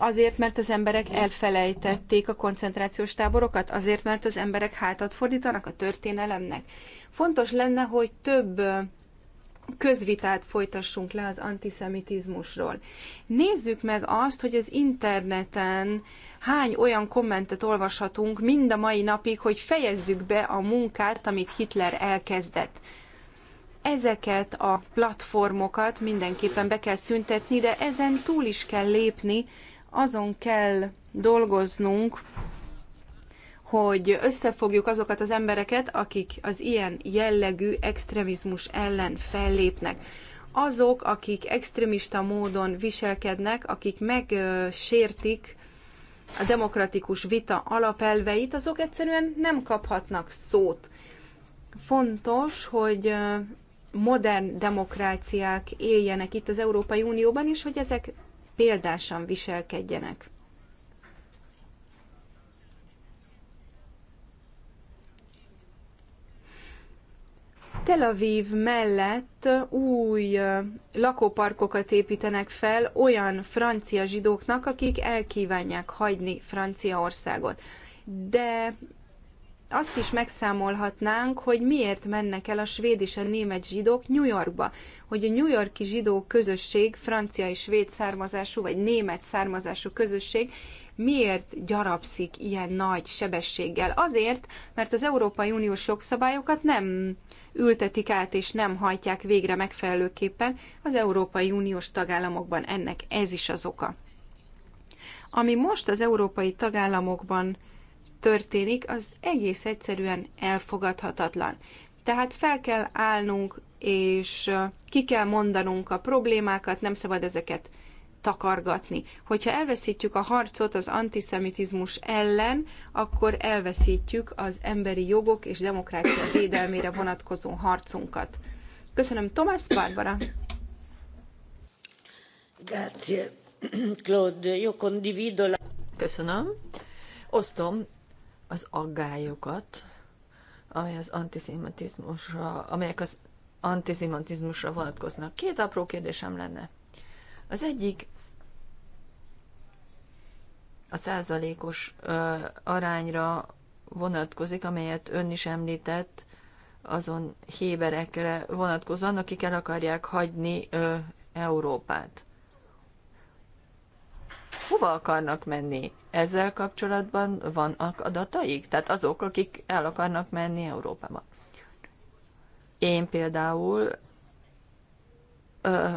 Azért, mert az emberek elfelejtették a koncentrációs táborokat? Azért, mert az emberek hátat fordítanak a történelemnek? Fontos lenne, hogy több közvitát folytassunk le az antiszemitizmusról. Nézzük meg azt, hogy az interneten hány olyan kommentet olvashatunk mind a mai napig, hogy fejezzük be a munkát, amit Hitler elkezdett ezeket a platformokat mindenképpen be kell szüntetni, de ezen túl is kell lépni, azon kell dolgoznunk, hogy összefogjuk azokat az embereket, akik az ilyen jellegű extrémizmus ellen fellépnek. Azok, akik extrémista módon viselkednek, akik megsértik a demokratikus vita alapelveit, azok egyszerűen nem kaphatnak szót. Fontos, hogy modern demokráciák éljenek itt az Európai Unióban, és hogy ezek példásan viselkedjenek. Tel Aviv mellett új lakóparkokat építenek fel olyan francia zsidóknak, akik elkívánják hagyni Franciaországot. De azt is megszámolhatnánk, hogy miért mennek el a svéd és a német zsidók New Yorkba, hogy a New Yorki zsidó közösség, francia és svéd származású vagy német származású közösség miért gyarapszik ilyen nagy sebességgel? Azért, mert az Európai Uniós jogszabályokat nem ültetik át és nem hajtják végre megfelelőképpen az Európai Uniós tagállamokban. Ennek ez is az oka. Ami most az európai tagállamokban történik, az egész egyszerűen elfogadhatatlan. Tehát fel kell állnunk, és ki kell mondanunk a problémákat, nem szabad ezeket takargatni. Hogyha elveszítjük a harcot az antiszemitizmus ellen, akkor elveszítjük az emberi jogok és demokrácia védelmére vonatkozó harcunkat. Köszönöm, Tomás Barbara. Grazie, Claude. Io condivido la... Köszönöm. Osztom az aggályokat, amely az antiszemitizmusra, amelyek az antiszemitizmusra vonatkoznak. Két apró kérdésem lenne. Az egyik a százalékos ö, arányra vonatkozik, amelyet ön is említett, azon héberekre vonatkozóan, akik el akarják hagyni ö, Európát. Hova akarnak menni? ezzel kapcsolatban vannak adataik? Tehát azok, akik el akarnak menni Európába. Én például,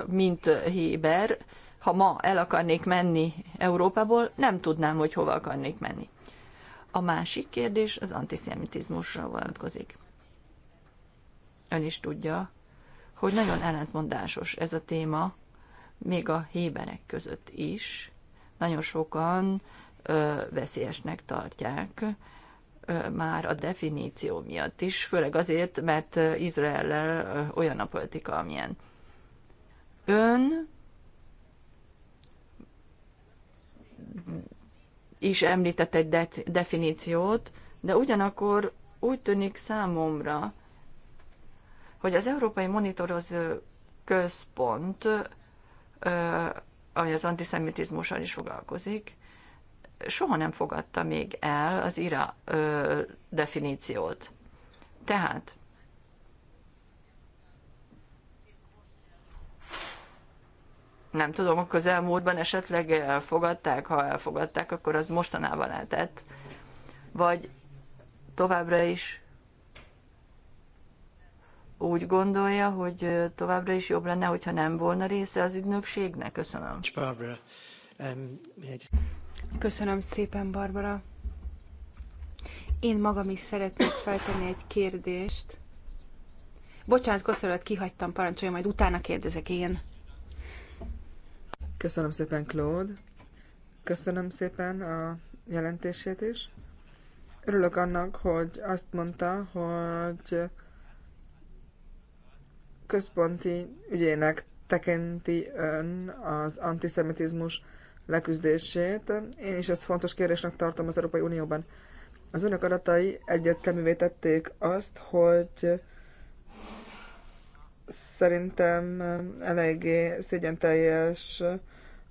mint Héber, ha ma el akarnék menni Európából, nem tudnám, hogy hova akarnék menni. A másik kérdés az antiszemitizmusra vonatkozik. Ön is tudja, hogy nagyon ellentmondásos ez a téma, még a héberek között is. Nagyon sokan veszélyesnek tartják már a definíció miatt is, főleg azért, mert Izrael olyan a politika, amilyen. Ön is említett egy de- definíciót, de ugyanakkor úgy tűnik számomra, hogy az Európai Monitorozó Központ, ami az antiszemitizmussal is foglalkozik, soha nem fogadta még el az IRA ö, definíciót. Tehát nem tudom, a közelmúltban esetleg elfogadták, ha elfogadták, akkor az mostanában lehetett. Vagy továbbra is úgy gondolja, hogy továbbra is jobb lenne, hogyha nem volna része az ügynökségnek? Köszönöm. Barbara, um, Köszönöm szépen, Barbara. Én magam is szeretnék feltenni egy kérdést. Bocsánat, koszorúat kihagytam, parancsolja, majd utána kérdezek én. Köszönöm szépen, Claude. Köszönöm szépen a jelentését is. Örülök annak, hogy azt mondta, hogy központi ügyének tekinti ön az antiszemitizmus leküzdését. Én is ezt fontos kérdésnek tartom az Európai Unióban. Az önök adatai egyértelművé tették azt, hogy szerintem eléggé teljes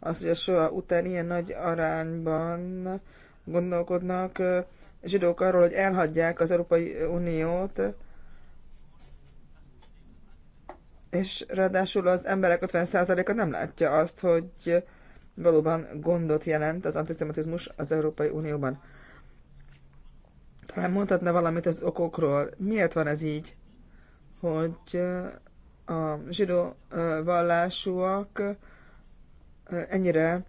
az, hogy a soha után ilyen nagy arányban gondolkodnak zsidók arról, hogy elhagyják az Európai Uniót, és ráadásul az emberek 50%-a nem látja azt, hogy valóban gondot jelent az antiszemitizmus az Európai Unióban. Talán mondhatna valamit az okokról. Miért van ez így, hogy a zsidó vallásúak ennyire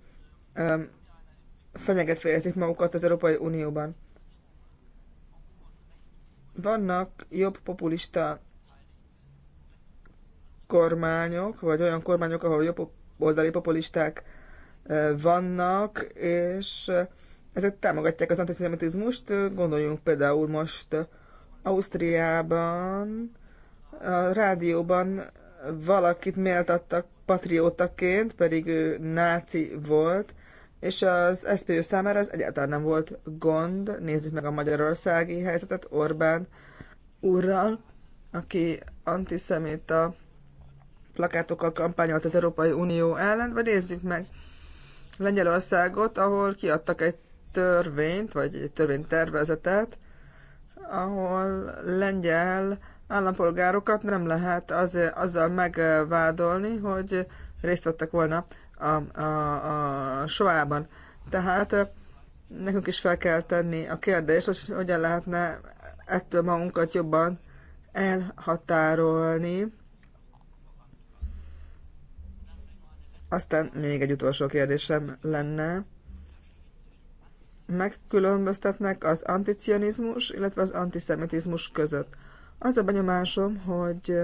fenyegetve érzik magukat az Európai Unióban? Vannak jobb populista kormányok, vagy olyan kormányok, ahol jobb oldali populisták vannak, és ezek támogatják az antiszemitizmust. Gondoljunk például most Ausztriában, a rádióban valakit méltattak patriótaként, pedig ő náci volt, és az SZPÖ számára ez egyáltalán nem volt gond. Nézzük meg a magyarországi helyzetet Orbán úrral, aki antiszemita plakátokkal kampányolt az Európai Unió ellen, vagy nézzük meg Lengyelországot, ahol kiadtak egy törvényt, vagy egy törvénytervezetet, ahol lengyel állampolgárokat nem lehet az, azzal megvádolni, hogy részt vettek volna a, a, a soában. Tehát nekünk is fel kell tenni a kérdést, hogy hogyan lehetne ettől magunkat jobban elhatárolni, Aztán még egy utolsó kérdésem lenne. Megkülönböztetnek az anticionizmus, illetve az antiszemitizmus között. Az a benyomásom, hogy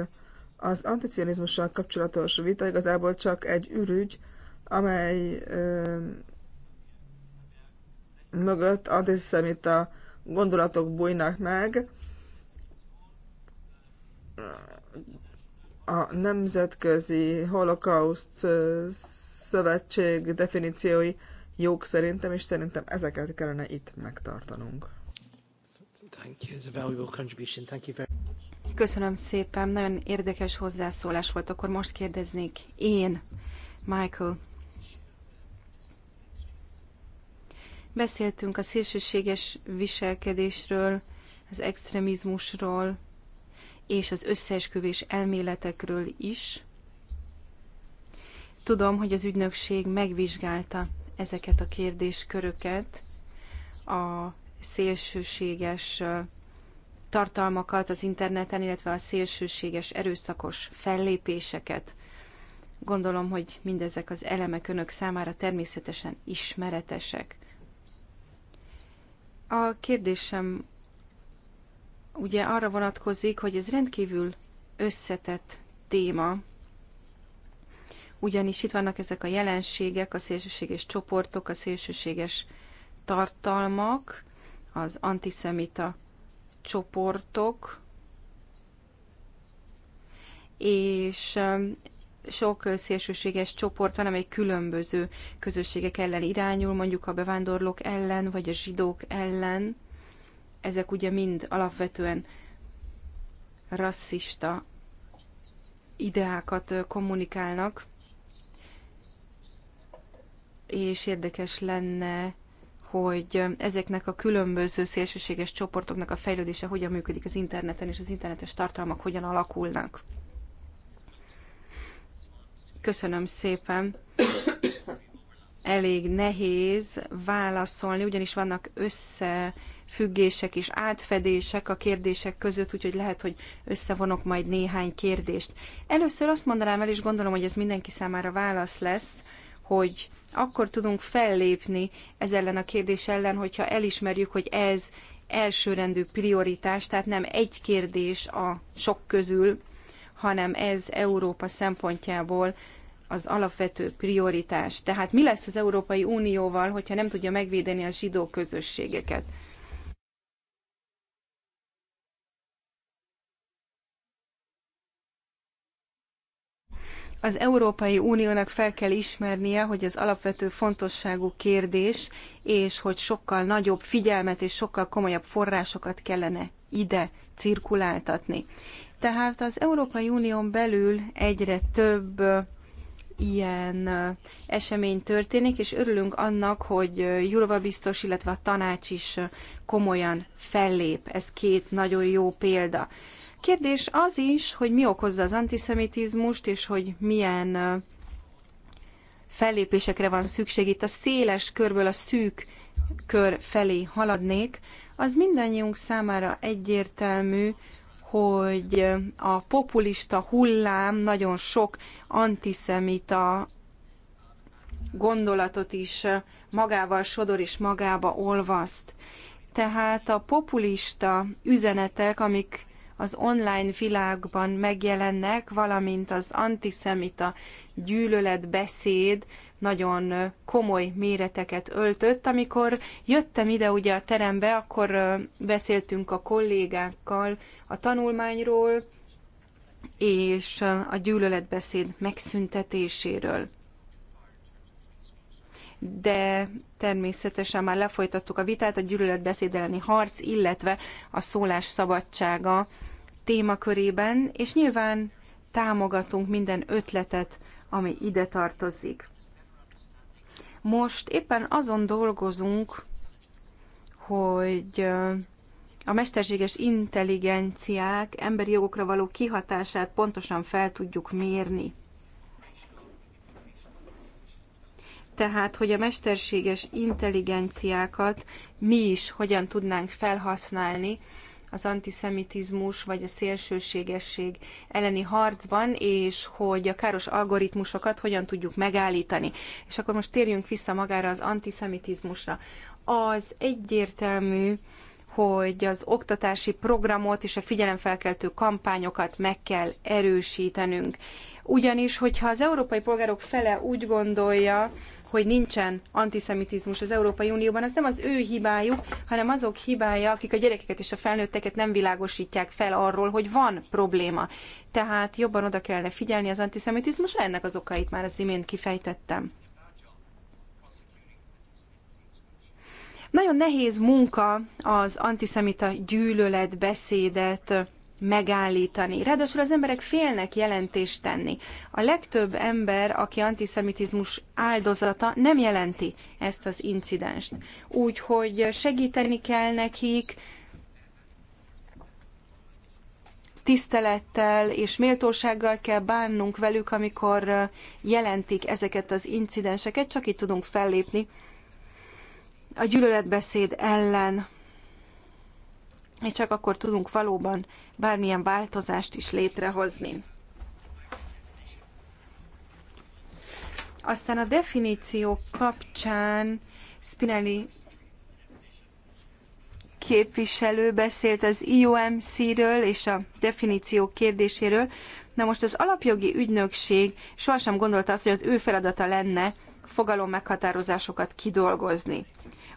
az anticionizmussal kapcsolatos vita igazából csak egy ürügy, amely ö, mögött antiszemita gondolatok bújnak meg, a Nemzetközi Holokauszt Szövetség definíciói jók szerintem, és szerintem ezeket kellene itt megtartanunk. Köszönöm szépen, nagyon érdekes hozzászólás volt, akkor most kérdeznék én, Michael. Beszéltünk a szélsőséges viselkedésről, az extremizmusról, és az összeesküvés elméletekről is. Tudom, hogy az ügynökség megvizsgálta ezeket a kérdésköröket, a szélsőséges tartalmakat az interneten, illetve a szélsőséges erőszakos fellépéseket. Gondolom, hogy mindezek az elemek önök számára természetesen ismeretesek. A kérdésem ugye arra vonatkozik, hogy ez rendkívül összetett téma, ugyanis itt vannak ezek a jelenségek, a szélsőséges csoportok, a szélsőséges tartalmak, az antiszemita csoportok, és um, sok szélsőséges csoport van, amely különböző közösségek ellen irányul, mondjuk a bevándorlók ellen, vagy a zsidók ellen ezek ugye mind alapvetően rasszista ideákat kommunikálnak, és érdekes lenne, hogy ezeknek a különböző szélsőséges csoportoknak a fejlődése hogyan működik az interneten, és az internetes tartalmak hogyan alakulnak. Köszönöm szépen elég nehéz válaszolni, ugyanis vannak összefüggések és átfedések a kérdések között, úgyhogy lehet, hogy összevonok majd néhány kérdést. Először azt mondanám el, és gondolom, hogy ez mindenki számára válasz lesz, hogy akkor tudunk fellépni ez ellen a kérdés ellen, hogyha elismerjük, hogy ez elsőrendű prioritás, tehát nem egy kérdés a sok közül, hanem ez Európa szempontjából az alapvető prioritás. Tehát mi lesz az Európai Unióval, hogyha nem tudja megvédeni a zsidó közösségeket? az Európai Uniónak fel kell ismernie, hogy az alapvető fontosságú kérdés, és hogy sokkal nagyobb figyelmet és sokkal komolyabb forrásokat kellene ide cirkuláltatni. Tehát az Európai Unión belül egyre több ilyen esemény történik, és örülünk annak, hogy Jurova biztos, illetve a tanács is komolyan fellép. Ez két nagyon jó példa. Kérdés az is, hogy mi okozza az antiszemitizmust, és hogy milyen fellépésekre van szükség. Itt a széles körből a szűk kör felé haladnék. Az mindannyiunk számára egyértelmű, hogy a populista hullám nagyon sok antiszemita gondolatot is magával sodor és magába olvaszt. Tehát a populista üzenetek, amik az online világban megjelennek, valamint az antiszemita gyűlöletbeszéd nagyon komoly méreteket öltött. Amikor jöttem ide ugye a terembe, akkor beszéltünk a kollégákkal a tanulmányról, és a gyűlöletbeszéd megszüntetéséről. De természetesen már lefolytattuk a vitát a gyűlöletbeszéd elleni harc, illetve a szólás szabadsága témakörében, és nyilván támogatunk minden ötletet, ami ide tartozik. Most éppen azon dolgozunk, hogy a mesterséges intelligenciák emberi jogokra való kihatását pontosan fel tudjuk mérni. Tehát, hogy a mesterséges intelligenciákat mi is hogyan tudnánk felhasználni az antiszemitizmus vagy a szélsőségesség elleni harcban, és hogy a káros algoritmusokat hogyan tudjuk megállítani. És akkor most térjünk vissza magára az antiszemitizmusra. Az egyértelmű, hogy az oktatási programot és a figyelemfelkeltő kampányokat meg kell erősítenünk. Ugyanis, hogyha az európai polgárok fele úgy gondolja, hogy nincsen antiszemitizmus az Európai Unióban, az nem az ő hibájuk, hanem azok hibája, akik a gyerekeket és a felnőtteket nem világosítják fel arról, hogy van probléma. Tehát jobban oda kellene figyelni az antiszemitizmusra, ennek az okait már az imént kifejtettem. Nagyon nehéz munka az antiszemita gyűlöletbeszédet megállítani. Ráadásul az emberek félnek jelentést tenni. A legtöbb ember, aki antiszemitizmus áldozata, nem jelenti ezt az incidenst. Úgyhogy segíteni kell nekik, tisztelettel és méltósággal kell bánnunk velük, amikor jelentik ezeket az incidenseket, csak így tudunk fellépni a gyűlöletbeszéd ellen és csak akkor tudunk valóban bármilyen változást is létrehozni. Aztán a definíció kapcsán Spinelli képviselő beszélt az IOMC-ről és a definíció kérdéséről. Na most az alapjogi ügynökség sohasem gondolta azt, hogy az ő feladata lenne fogalom meghatározásokat kidolgozni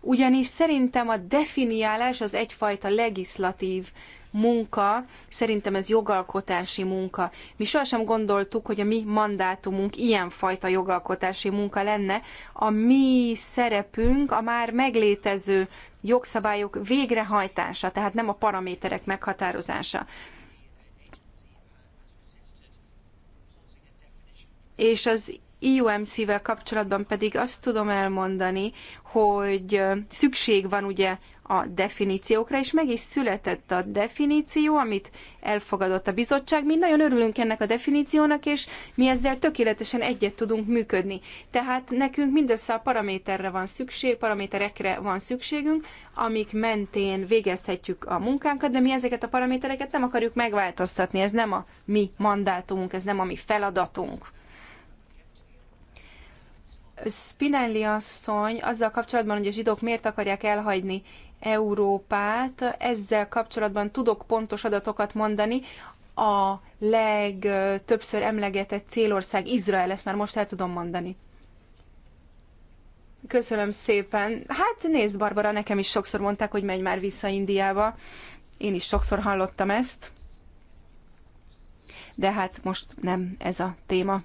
ugyanis szerintem a definiálás az egyfajta legislatív munka, szerintem ez jogalkotási munka. Mi sohasem gondoltuk, hogy a mi mandátumunk ilyenfajta jogalkotási munka lenne. A mi szerepünk a már meglétező jogszabályok végrehajtása, tehát nem a paraméterek meghatározása. És az IUMC-vel kapcsolatban pedig azt tudom elmondani, hogy szükség van ugye a definíciókra, és meg is született a definíció, amit elfogadott a bizottság. Mi nagyon örülünk ennek a definíciónak, és mi ezzel tökéletesen egyet tudunk működni. Tehát nekünk mindössze a paraméterre van szükség, paraméterekre van szükségünk, amik mentén végezhetjük a munkánkat, de mi ezeket a paramétereket nem akarjuk megváltoztatni. Ez nem a mi mandátumunk, ez nem a mi feladatunk. Spinelli asszony azzal kapcsolatban, hogy a zsidók miért akarják elhagyni Európát, ezzel kapcsolatban tudok pontos adatokat mondani. A legtöbbször emlegetett célország Izrael, ezt már most el tudom mondani. Köszönöm szépen. Hát nézd, Barbara, nekem is sokszor mondták, hogy menj már vissza Indiába. Én is sokszor hallottam ezt. De hát most nem ez a téma.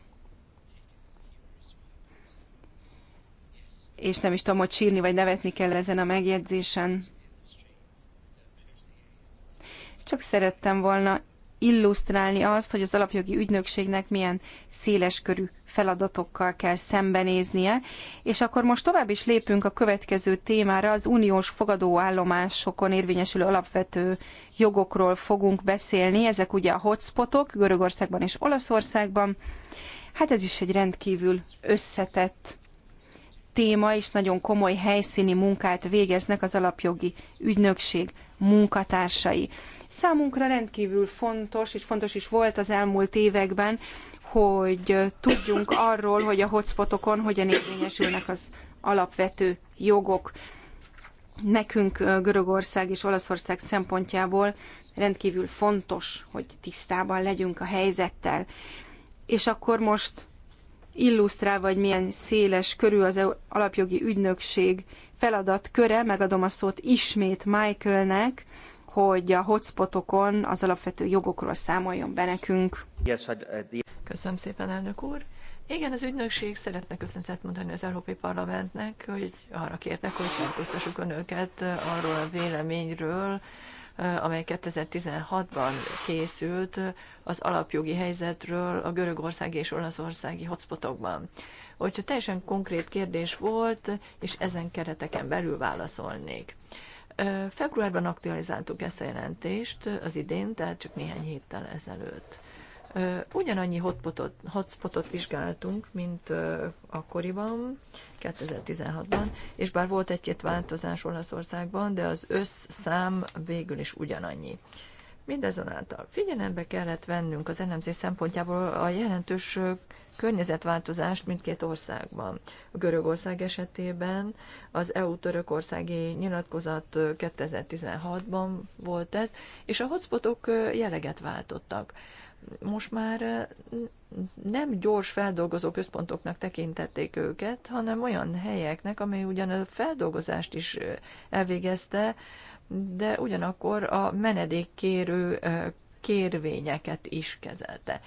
és nem is tudom, hogy sírni vagy nevetni kell ezen a megjegyzésen. Csak szerettem volna illusztrálni azt, hogy az alapjogi ügynökségnek milyen széleskörű feladatokkal kell szembenéznie. És akkor most tovább is lépünk a következő témára, az uniós fogadóállomásokon érvényesülő alapvető jogokról fogunk beszélni. Ezek ugye a hotspotok Görögországban és Olaszországban. Hát ez is egy rendkívül összetett téma, és nagyon komoly helyszíni munkát végeznek az alapjogi ügynökség munkatársai. Számunkra rendkívül fontos, és fontos is volt az elmúlt években, hogy tudjunk arról, hogy a hotspotokon hogyan érvényesülnek az alapvető jogok. Nekünk Görögország és Olaszország szempontjából rendkívül fontos, hogy tisztában legyünk a helyzettel. És akkor most illusztrál, vagy milyen széles körű az alapjogi ügynökség feladatköre. Megadom a szót ismét Michaelnek, hogy a hotspotokon az alapvető jogokról számoljon be nekünk. Köszönöm szépen, elnök úr. Igen, az ügynökség szeretne köszöntet mondani az Európai Parlamentnek, hogy arra kértek, hogy tájékoztassuk önöket arról a véleményről, Eh, amely 2016-ban készült eh, az alapjogi helyzetről a görögországi és olaszországi hotspotokban. Hogyha teljesen konkrét kérdés volt, és ezen kereteken belül válaszolnék. Eh, februárban aktualizáltuk ezt a jelentést az idén, tehát csak néhány héttel ezelőtt. Ugyanannyi hotspotot, hotspotot vizsgáltunk, mint akkoriban, 2016-ban, és bár volt egy-két változás Olaszországban, de az összszám végül is ugyanannyi. Mindezonáltal figyelembe kellett vennünk az elemzés szempontjából a jelentős környezetváltozást mindkét országban. A Görögország esetében az EU-törökországi nyilatkozat 2016-ban volt ez, és a hotspotok jeleget váltottak most már nem gyors feldolgozó központoknak tekintették őket, hanem olyan helyeknek, amely ugyan a feldolgozást is elvégezte, de ugyanakkor a menedékkérő kérvényeket is kezelte.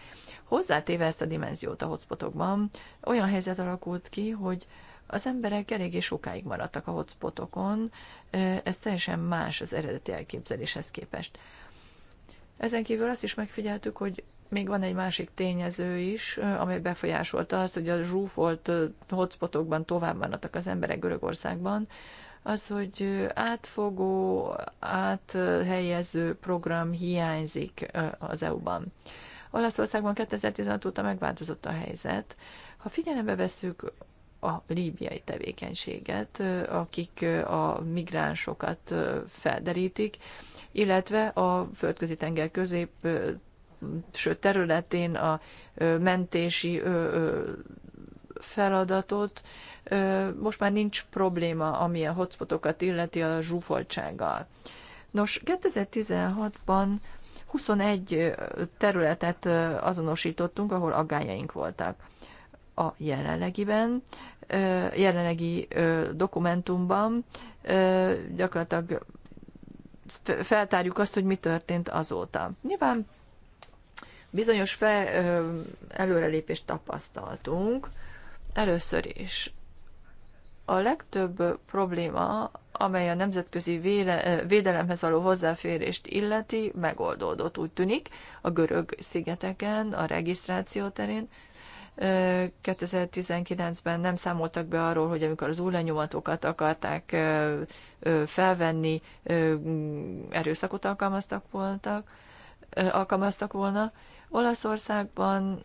Hozzátéve ezt a dimenziót a hotspotokban, olyan helyzet alakult ki, hogy az emberek eléggé sokáig maradtak a hotspotokon, ez teljesen más az eredeti elképzeléshez képest. Ezen kívül azt is megfigyeltük, hogy még van egy másik tényező is, amely befolyásolta azt, hogy a zsúfolt hotspotokban tovább vannak az emberek Görögországban, az, hogy átfogó, áthelyező program hiányzik az EU-ban. Olaszországban 2016 óta megváltozott a helyzet. Ha figyelembe vesszük a líbiai tevékenységet, akik a migránsokat felderítik, illetve a földközi tenger közép sőt területén a mentési feladatot. Most már nincs probléma, ami a hotspotokat illeti a zsúfoltsággal. Nos, 2016-ban 21 területet azonosítottunk, ahol aggájaink voltak. A jelenlegiben, jelenlegi dokumentumban gyakorlatilag feltárjuk azt, hogy mi történt azóta. Nyilván bizonyos fe, előrelépést tapasztaltunk, először is. A legtöbb probléma, amely a nemzetközi véle, védelemhez való hozzáférést illeti, megoldódott, úgy tűnik, a görög szigeteken, a regisztráció terén, 2019-ben nem számoltak be arról, hogy amikor az új lenyomatokat akarták felvenni, erőszakot alkalmaztak, voltak, alkalmaztak volna. Olaszországban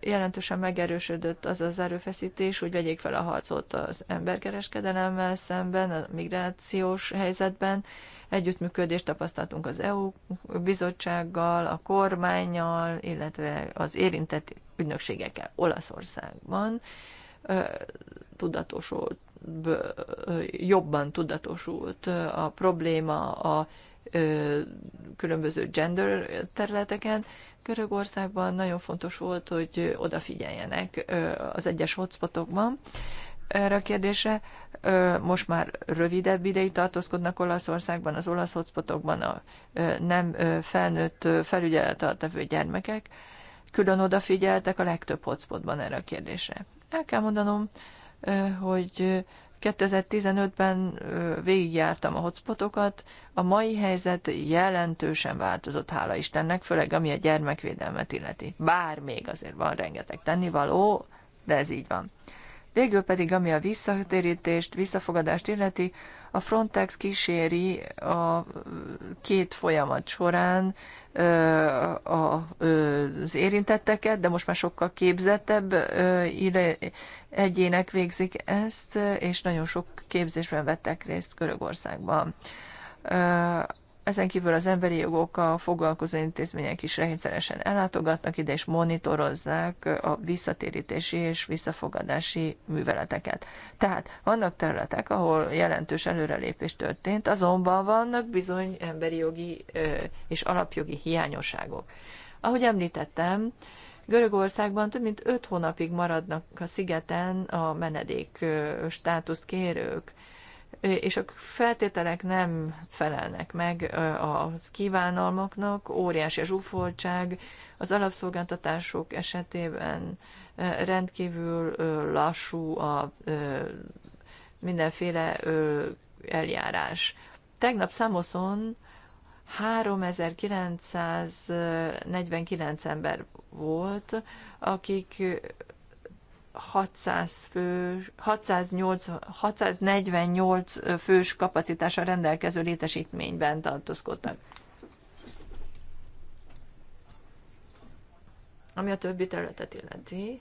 jelentősen megerősödött az az erőfeszítés, hogy vegyék fel a harcot az emberkereskedelemmel szemben, a migrációs helyzetben, Együttműködést tapasztaltunk az EU bizottsággal, a kormányjal, illetve az érintett ügynökségekkel Olaszországban. Tudatosult, jobban tudatosult a probléma a különböző gender területeken. Görögországban nagyon fontos volt, hogy odafigyeljenek az egyes hotspotokban erre a kérdésre. Most már rövidebb ideig tartózkodnak Olaszországban, az olasz hotspotokban a nem felnőtt felügyelet alatt levő gyermekek. Külön odafigyeltek a legtöbb hotspotban erre a kérdésre. El kell mondanom, hogy 2015-ben végigjártam a hotspotokat, a mai helyzet jelentősen változott, hála Istennek, főleg ami a gyermekvédelmet illeti. Bár még azért van rengeteg tennivaló, de ez így van. Végül pedig, ami a visszatérítést, visszafogadást illeti, a Frontex kíséri a két folyamat során az érintetteket, de most már sokkal képzettebb egyének végzik ezt, és nagyon sok képzésben vettek részt Görögországban. Ezen kívül az emberi jogokkal foglalkozó intézmények is rendszeresen ellátogatnak ide, és monitorozzák a visszatérítési és visszafogadási műveleteket. Tehát vannak területek, ahol jelentős előrelépés történt, azonban vannak bizony emberi jogi és alapjogi hiányosságok. Ahogy említettem, Görögországban több mint öt hónapig maradnak a szigeten a menedék státuszt kérők és a feltételek nem felelnek meg a kívánalmaknak, óriási a zsúfoltság, az alapszolgáltatások esetében rendkívül lassú a mindenféle eljárás. Tegnap Szamoszon 3949 ember volt, akik 600 fő, 608, 648 fős kapacitása rendelkező létesítményben tartózkodtak. Ami a többi területet illeti,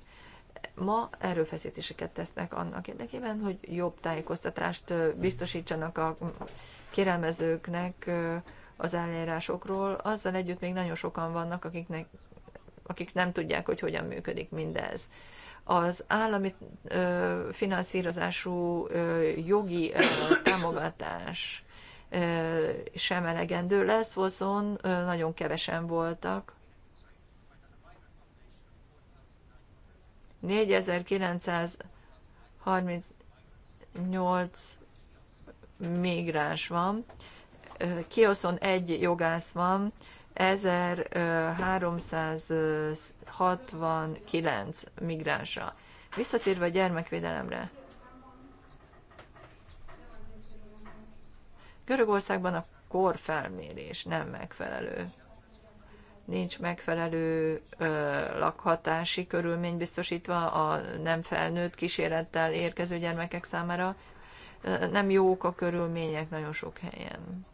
ma erőfeszítéseket tesznek annak érdekében, hogy jobb tájékoztatást biztosítsanak a kérelmezőknek az eljárásokról. Azzal együtt még nagyon sokan vannak, akiknek, akik nem tudják, hogy hogyan működik mindez az állami finanszírozású jogi támogatás sem elegendő lesz, hozzon nagyon kevesen voltak. 4938 migráns van, kioszon egy jogász van, 1369 migránsa. Visszatérve a gyermekvédelemre. Görögországban a korfelmérés nem megfelelő. Nincs megfelelő ö, lakhatási körülmény biztosítva a nem felnőtt kísérettel érkező gyermekek számára. Nem jók a körülmények nagyon sok helyen.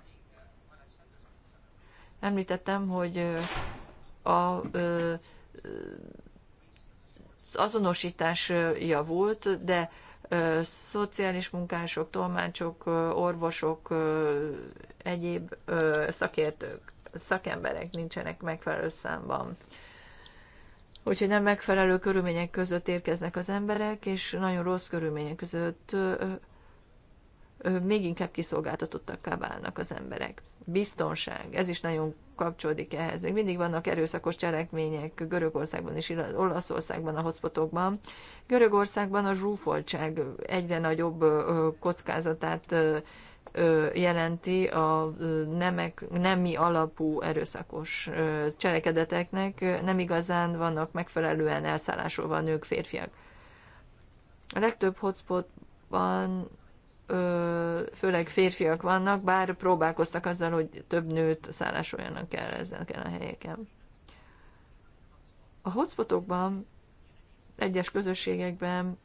Említettem, hogy a az azonosítás javult, de szociális munkások, tolmácsok, orvosok, egyéb szakértők, szakemberek nincsenek megfelelő számban. Úgyhogy nem megfelelő körülmények között érkeznek az emberek, és nagyon rossz körülmények között még inkább kiszolgáltatottakká válnak az emberek biztonság, ez is nagyon kapcsolódik ehhez. Még mindig vannak erőszakos cselekmények Görögországban és Olaszországban, a hotspotokban. Görögországban a zsúfoltság egyre nagyobb kockázatát jelenti a nemek, nemi alapú erőszakos cselekedeteknek. Nem igazán vannak megfelelően elszállásolva a nők, férfiak. A legtöbb hotspotban főleg férfiak vannak, bár próbálkoztak azzal, hogy több nőt szállásoljanak el ezeken a helyeken. A hotspotokban, egyes közösségekben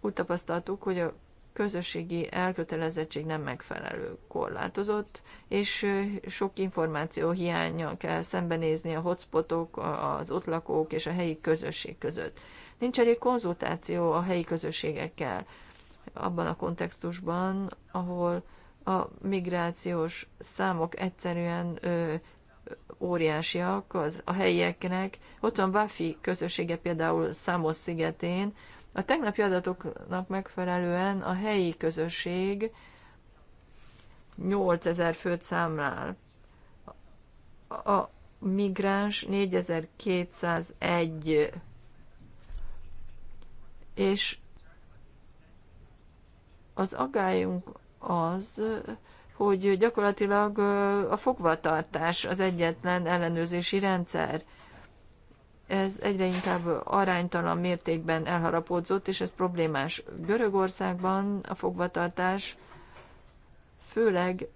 úgy tapasztaltuk, hogy a közösségi elkötelezettség nem megfelelő, korlátozott, és sok információ hiánya kell szembenézni a hotspotok, az ott lakók és a helyi közösség között. Nincs elég konzultáció a helyi közösségekkel abban a kontextusban, ahol a migrációs számok egyszerűen ö, óriásiak az, a helyieknek. Ott van Wafi közössége például Számos szigetén. A tegnapi adatoknak megfelelően a helyi közösség 8000 főt számlál. A migráns 4201 és az agályunk az, hogy gyakorlatilag a fogvatartás az egyetlen ellenőrzési rendszer. Ez egyre inkább aránytalan mértékben elharapódzott, és ez problémás. Görögországban a fogvatartás főleg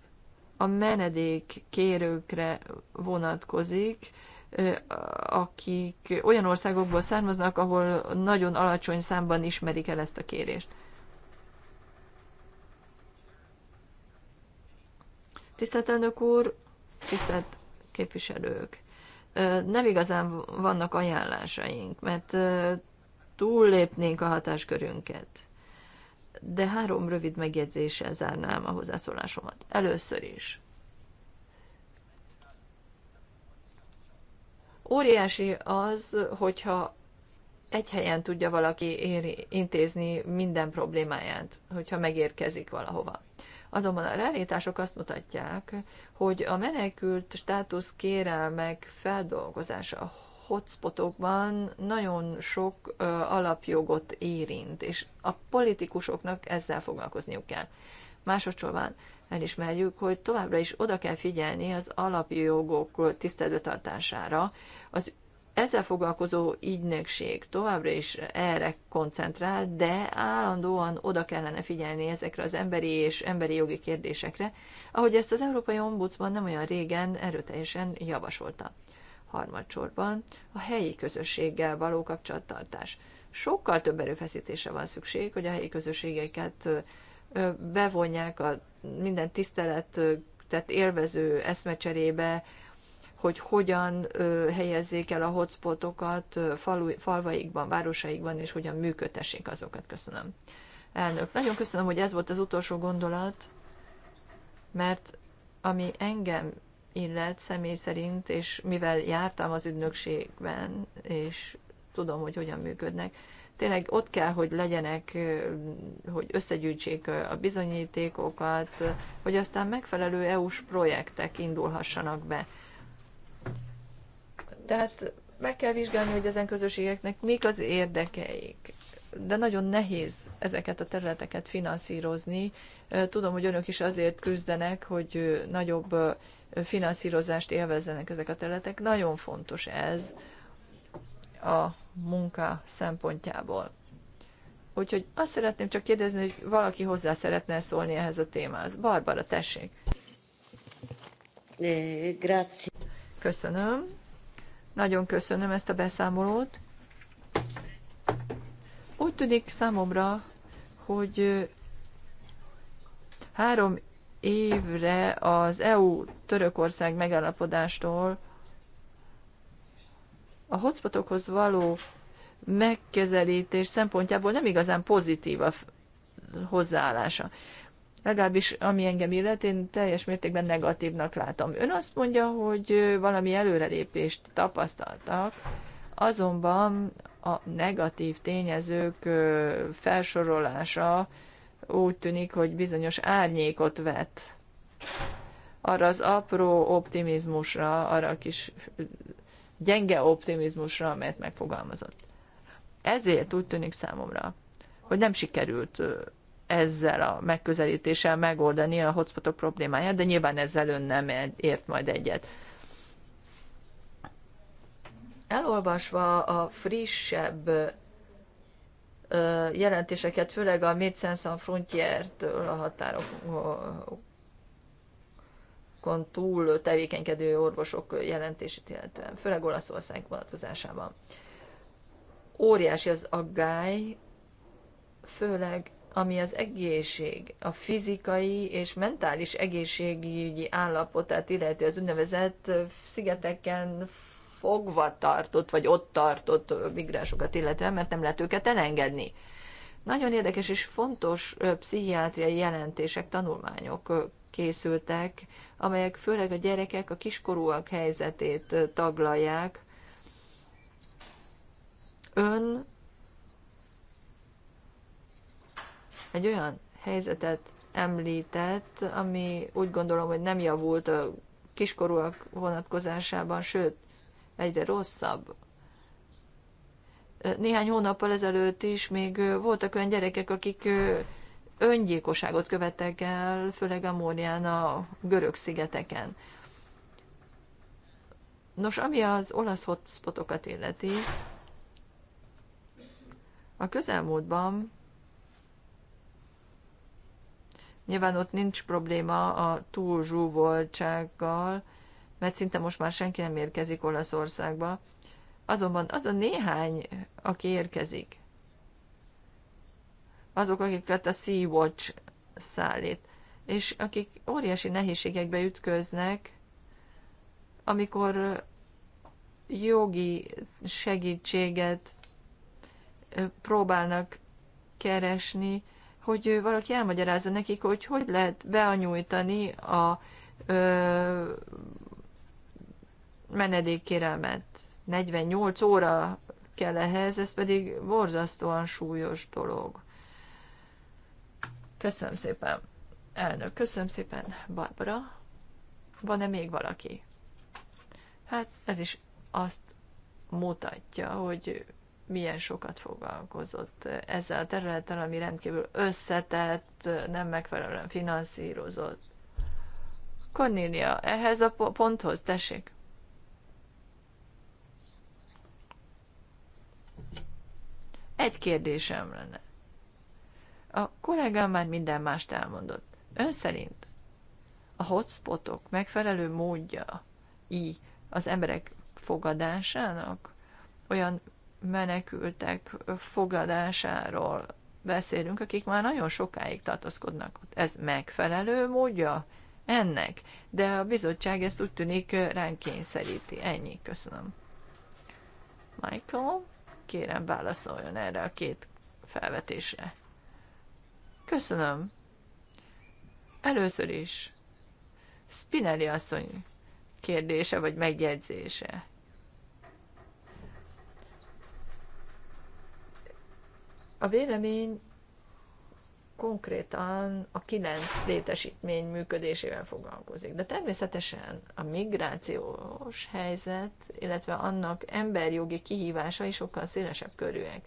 a menedék kérőkre vonatkozik, akik olyan országokból származnak, ahol nagyon alacsony számban ismerik el ezt a kérést. Tisztelt elnök úr, tisztelt képviselők, nem igazán vannak ajánlásaink, mert túllépnénk a hatáskörünket. De három rövid megjegyzéssel zárnám a hozzászólásomat. Először is. Óriási az, hogyha egy helyen tudja valaki intézni minden problémáját, hogyha megérkezik valahova. Azonban a realitások azt mutatják, hogy a menekült státusz kérelmek feldolgozása a hotspotokban nagyon sok ö, alapjogot érint, és a politikusoknak ezzel foglalkozniuk kell. Másodszorban elismerjük, hogy továbbra is oda kell figyelni az alapjogok tiszteletartására, az ezzel foglalkozó ügynökség továbbra is erre koncentrál, de állandóan oda kellene figyelni ezekre az emberi és emberi jogi kérdésekre, ahogy ezt az Európai Ombudsman nem olyan régen erőteljesen javasolta. Harmadsorban a helyi közösséggel való kapcsolattartás. Sokkal több erőfeszítésre van szükség, hogy a helyi közösségeket bevonják a minden tisztelet tehát élvező eszmecserébe, hogy hogyan helyezzék el a hotspotokat falu, falvaikban, városaikban, és hogyan működtessék azokat. Köszönöm. Elnök, nagyon köszönöm, hogy ez volt az utolsó gondolat, mert ami engem illet személy szerint, és mivel jártam az ügynökségben, és tudom, hogy hogyan működnek, tényleg ott kell, hogy legyenek, hogy összegyűjtsék a bizonyítékokat, hogy aztán megfelelő EU-s projektek indulhassanak be. Tehát meg kell vizsgálni, hogy ezen közösségeknek mik az érdekeik. De nagyon nehéz ezeket a területeket finanszírozni. Tudom, hogy önök is azért küzdenek, hogy nagyobb finanszírozást élvezzenek ezek a területek. Nagyon fontos ez a munka szempontjából. Úgyhogy azt szeretném csak kérdezni, hogy valaki hozzá szeretne szólni ehhez a témához. Barbara, tessék! Eh, grazie. Köszönöm. Nagyon köszönöm ezt a beszámolót. Úgy tűnik számomra, hogy három évre az EU-Törökország megállapodástól a hotspotokhoz való megkezelítés szempontjából nem igazán pozitív a hozzáállása legalábbis ami engem illet, én teljes mértékben negatívnak látom. Ön azt mondja, hogy valami előrelépést tapasztaltak, azonban a negatív tényezők felsorolása úgy tűnik, hogy bizonyos árnyékot vet arra az apró optimizmusra, arra a kis gyenge optimizmusra, amelyet megfogalmazott. Ezért úgy tűnik számomra, hogy nem sikerült ezzel a megközelítéssel megoldani a hotspotok problémáját, de nyilván ezzel ön nem ért majd egyet. Elolvasva a frissebb jelentéseket, főleg a Médecins Sans Frontières-től a határokon túl tevékenykedő orvosok jelentését illetően, főleg Olaszország vonatkozásában. Óriási az aggály, főleg ami az egészség, a fizikai és mentális egészségügyi állapotát illeti az úgynevezett szigeteken fogva tartott, vagy ott tartott migránsokat illetően, mert nem lehet őket elengedni. Nagyon érdekes és fontos pszichiátriai jelentések, tanulmányok készültek, amelyek főleg a gyerekek, a kiskorúak helyzetét taglalják. Ön egy olyan helyzetet említett, ami úgy gondolom, hogy nem javult a kiskorúak vonatkozásában, sőt, egyre rosszabb. Néhány hónappal ezelőtt is még voltak olyan gyerekek, akik öngyilkosságot követtek el, főleg Amórián a görög szigeteken. Nos, ami az olasz hotspotokat illeti, a közelmúltban Nyilván ott nincs probléma a túl zsúvoltsággal, mert szinte most már senki nem érkezik Olaszországba. Azonban az a néhány, aki érkezik, azok, akiket a Sea-Watch szállít, és akik óriási nehézségekbe ütköznek, amikor jogi segítséget próbálnak keresni, hogy valaki elmagyarázza nekik, hogy hogy lehet beanyújtani a ö, menedékkérelmet. 48 óra kell ehhez, ez pedig borzasztóan súlyos dolog. Köszönöm szépen, elnök, köszönöm szépen, Barbara. Van-e még valaki? Hát ez is azt mutatja, hogy milyen sokat foglalkozott ezzel a területen, ami rendkívül összetett, nem megfelelően finanszírozott. Cornelia ehhez a ponthoz, tessék. Egy kérdésem lenne. A kollégám már minden mást elmondott. Ön szerint a hotspotok megfelelő módja így az emberek fogadásának olyan menekültek fogadásáról beszélünk, akik már nagyon sokáig tartozkodnak ott. Ez megfelelő módja ennek, de a bizottság ezt úgy tűnik ránk kényszeríti. Ennyi, köszönöm. Michael, kérem válaszoljon erre a két felvetésre. Köszönöm. Először is Spinelli asszony kérdése vagy megjegyzése. A vélemény konkrétan a kilenc létesítmény működésével foglalkozik. De természetesen a migrációs helyzet, illetve annak emberjogi kihívásai sokkal szélesebb körűek.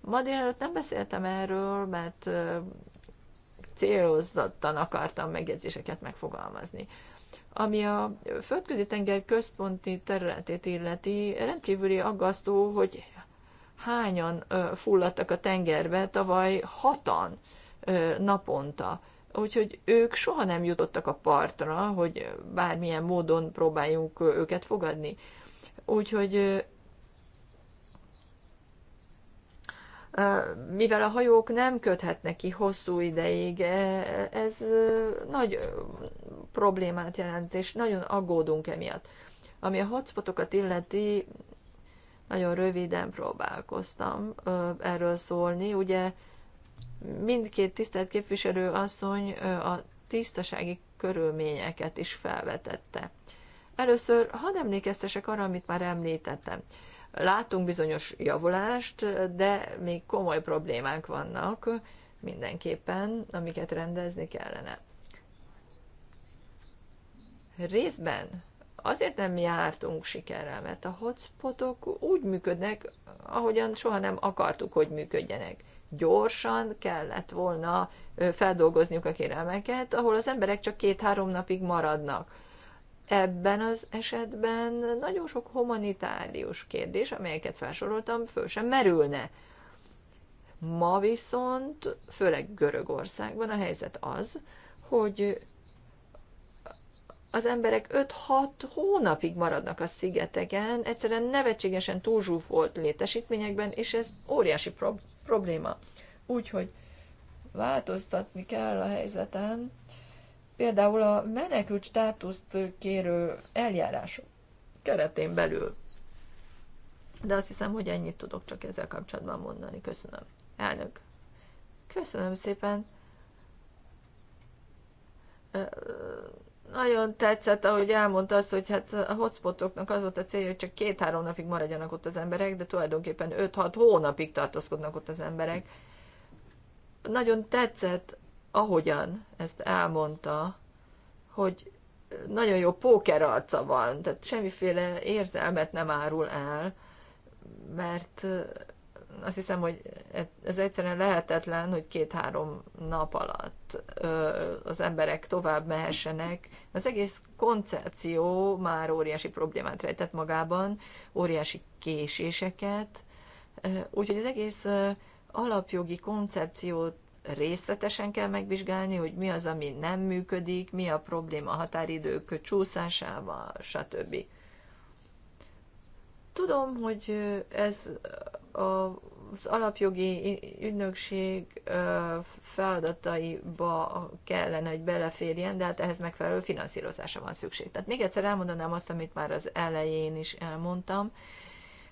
Ma délelőtt nem beszéltem erről, mert célozottan akartam megjegyzéseket megfogalmazni. Ami a földközi tenger központi területét illeti, rendkívüli aggasztó, hogy hányan fulladtak a tengerbe, tavaly hatan naponta. Úgyhogy ők soha nem jutottak a partra, hogy bármilyen módon próbáljunk őket fogadni. Úgyhogy mivel a hajók nem köthetnek ki hosszú ideig, e, ez nagy problémát jelent, és nagyon aggódunk emiatt. Ami a hotspotokat illeti, nagyon röviden próbálkoztam erről szólni. Ugye mindkét tisztelt képviselő asszony a tisztasági körülményeket is felvetette. Először, hadd emlékeztesek arra, amit már említettem. Látunk bizonyos javulást, de még komoly problémák vannak mindenképpen, amiket rendezni kellene. Részben Azért nem jártunk sikerrel, mert a hotspotok úgy működnek, ahogyan soha nem akartuk, hogy működjenek. Gyorsan kellett volna feldolgozniuk a kérelmeket, ahol az emberek csak két-három napig maradnak. Ebben az esetben nagyon sok humanitárius kérdés, amelyeket felsoroltam, föl sem merülne. Ma viszont, főleg Görögországban a helyzet az, hogy az emberek 5-6 hónapig maradnak a szigeteken, egyszerűen nevetségesen túlzsúfolt létesítményekben, és ez óriási prob- probléma. Úgyhogy változtatni kell a helyzeten, például a menekült státuszt kérő eljárások keretén belül. De azt hiszem, hogy ennyit tudok csak ezzel kapcsolatban mondani. Köszönöm. Elnök. Köszönöm szépen. Ö- nagyon tetszett, ahogy elmondta azt, hogy hát a hotspotoknak az volt a célja, hogy csak két-három napig maradjanak ott az emberek, de tulajdonképpen 5-6 hónapig tartózkodnak ott az emberek. Nagyon tetszett, ahogyan ezt elmondta, hogy nagyon jó póker arca van, tehát semmiféle érzelmet nem árul el, mert azt hiszem, hogy e- ez egyszerűen lehetetlen, hogy két-három nap alatt az emberek tovább mehessenek. Az egész koncepció már óriási problémát rejtett magában, óriási késéseket, úgyhogy az egész alapjogi koncepciót részletesen kell megvizsgálni, hogy mi az, ami nem működik, mi a probléma határidők csúszásával, stb. Tudom, hogy ez a az alapjogi ügynökség feladataiba kellene, hogy beleférjen, de hát ehhez megfelelő finanszírozása van szükség. Tehát még egyszer elmondanám azt, amit már az elején is elmondtam,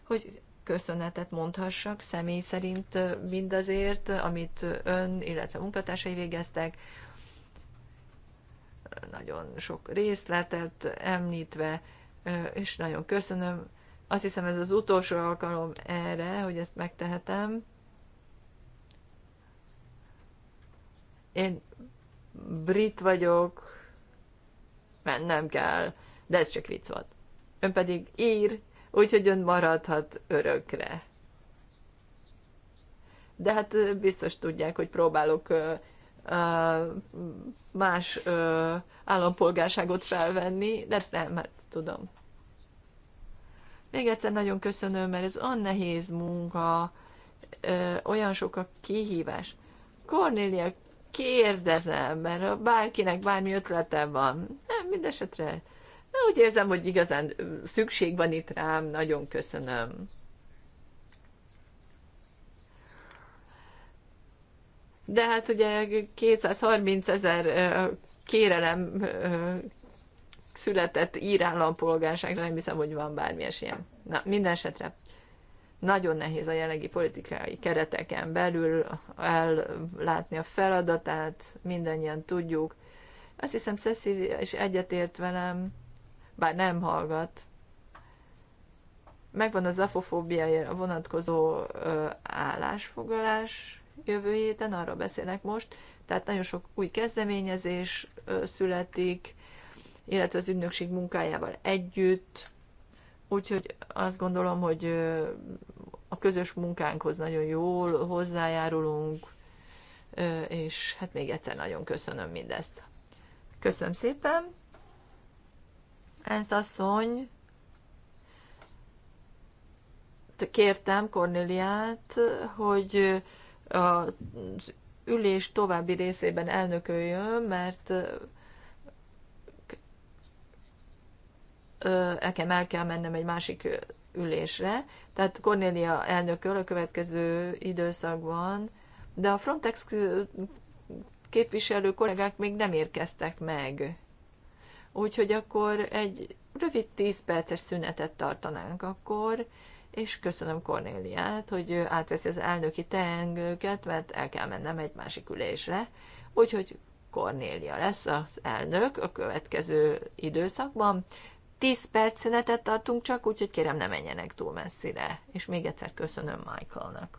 hogy köszönetet mondhassak személy szerint mindazért, amit ön, illetve munkatársai végeztek, nagyon sok részletet említve, és nagyon köszönöm azt hiszem ez az utolsó alkalom erre, hogy ezt megtehetem. Én brit vagyok, nem kell, de ez csak vicc volt. Ön pedig ír, úgyhogy ön maradhat örökre. De hát biztos tudják, hogy próbálok más állampolgárságot felvenni, de nem, hát tudom. Még egyszer nagyon köszönöm, mert ez olyan nehéz munka, olyan sok a kihívás. Cornélia, kérdezem, mert ha bárkinek bármi ötlete van, nem, mindesetre úgy érzem, hogy igazán szükség van itt rám, nagyon köszönöm. De hát ugye 230 ezer kérelem született ír állampolgárságra, nem hiszem, hogy van bármi ilyen. Na, minden esetre nagyon nehéz a jelenlegi politikai kereteken belül ellátni a feladatát, mindannyian tudjuk. Azt hiszem, Cecilia is egyetért velem, bár nem hallgat. Megvan az afofóbiájára vonatkozó ö, állásfoglalás jövő héten, arról beszélek most. Tehát nagyon sok új kezdeményezés ö, születik, illetve az ügynökség munkájával együtt. Úgyhogy azt gondolom, hogy a közös munkánkhoz nagyon jól hozzájárulunk, és hát még egyszer nagyon köszönöm mindezt. Köszönöm szépen. Ezt asszony kértem Kornéliát, hogy az ülés további részében elnököljön, mert nekem el kell mennem egy másik ülésre, tehát Cornélia elnököl a következő időszakban, de a Frontex képviselő kollégák még nem érkeztek meg. Úgyhogy akkor egy rövid 10 perces szünetet tartanánk akkor, és köszönöm Kornéliát, hogy átveszi az elnöki teengőket, mert el kell mennem egy másik ülésre. Úgyhogy Kornélia lesz az elnök a következő időszakban. 10 perc szünetet tartunk csak, úgyhogy kérem ne menjenek túl messzire. És még egyszer köszönöm Michaelnak.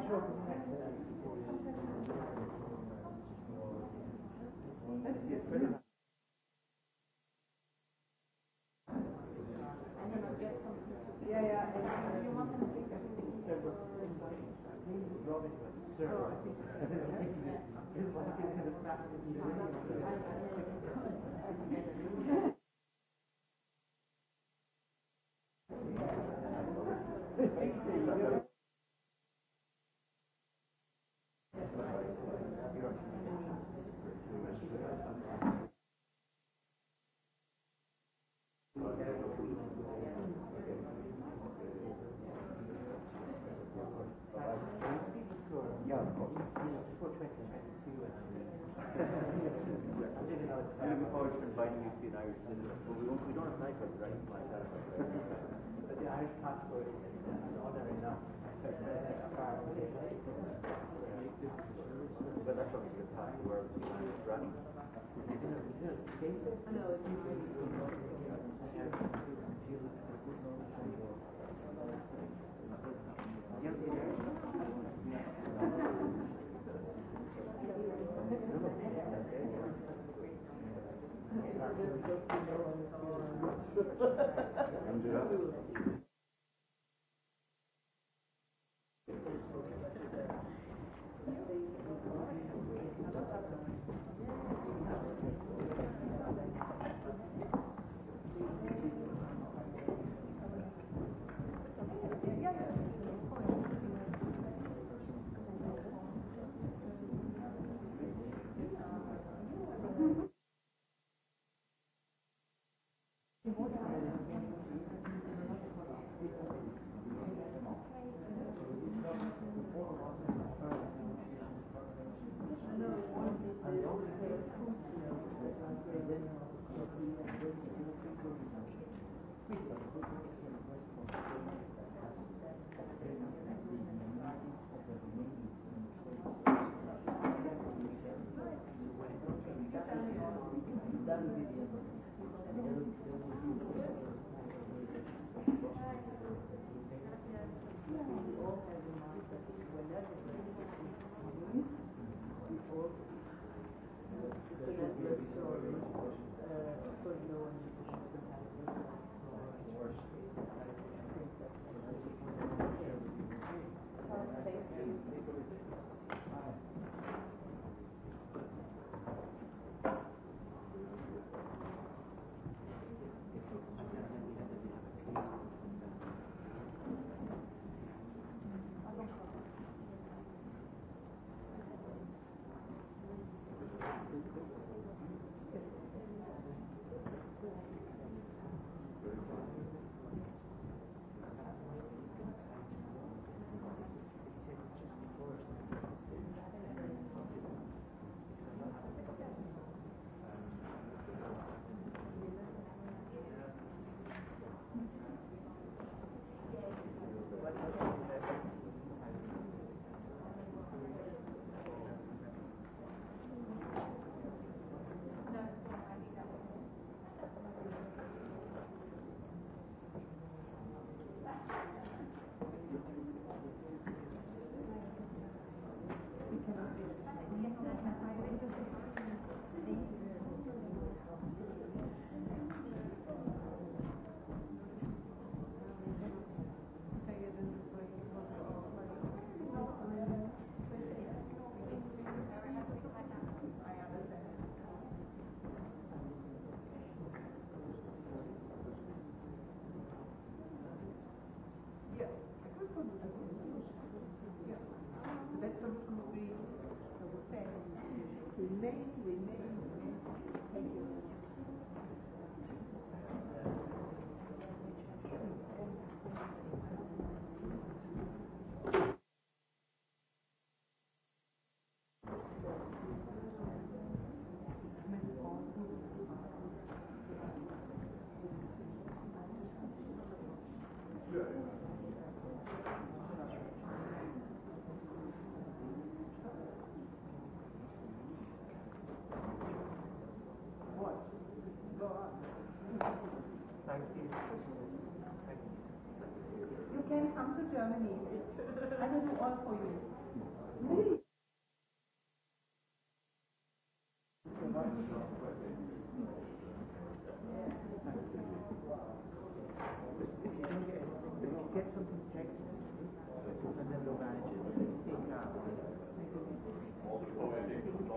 Köszönöm. be an Irish senator, but we, won't, we don't have knife edge or but the Irish passport is an honor enough. But that's only the time where it's an Irish running. I know, it's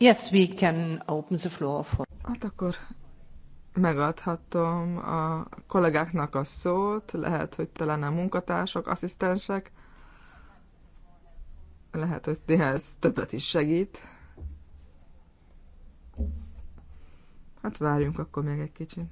Yes, we can open the floor for... Hát akkor megadhatom a kollégáknak a szót, lehet, hogy talán a munkatársak, asszisztensek, lehet, hogy ez többet is segít. Hát várjunk akkor még egy kicsit.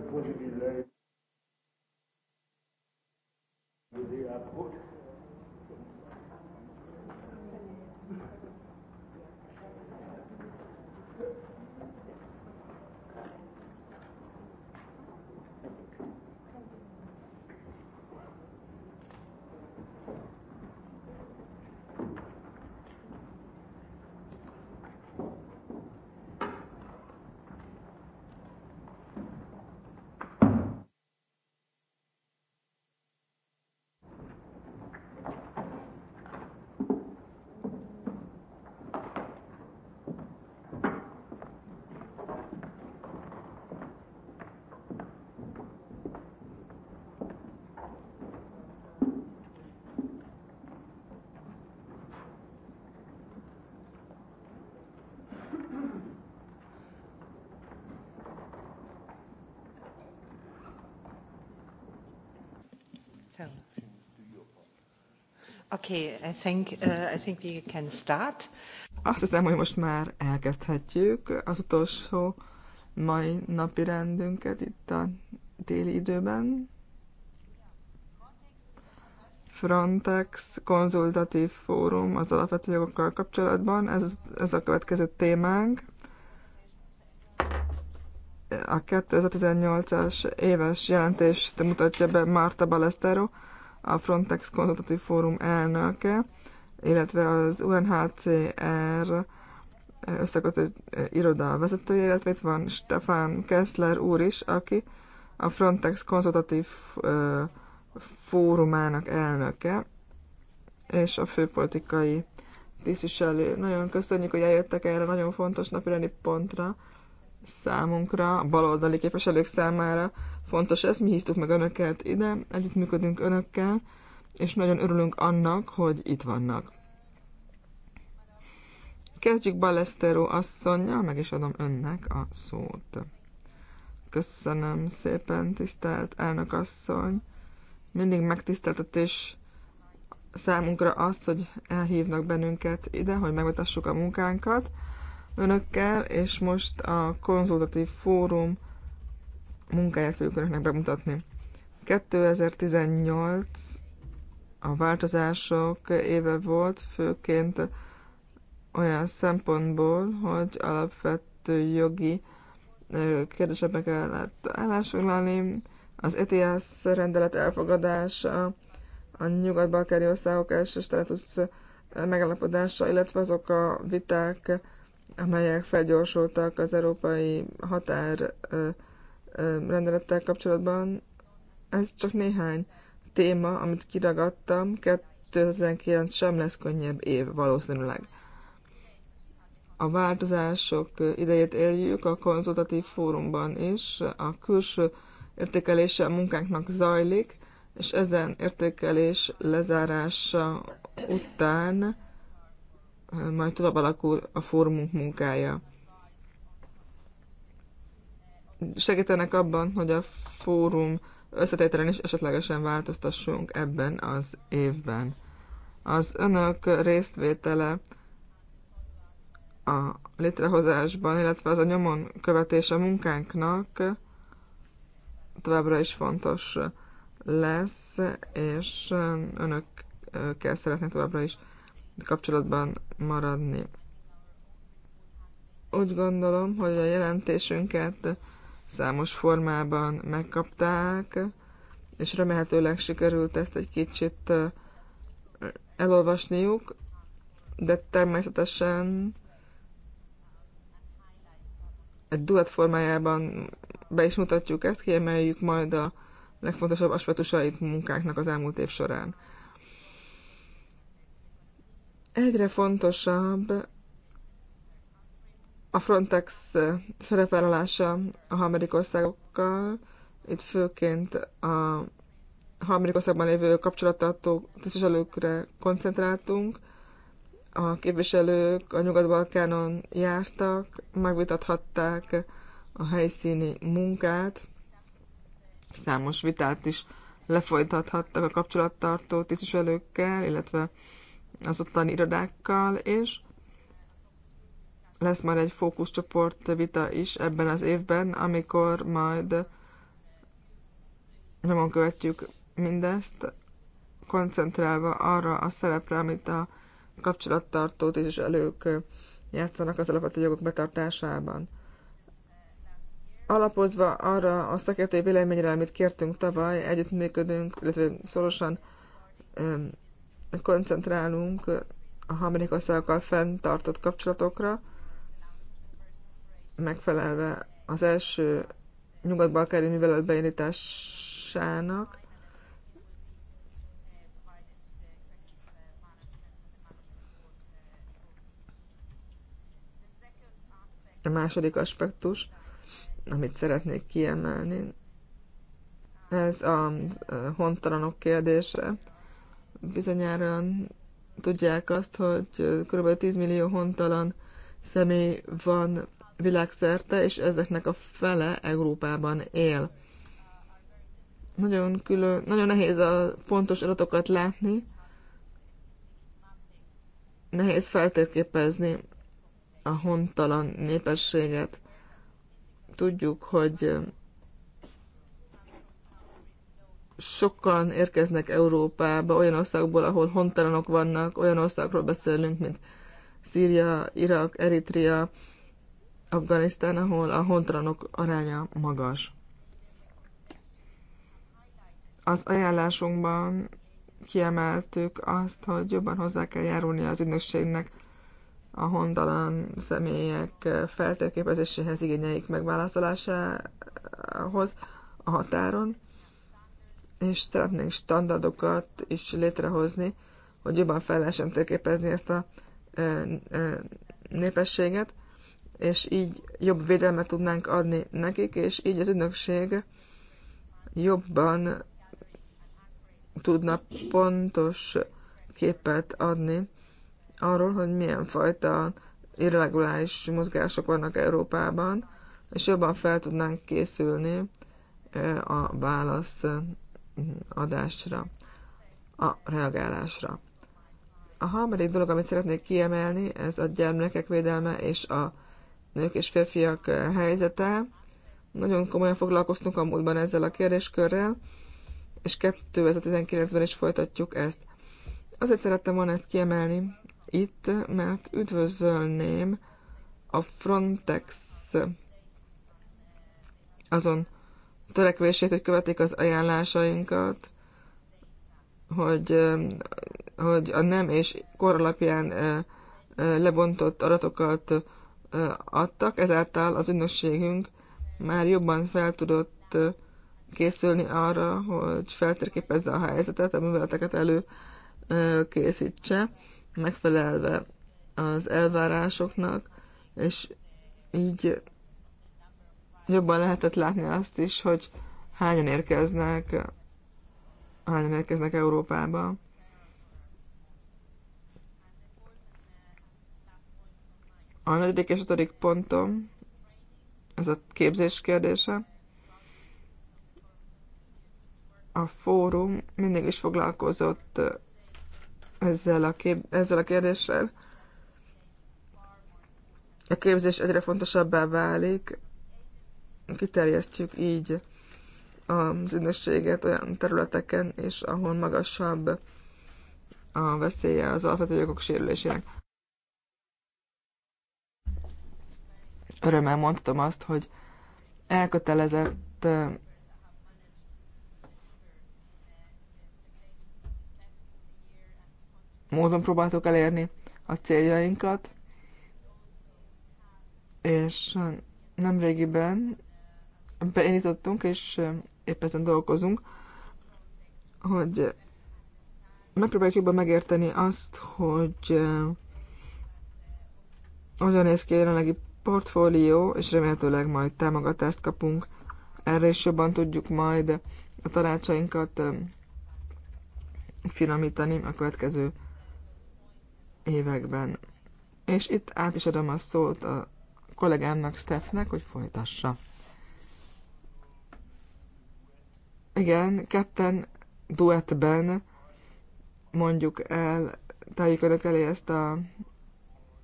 very positive light So. Okay, I think, uh, I think we can start. Azt hiszem, hogy most már elkezdhetjük az utolsó mai napi rendünket itt a déli időben. Frontex konzultatív fórum az alapvető jogokkal kapcsolatban. Ez, ez a következő témánk. A 2018-as éves jelentést mutatja be Marta Balestero, a Frontex konzultatív fórum elnöke, illetve az UNHCR összekötő iroda vezetője, illetve itt van Stefan Kessler úr is, aki a Frontex konzultatív fórumának elnöke, és a főpolitikai tisztviselő. Nagyon köszönjük, hogy eljöttek erre nagyon fontos napirendi pontra, számunkra, a baloldali képviselők számára fontos ez. Mi hívtuk meg önöket ide, együttműködünk önökkel, és nagyon örülünk annak, hogy itt vannak. Kezdjük Balestero asszonya, meg is adom önnek a szót. Köszönöm szépen, tisztelt elnök asszony. Mindig megtiszteltetés számunkra az, hogy elhívnak bennünket ide, hogy megmutassuk a munkánkat önökkel, és most a konzultatív fórum munkáját fogjuk önöknek bemutatni. 2018 a változások éve volt, főként olyan szempontból, hogy alapvető jogi kérdésekbe kellett állásfoglalni, az ETS rendelet elfogadása, a nyugat-balkáni országok első státusz megállapodása, illetve azok a viták, amelyek felgyorsultak az európai határ rendelettel kapcsolatban. Ez csak néhány téma, amit kiragadtam. 2019 sem lesz könnyebb év valószínűleg. A változások idejét éljük a konzultatív fórumban is. A külső értékelése a munkánknak zajlik, és ezen értékelés lezárása után majd tovább alakul a fórumunk munkája. Segítenek abban, hogy a fórum összetételen is esetlegesen változtassunk ebben az évben. Az önök résztvétele a létrehozásban, illetve az a nyomon követés a munkánknak továbbra is fontos lesz, és önökkel szeretnék továbbra is kapcsolatban maradni. Úgy gondolom, hogy a jelentésünket számos formában megkapták, és remélhetőleg sikerült ezt egy kicsit elolvasniuk, de természetesen egy duet formájában be is mutatjuk ezt, kiemeljük majd a legfontosabb aspektusait munkáknak az elmúlt év során. Egyre fontosabb a Frontex szerepvállalása a harmadik országokkal, itt főként a harmadik országban lévő kapcsolattartó tisztviselőkre koncentráltunk. A képviselők a Nyugat-Balkánon jártak, megvitathatták a helyszíni munkát, számos vitát is lefolytathattak a kapcsolattartó tisztviselőkkel, illetve az ottani irodákkal, és lesz majd egy fókuszcsoport vita is ebben az évben, amikor majd nyomon követjük mindezt, koncentrálva arra a szerepre, amit a kapcsolattartó és elők játszanak az alapvető jogok betartásában. Alapozva arra a szakértői véleményre, amit kértünk tavaly, együttműködünk, illetve szorosan koncentrálunk a harmadik országokkal fenntartott kapcsolatokra, megfelelve az első nyugat-balkáni művelet beindításának, A második aspektus, amit szeretnék kiemelni, ez a hontalanok kérdése. Bizonyára tudják azt, hogy kb. 10 millió hontalan személy van világszerte, és ezeknek a fele Európában él. Nagyon, külön, nagyon nehéz a pontos adatokat látni, nehéz feltérképezni a hontalan népességet. Tudjuk, hogy sokan érkeznek Európába, olyan országokból, ahol hontalanok vannak, olyan országokról beszélünk, mint Szíria, Irak, Eritrea, Afganisztán, ahol a hontalanok aránya magas. Az ajánlásunkban kiemeltük azt, hogy jobban hozzá kell járulni az ügynökségnek a hontalan személyek feltérképezéséhez, igényeik megválaszolásához a határon, és szeretnénk standardokat is létrehozni, hogy jobban fel lehessen térképezni ezt a e, e, népességet, és így jobb védelmet tudnánk adni nekik, és így az ügynökség jobban tudna pontos képet adni arról, hogy milyen fajta irreguláris mozgások vannak Európában, és jobban fel tudnánk készülni e, a válasz adásra, a reagálásra. A harmadik dolog, amit szeretnék kiemelni, ez a gyermekek védelme és a nők és férfiak helyzete. Nagyon komolyan foglalkoztunk a múltban ezzel a kérdéskörrel, és 2019-ben is folytatjuk ezt. Azért szerettem volna ezt kiemelni itt, mert üdvözölném a Frontex azon törekvését, hogy követik az ajánlásainkat, hogy, hogy a nem és kor alapján eh, eh, lebontott adatokat eh, adtak, ezáltal az ünnösségünk már jobban fel tudott készülni arra, hogy feltérképezze a helyzetet, a műveleteket elő készítse, megfelelve az elvárásoknak, és így jobban lehetett látni azt is, hogy hányan érkeznek, hányan érkeznek Európába. A negyedik és ötödik pontom, ez a képzés kérdése. A fórum mindig is foglalkozott ezzel a, kép- ezzel a kérdéssel. A képzés egyre fontosabbá válik, kiterjesztjük így az ügynökséget olyan területeken, és ahol magasabb a veszélye az alapvető jogok sérülésének. Örömmel mondtam azt, hogy elkötelezett módon próbáltuk elérni a céljainkat, és nemrégiben beindítottunk, és épp ezen dolgozunk, hogy megpróbáljuk jobban megérteni azt, hogy hogyan néz ki a jelenlegi portfólió, és remélhetőleg majd támogatást kapunk. Erre is jobban tudjuk majd a tanácsainkat finomítani a következő években. És itt át is adom a szót a kollégámnak, Stefnek, hogy folytassa. Igen, ketten duettben mondjuk el, tájék önök elé ezt a,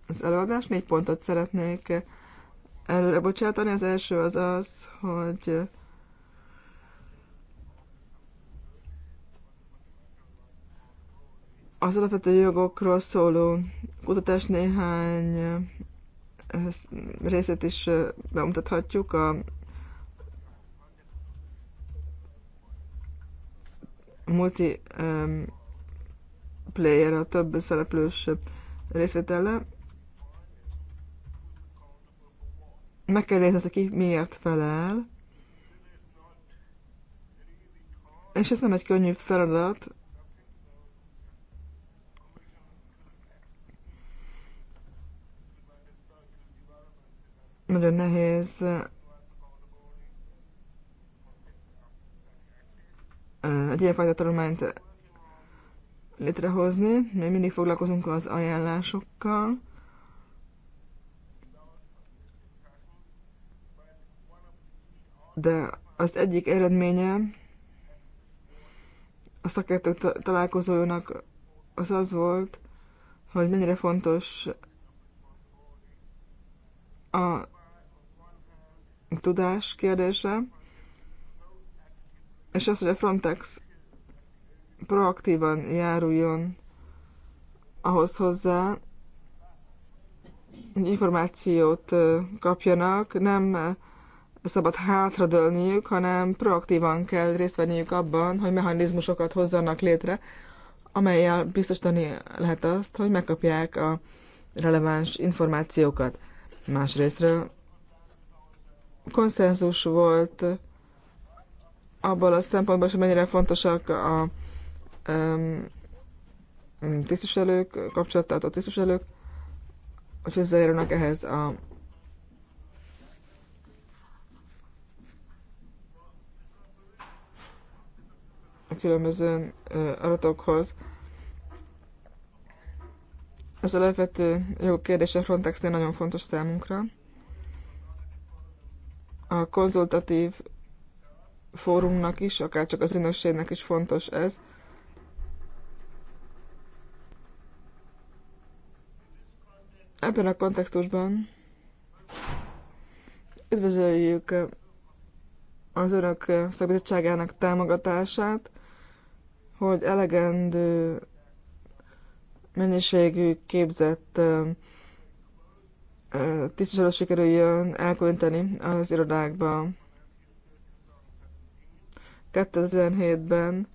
az előadást. Négy pontot szeretnék előre bocsátani. Az első az az, hogy az alapvető jogokról szóló kutatás néhány részét is bemutathatjuk a multiplayer, um, a több szereplős részvétele. Meg kell nézni, aki miért felel. És ez nem egy könnyű feladat, nagyon nehéz Eh, egy ilyenfajta tanulmányt létrehozni. Mi mindig foglalkozunk az ajánlásokkal. De az egyik eredménye a szakértők találkozójának az az volt, hogy mennyire fontos a tudás kérdése és az, hogy a Frontex proaktívan járuljon ahhoz hozzá, hogy információt kapjanak, nem szabad hátradőlniük, hanem proaktívan kell részt venniük abban, hogy mechanizmusokat hozzanak létre, amelyel biztosítani lehet azt, hogy megkapják a releváns információkat. Másrésztről konszenzus volt abban a szempontból hogy mennyire fontosak a um, tisztviselők, a tisztviselők, hogy hozzájárulnak ehhez a a különböző adatokhoz. Az alapvető kérdés a Frontexnél nagyon fontos számunkra. A konzultatív fórumnak is, akár csak az ünösségnek is fontos ez. Ebben a kontextusban üdvözöljük az önök szakbizottságának támogatását, hogy elegendő mennyiségű képzett tisztviselő sikerüljön elkönteni az irodákba. 2007-ben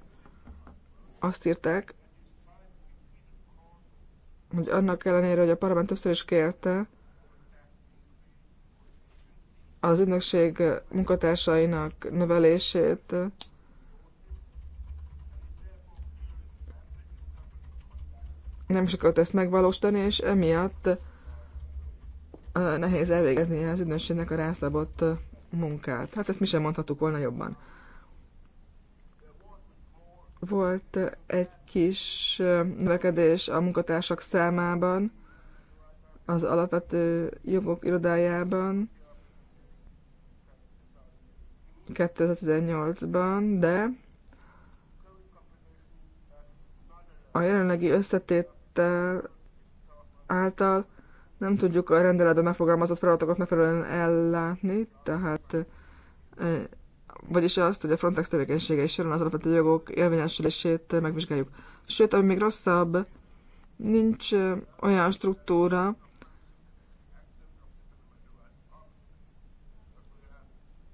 azt írták, hogy annak ellenére, hogy a parlament többször is kérte, az ügynökség munkatársainak növelését, nem sikerült ezt megvalósítani, és emiatt nehéz elvégezni az ügynökségnek a rászabott munkát. Hát ezt mi sem mondhatuk volna jobban. Volt egy kis növekedés a munkatársak számában, az alapvető jogok irodájában 2018-ban, de a jelenlegi összetétel által nem tudjuk a rendeletben megfogalmazott feladatokat megfelelően ellátni, tehát vagyis azt, hogy a Frontex tevékenysége is során az alapvető jogok érvényesülését megvizsgáljuk. Sőt, ami még rosszabb, nincs olyan struktúra,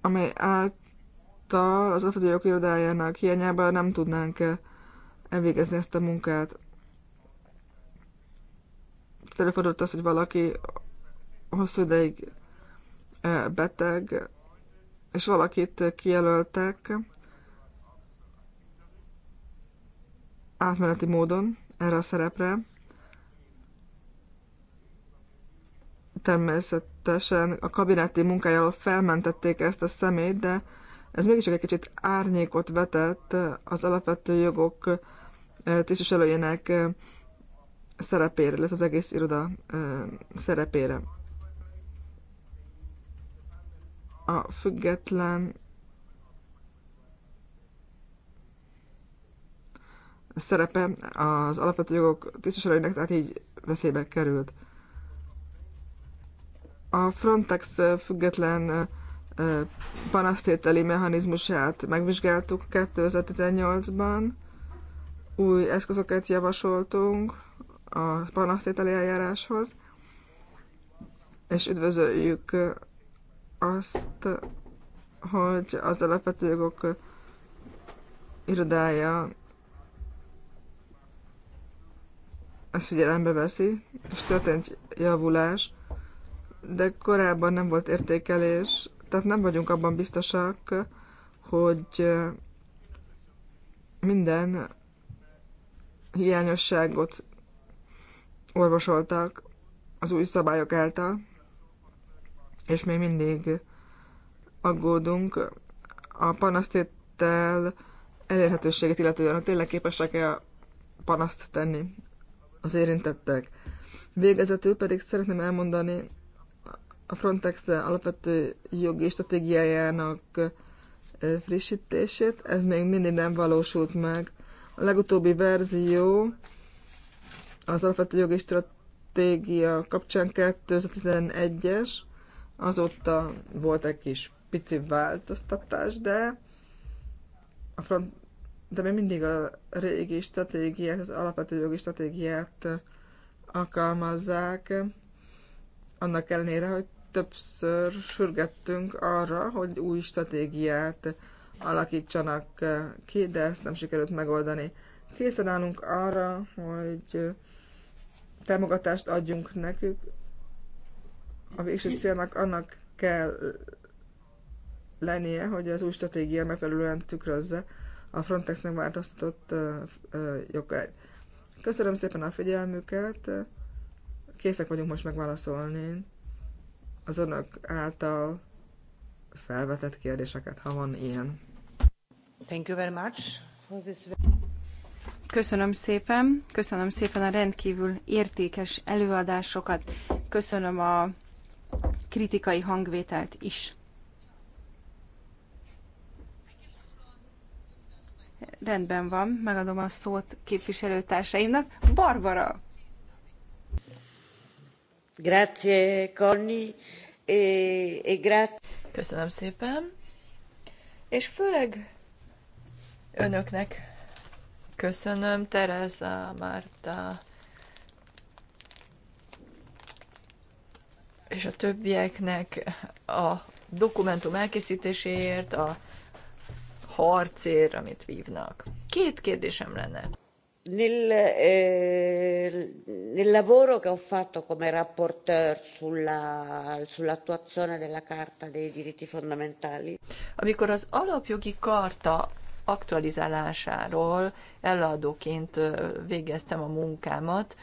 amely által az alapvető jogok irodájának hiányában nem tudnánk elvégezni ezt a munkát. Telefordult az, hogy valaki hosszú ideig beteg, és valakit kijelöltek átmeneti módon erre a szerepre. Természetesen a kabinetti munkájáról felmentették ezt a szemét, de ez mégiscsak egy kicsit árnyékot vetett az alapvető jogok eh, tisztviselőjének eh, szerepére, illetve az egész iroda eh, szerepére. a független szerepe az alapvető jogok tisztviselőinek, tehát így veszélybe került. A Frontex független panasztételi mechanizmusát megvizsgáltuk 2018-ban, új eszközöket javasoltunk a panasztételi eljáráshoz, és üdvözöljük azt, hogy az alapvető jogok irodája ezt figyelembe veszi, és történt javulás, de korábban nem volt értékelés, tehát nem vagyunk abban biztosak, hogy minden hiányosságot orvosoltak az új szabályok által és még mindig aggódunk a panasztétel elérhetőséget illetően, a tényleg képesek-e panaszt tenni az érintettek. Végezetül pedig szeretném elmondani a Frontex alapvető jogi stratégiájának frissítését. Ez még mindig nem valósult meg. A legutóbbi verzió az alapvető jogi stratégia kapcsán 2011-es, Azóta volt egy kis pici változtatás, de a front, de még mindig a régi stratégiát, az alapvető jogi stratégiát alkalmazzák, annak ellenére, hogy többször sürgettünk arra, hogy új stratégiát alakítsanak ki, de ezt nem sikerült megoldani. Készen állunk arra, hogy támogatást adjunk nekük, a végső célnak annak kell lennie, hogy az új stratégia megfelelően tükrözze a Frontexnek változtatott jogát. Köszönöm szépen a figyelmüket, készek vagyunk most megválaszolni az önök által felvetett kérdéseket, ha van ilyen. Thank you very much Köszönöm szépen, köszönöm szépen a rendkívül értékes előadásokat, köszönöm a kritikai hangvételt is. Rendben van, megadom a szót képviselőtársaimnak. Barbara! Grazie, Conny, e, e grazie. Köszönöm szépen. És főleg önöknek köszönöm, Teresa, Márta, és a többieknek a dokumentum elkészítéséért, a harcért, amit vívnak. Két kérdésem lenne. Nel, eh, nel lavoro che ho fatto come rapporteur sulla, sull'attuazione della Carta dei diritti fondamentali. Amikor az alapjogi karta aktualizálásáról eladóként eh, végeztem a munkámat,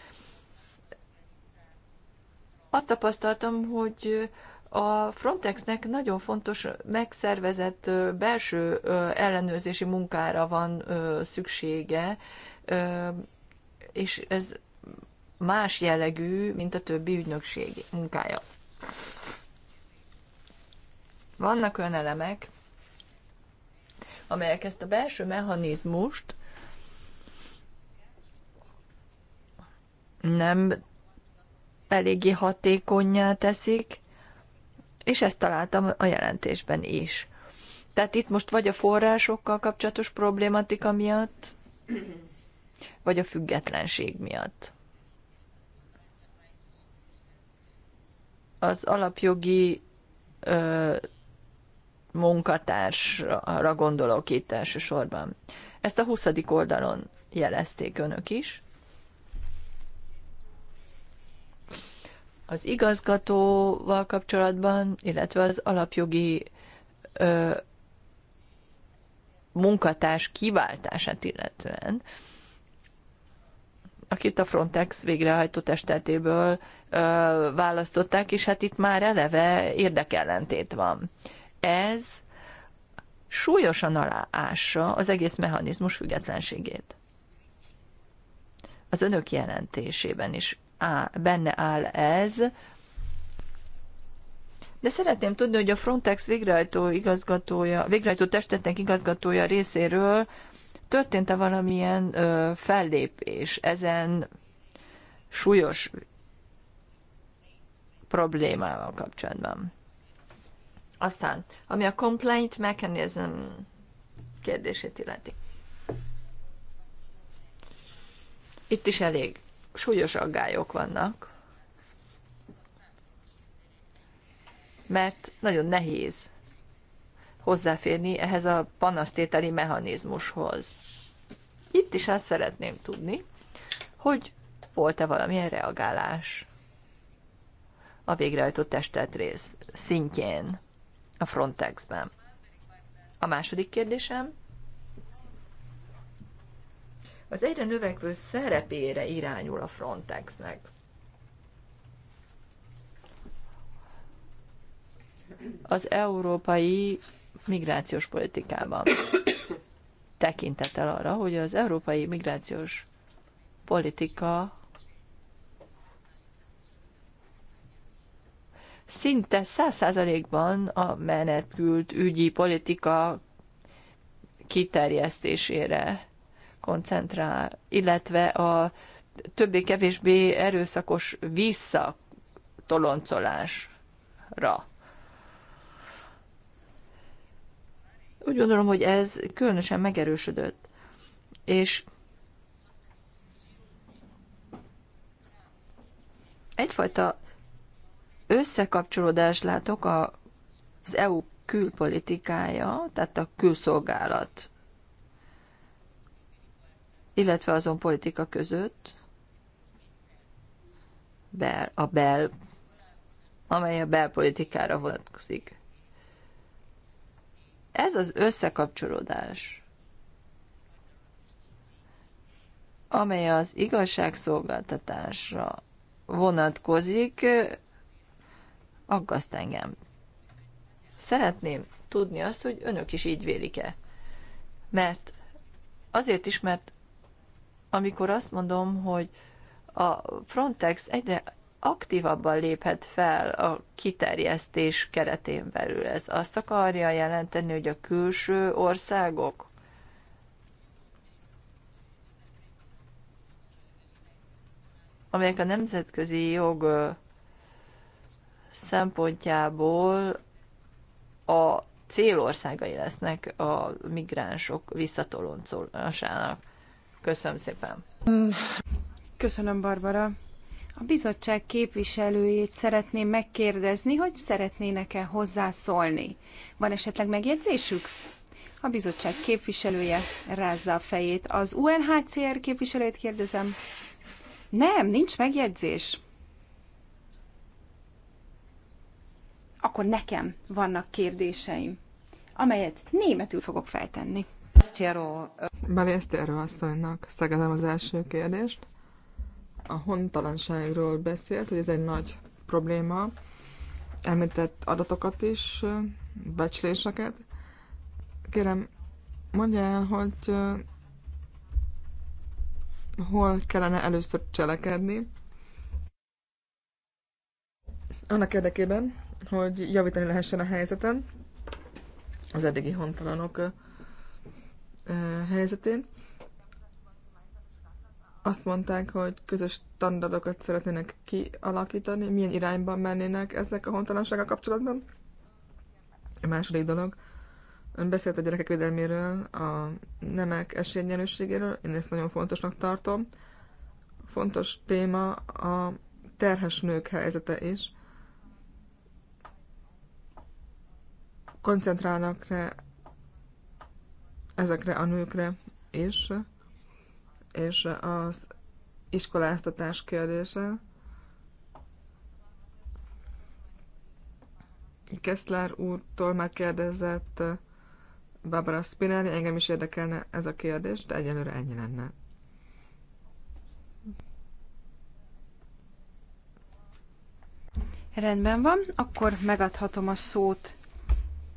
azt tapasztaltam, hogy a Frontexnek nagyon fontos megszervezett belső ellenőrzési munkára van szüksége, és ez más jellegű, mint a többi ügynökség munkája. Vannak olyan elemek, amelyek ezt a belső mechanizmust nem eléggé hatékonyá teszik, és ezt találtam a jelentésben is. Tehát itt most vagy a forrásokkal kapcsolatos problématika miatt, vagy a függetlenség miatt. Az alapjogi ö, munkatársra gondolok itt elsősorban. Ezt a 20. oldalon jelezték önök is. az igazgatóval kapcsolatban, illetve az alapjogi ö, munkatárs kiváltását illetően, akit a Frontex végrehajtó testetéből ö, választották, és hát itt már eleve érdekellentét van. Ez súlyosan aláássa az egész mechanizmus függetlenségét. Az önök jelentésében is áll, benne áll ez, de szeretném tudni, hogy a Frontex végrehajtó igazgatója, végrehajtó testetnek igazgatója részéről történt-e valamilyen ö, fellépés ezen súlyos problémával kapcsolatban. Aztán, ami a complaint mechanism kérdését illeti. Itt is elég súlyos aggályok vannak, mert nagyon nehéz hozzáférni ehhez a panasztételi mechanizmushoz. Itt is azt szeretném tudni, hogy volt-e valamilyen reagálás a végrehajtott testet rész szintjén a Frontexben. A második kérdésem, az egyre növekvő szerepére irányul a Frontexnek. Az európai migrációs politikában tekintettel arra, hogy az európai migrációs politika szinte száz százalékban a menetkült ügyi politika kiterjesztésére koncentrál, illetve a többé-kevésbé erőszakos visszatoloncolásra. Úgy gondolom, hogy ez különösen megerősödött, és egyfajta összekapcsolódást látok az EU külpolitikája, tehát a külszolgálat illetve azon politika között, bel, a bel, amely a belpolitikára vonatkozik. Ez az összekapcsolódás, amely az igazságszolgáltatásra vonatkozik, aggaszt engem. Szeretném tudni azt, hogy önök is így vélik-e. Mert azért is, mert amikor azt mondom, hogy a Frontex egyre aktívabban léphet fel a kiterjesztés keretén belül. Ez azt akarja jelenteni, hogy a külső országok amelyek a nemzetközi jog szempontjából a célországai lesznek a migránsok visszatoloncolásának. Köszönöm szépen. Köszönöm, Barbara. A bizottság képviselőjét szeretném megkérdezni, hogy szeretnének-e hozzászólni. Van esetleg megjegyzésük? A bizottság képviselője rázza a fejét. Az UNHCR képviselőjét kérdezem. Nem, nincs megjegyzés. Akkor nekem vannak kérdéseim, amelyet németül fogok feltenni. Baliesztérő asszonynak szegezem az első kérdést. A hontalanságról beszélt, hogy ez egy nagy probléma. Említett adatokat is, becsléseket. Kérem, mondja el, hogy eh, hol kellene először cselekedni. Annak érdekében, hogy javítani lehessen a helyzeten az eddigi hontalanok eh, helyzetén. Azt mondták, hogy közös standardokat szeretnének kialakítani, milyen irányban mennének ezek a hontalansága kapcsolatban. A második dolog, ön beszélt a gyerekek védelméről, a nemek esélyegyenlőségéről, én ezt nagyon fontosnak tartom. Fontos téma a terhes nők helyzete is. Koncentrálnak -e ezekre a nőkre és és az iskoláztatás kérdése. Keszler úrtól már kérdezett Barbara Spinelli, engem is érdekelne ez a kérdés, de egyelőre ennyi lenne. Rendben van, akkor megadhatom a szót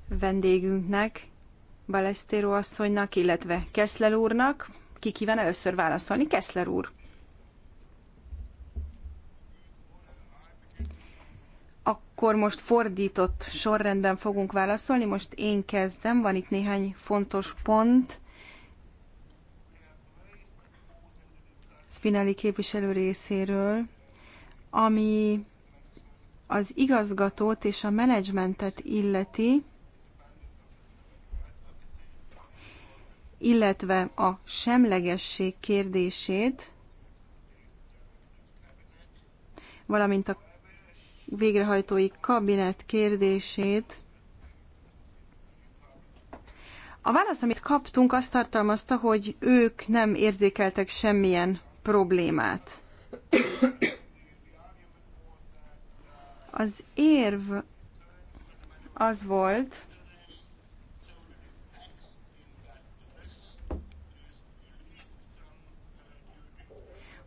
vendégünknek, Balesztéró asszonynak, illetve Keszler úrnak. Ki kíván először válaszolni? Keszler úr. Akkor most fordított sorrendben fogunk válaszolni. Most én kezdem, van itt néhány fontos pont. Spinelli képviselő részéről, ami az igazgatót és a menedzsmentet illeti, illetve a semlegesség kérdését, valamint a végrehajtói kabinet kérdését. A válasz, amit kaptunk, azt tartalmazta, hogy ők nem érzékeltek semmilyen problémát. Az érv az volt,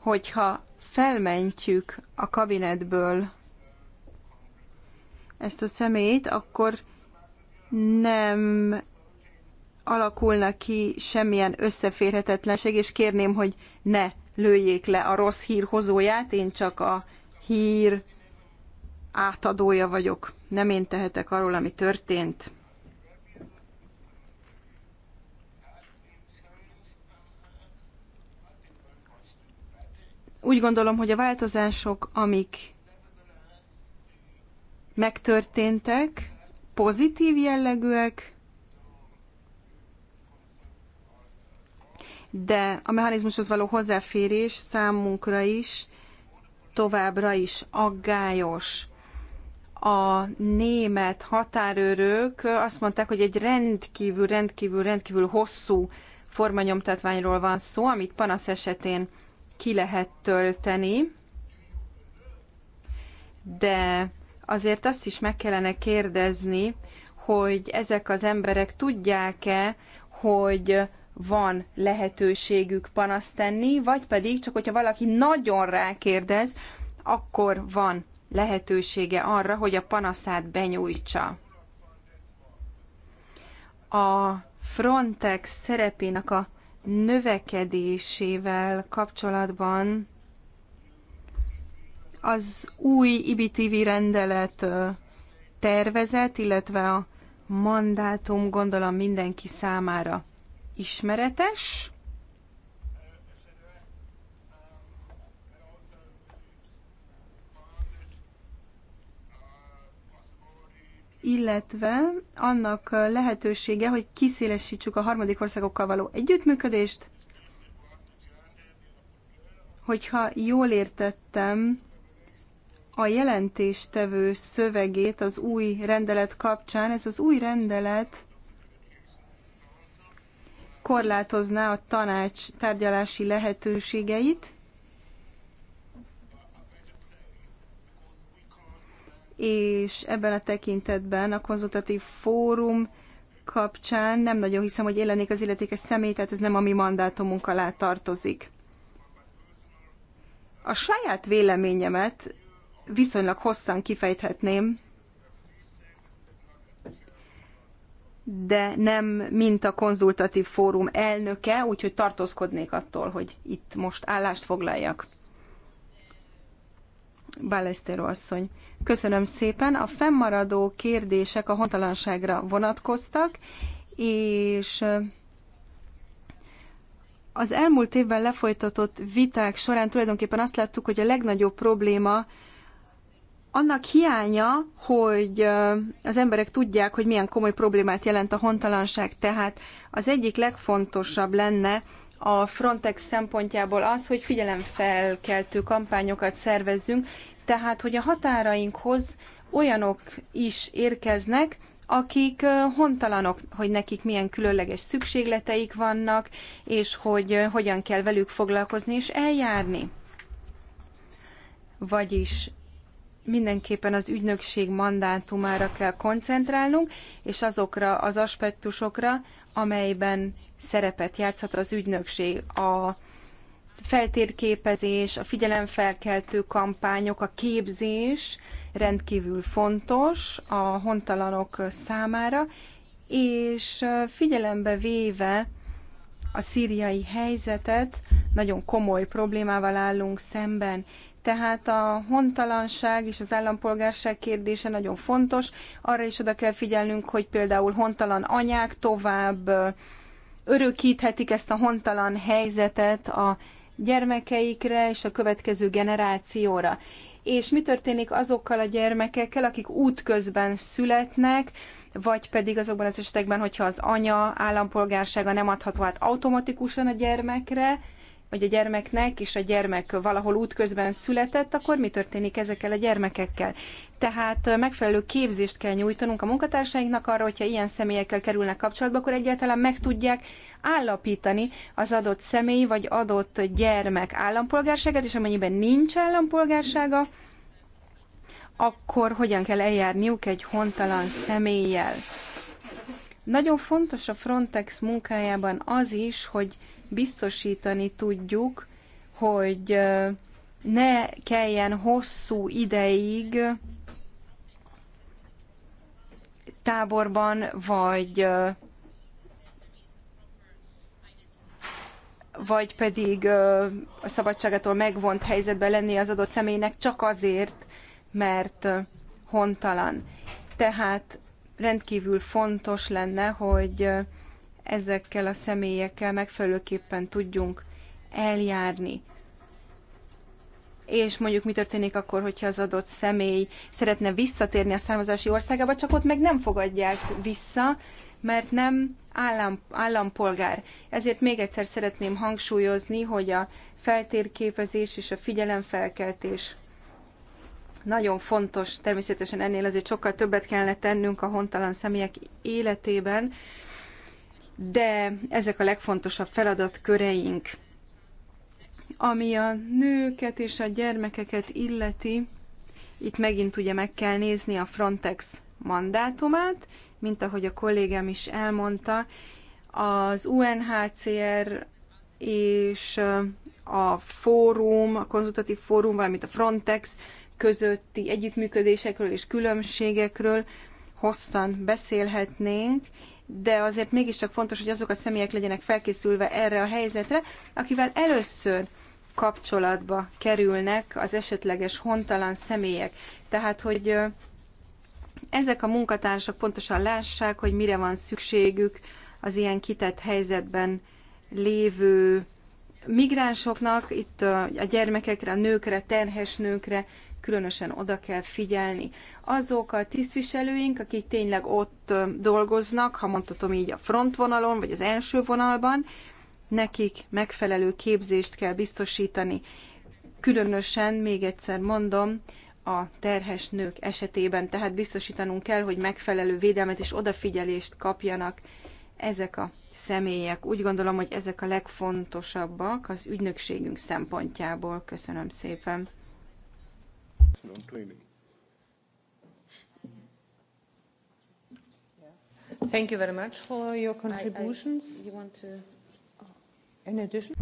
hogyha felmentjük a kabinetből ezt a szemét, akkor nem alakulna ki semmilyen összeférhetetlenség, és kérném, hogy ne lőjék le a rossz hír hozóját, én csak a hír átadója vagyok. Nem én tehetek arról, ami történt. Úgy gondolom, hogy a változások, amik megtörténtek, pozitív jellegűek, de a mechanizmushoz való hozzáférés számunkra is továbbra is aggályos. A német határőrök azt mondták, hogy egy rendkívül, rendkívül, rendkívül hosszú formanyomtatványról van szó, amit panasz esetén ki lehet tölteni, de azért azt is meg kellene kérdezni, hogy ezek az emberek tudják-e, hogy van lehetőségük panaszt tenni, vagy pedig csak hogyha valaki nagyon rákérdez, akkor van lehetősége arra, hogy a panaszát benyújtsa. A Frontex szerepének a növekedésével kapcsolatban az új IBTV rendelet tervezet, illetve a mandátum gondolom mindenki számára ismeretes. illetve annak lehetősége, hogy kiszélesítsük a harmadik országokkal való együttműködést. Hogyha jól értettem, a jelentéstevő szövegét az új rendelet kapcsán, ez az új rendelet korlátozná a tanács tárgyalási lehetőségeit, és ebben a tekintetben a konzultatív fórum kapcsán nem nagyon hiszem, hogy élenék az illetékes személy, tehát ez nem a mi mandátumunk alá tartozik. A saját véleményemet viszonylag hosszan kifejthetném, de nem mint a konzultatív fórum elnöke, úgyhogy tartózkodnék attól, hogy itt most állást foglaljak. Balestero asszony. Köszönöm szépen. A fennmaradó kérdések a hontalanságra vonatkoztak, és az elmúlt évben lefolytatott viták során tulajdonképpen azt láttuk, hogy a legnagyobb probléma annak hiánya, hogy az emberek tudják, hogy milyen komoly problémát jelent a hontalanság, tehát az egyik legfontosabb lenne, a Frontex szempontjából az, hogy figyelemfelkeltő kampányokat szervezzünk, tehát hogy a határainkhoz olyanok is érkeznek, akik hontalanok, hogy nekik milyen különleges szükségleteik vannak, és hogy hogyan kell velük foglalkozni és eljárni. Vagyis mindenképpen az ügynökség mandátumára kell koncentrálnunk, és azokra az aspektusokra, amelyben szerepet játszhat az ügynökség. A feltérképezés, a figyelemfelkeltő kampányok, a képzés rendkívül fontos a hontalanok számára, és figyelembe véve a szíriai helyzetet, nagyon komoly problémával állunk szemben. Tehát a hontalanság és az állampolgárság kérdése nagyon fontos. Arra is oda kell figyelnünk, hogy például hontalan anyák tovább örökíthetik ezt a hontalan helyzetet a gyermekeikre és a következő generációra. És mi történik azokkal a gyermekekkel, akik útközben születnek, vagy pedig azokban az esetekben, hogyha az anya állampolgársága nem adható át automatikusan a gyermekre, vagy a gyermeknek, és a gyermek valahol útközben született, akkor mi történik ezekkel a gyermekekkel? Tehát megfelelő képzést kell nyújtanunk a munkatársainknak arra, hogyha ilyen személyekkel kerülnek kapcsolatba, akkor egyáltalán meg tudják állapítani az adott személy vagy adott gyermek állampolgárságát, és amennyiben nincs állampolgársága, akkor hogyan kell eljárniuk egy hontalan személlyel. Nagyon fontos a Frontex munkájában az is, hogy biztosítani tudjuk, hogy ne kelljen hosszú ideig táborban vagy vagy pedig a szabadságától megvont helyzetben lenni az adott személynek csak azért, mert hontalan. Tehát rendkívül fontos lenne, hogy ezekkel a személyekkel megfelelőképpen tudjunk eljárni. És mondjuk mi történik akkor, hogyha az adott személy szeretne visszatérni a származási országába, csak ott meg nem fogadják vissza, mert nem állam, állampolgár. Ezért még egyszer szeretném hangsúlyozni, hogy a feltérképezés és a figyelemfelkeltés nagyon fontos, természetesen ennél azért sokkal többet kellene tennünk a hontalan személyek életében, de ezek a legfontosabb feladatköreink. Ami a nőket és a gyermekeket illeti, itt megint ugye meg kell nézni a Frontex mandátumát, mint ahogy a kollégám is elmondta, az UNHCR és a fórum, a konzultatív fórum, valamint a Frontex közötti együttműködésekről és különbségekről hosszan beszélhetnénk, de azért mégiscsak fontos, hogy azok a személyek legyenek felkészülve erre a helyzetre, akivel először kapcsolatba kerülnek az esetleges hontalan személyek. Tehát, hogy ezek a munkatársak pontosan lássák, hogy mire van szükségük az ilyen kitett helyzetben lévő migránsoknak, itt a gyermekekre, a nőkre, terhes nőkre, különösen oda kell figyelni. Azok a tisztviselőink, akik tényleg ott dolgoznak, ha mondhatom így a frontvonalon, vagy az első vonalban, nekik megfelelő képzést kell biztosítani. Különösen, még egyszer mondom, a terhes nők esetében, tehát biztosítanunk kell, hogy megfelelő védelmet és odafigyelést kapjanak ezek a személyek. Úgy gondolom, hogy ezek a legfontosabbak az ügynökségünk szempontjából. Köszönöm szépen education and Thank you very much for your contributions. I, I, you want to... In oh. addition?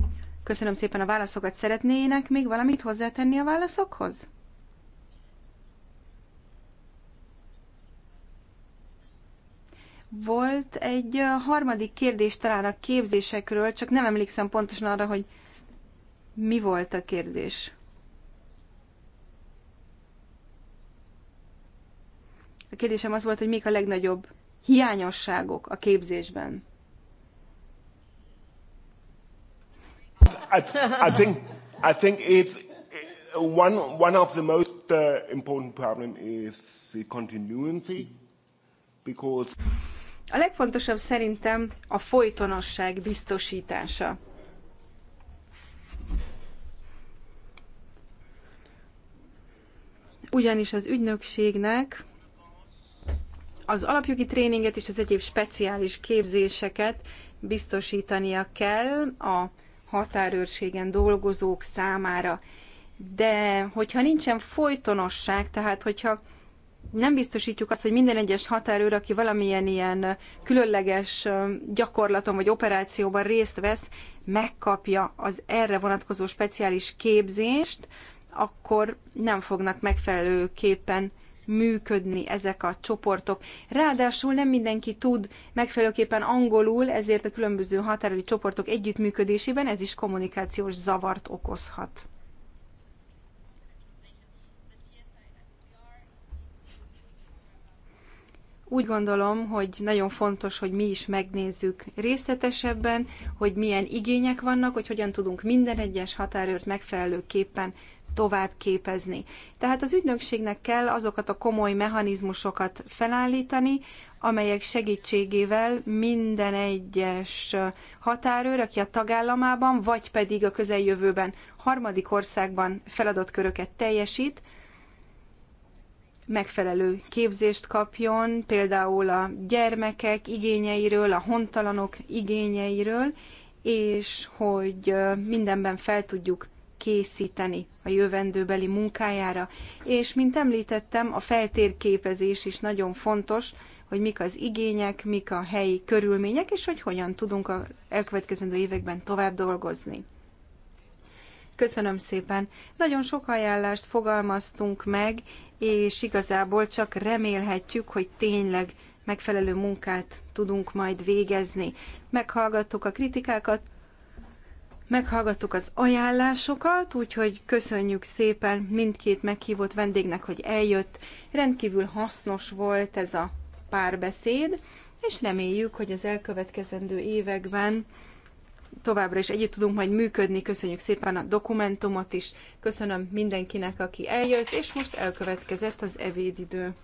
Köszönöm szépen a válaszokat. Szeretnének még valamit hozzátenni a válaszokhoz? Volt egy harmadik kérdés talán a képzésekről, csak nem emlékszem pontosan arra, hogy mi volt a kérdés. A kérdésem az volt, hogy mik a legnagyobb hiányosságok a képzésben. I, I think, I think it's uh, one, one of the most uh, important problem is the continuity, because a legfontosabb szerintem a folytonosság biztosítása. Ugyanis az ügynökségnek az alapjogi tréninget és az egyéb speciális képzéseket biztosítania kell a határőrségen dolgozók számára. De hogyha nincsen folytonosság, tehát hogyha nem biztosítjuk azt, hogy minden egyes határőr, aki valamilyen ilyen különleges gyakorlaton vagy operációban részt vesz, megkapja az erre vonatkozó speciális képzést, akkor nem fognak megfelelőképpen működni ezek a csoportok. Ráadásul nem mindenki tud megfelelőképpen angolul, ezért a különböző határoli csoportok együttműködésében ez is kommunikációs zavart okozhat. úgy gondolom, hogy nagyon fontos, hogy mi is megnézzük részletesebben, hogy milyen igények vannak, hogy hogyan tudunk minden egyes határőrt megfelelőképpen tovább képezni. Tehát az ügynökségnek kell azokat a komoly mechanizmusokat felállítani, amelyek segítségével minden egyes határőr, aki a tagállamában, vagy pedig a közeljövőben harmadik országban feladatköröket teljesít, megfelelő képzést kapjon, például a gyermekek igényeiről, a hontalanok igényeiről, és hogy mindenben fel tudjuk készíteni a jövendőbeli munkájára. És, mint említettem, a feltérképezés is nagyon fontos, hogy mik az igények, mik a helyi körülmények, és hogy hogyan tudunk a elkövetkezendő években tovább dolgozni. Köszönöm szépen. Nagyon sok ajánlást fogalmaztunk meg, és igazából csak remélhetjük, hogy tényleg megfelelő munkát tudunk majd végezni. Meghallgattuk a kritikákat, Meghallgattuk az ajánlásokat, úgyhogy köszönjük szépen mindkét meghívott vendégnek, hogy eljött. Rendkívül hasznos volt ez a párbeszéd, és reméljük, hogy az elkövetkezendő években továbbra is együtt tudunk majd működni. Köszönjük szépen a dokumentumot is, köszönöm mindenkinek, aki eljött, és most elkövetkezett az evédidő.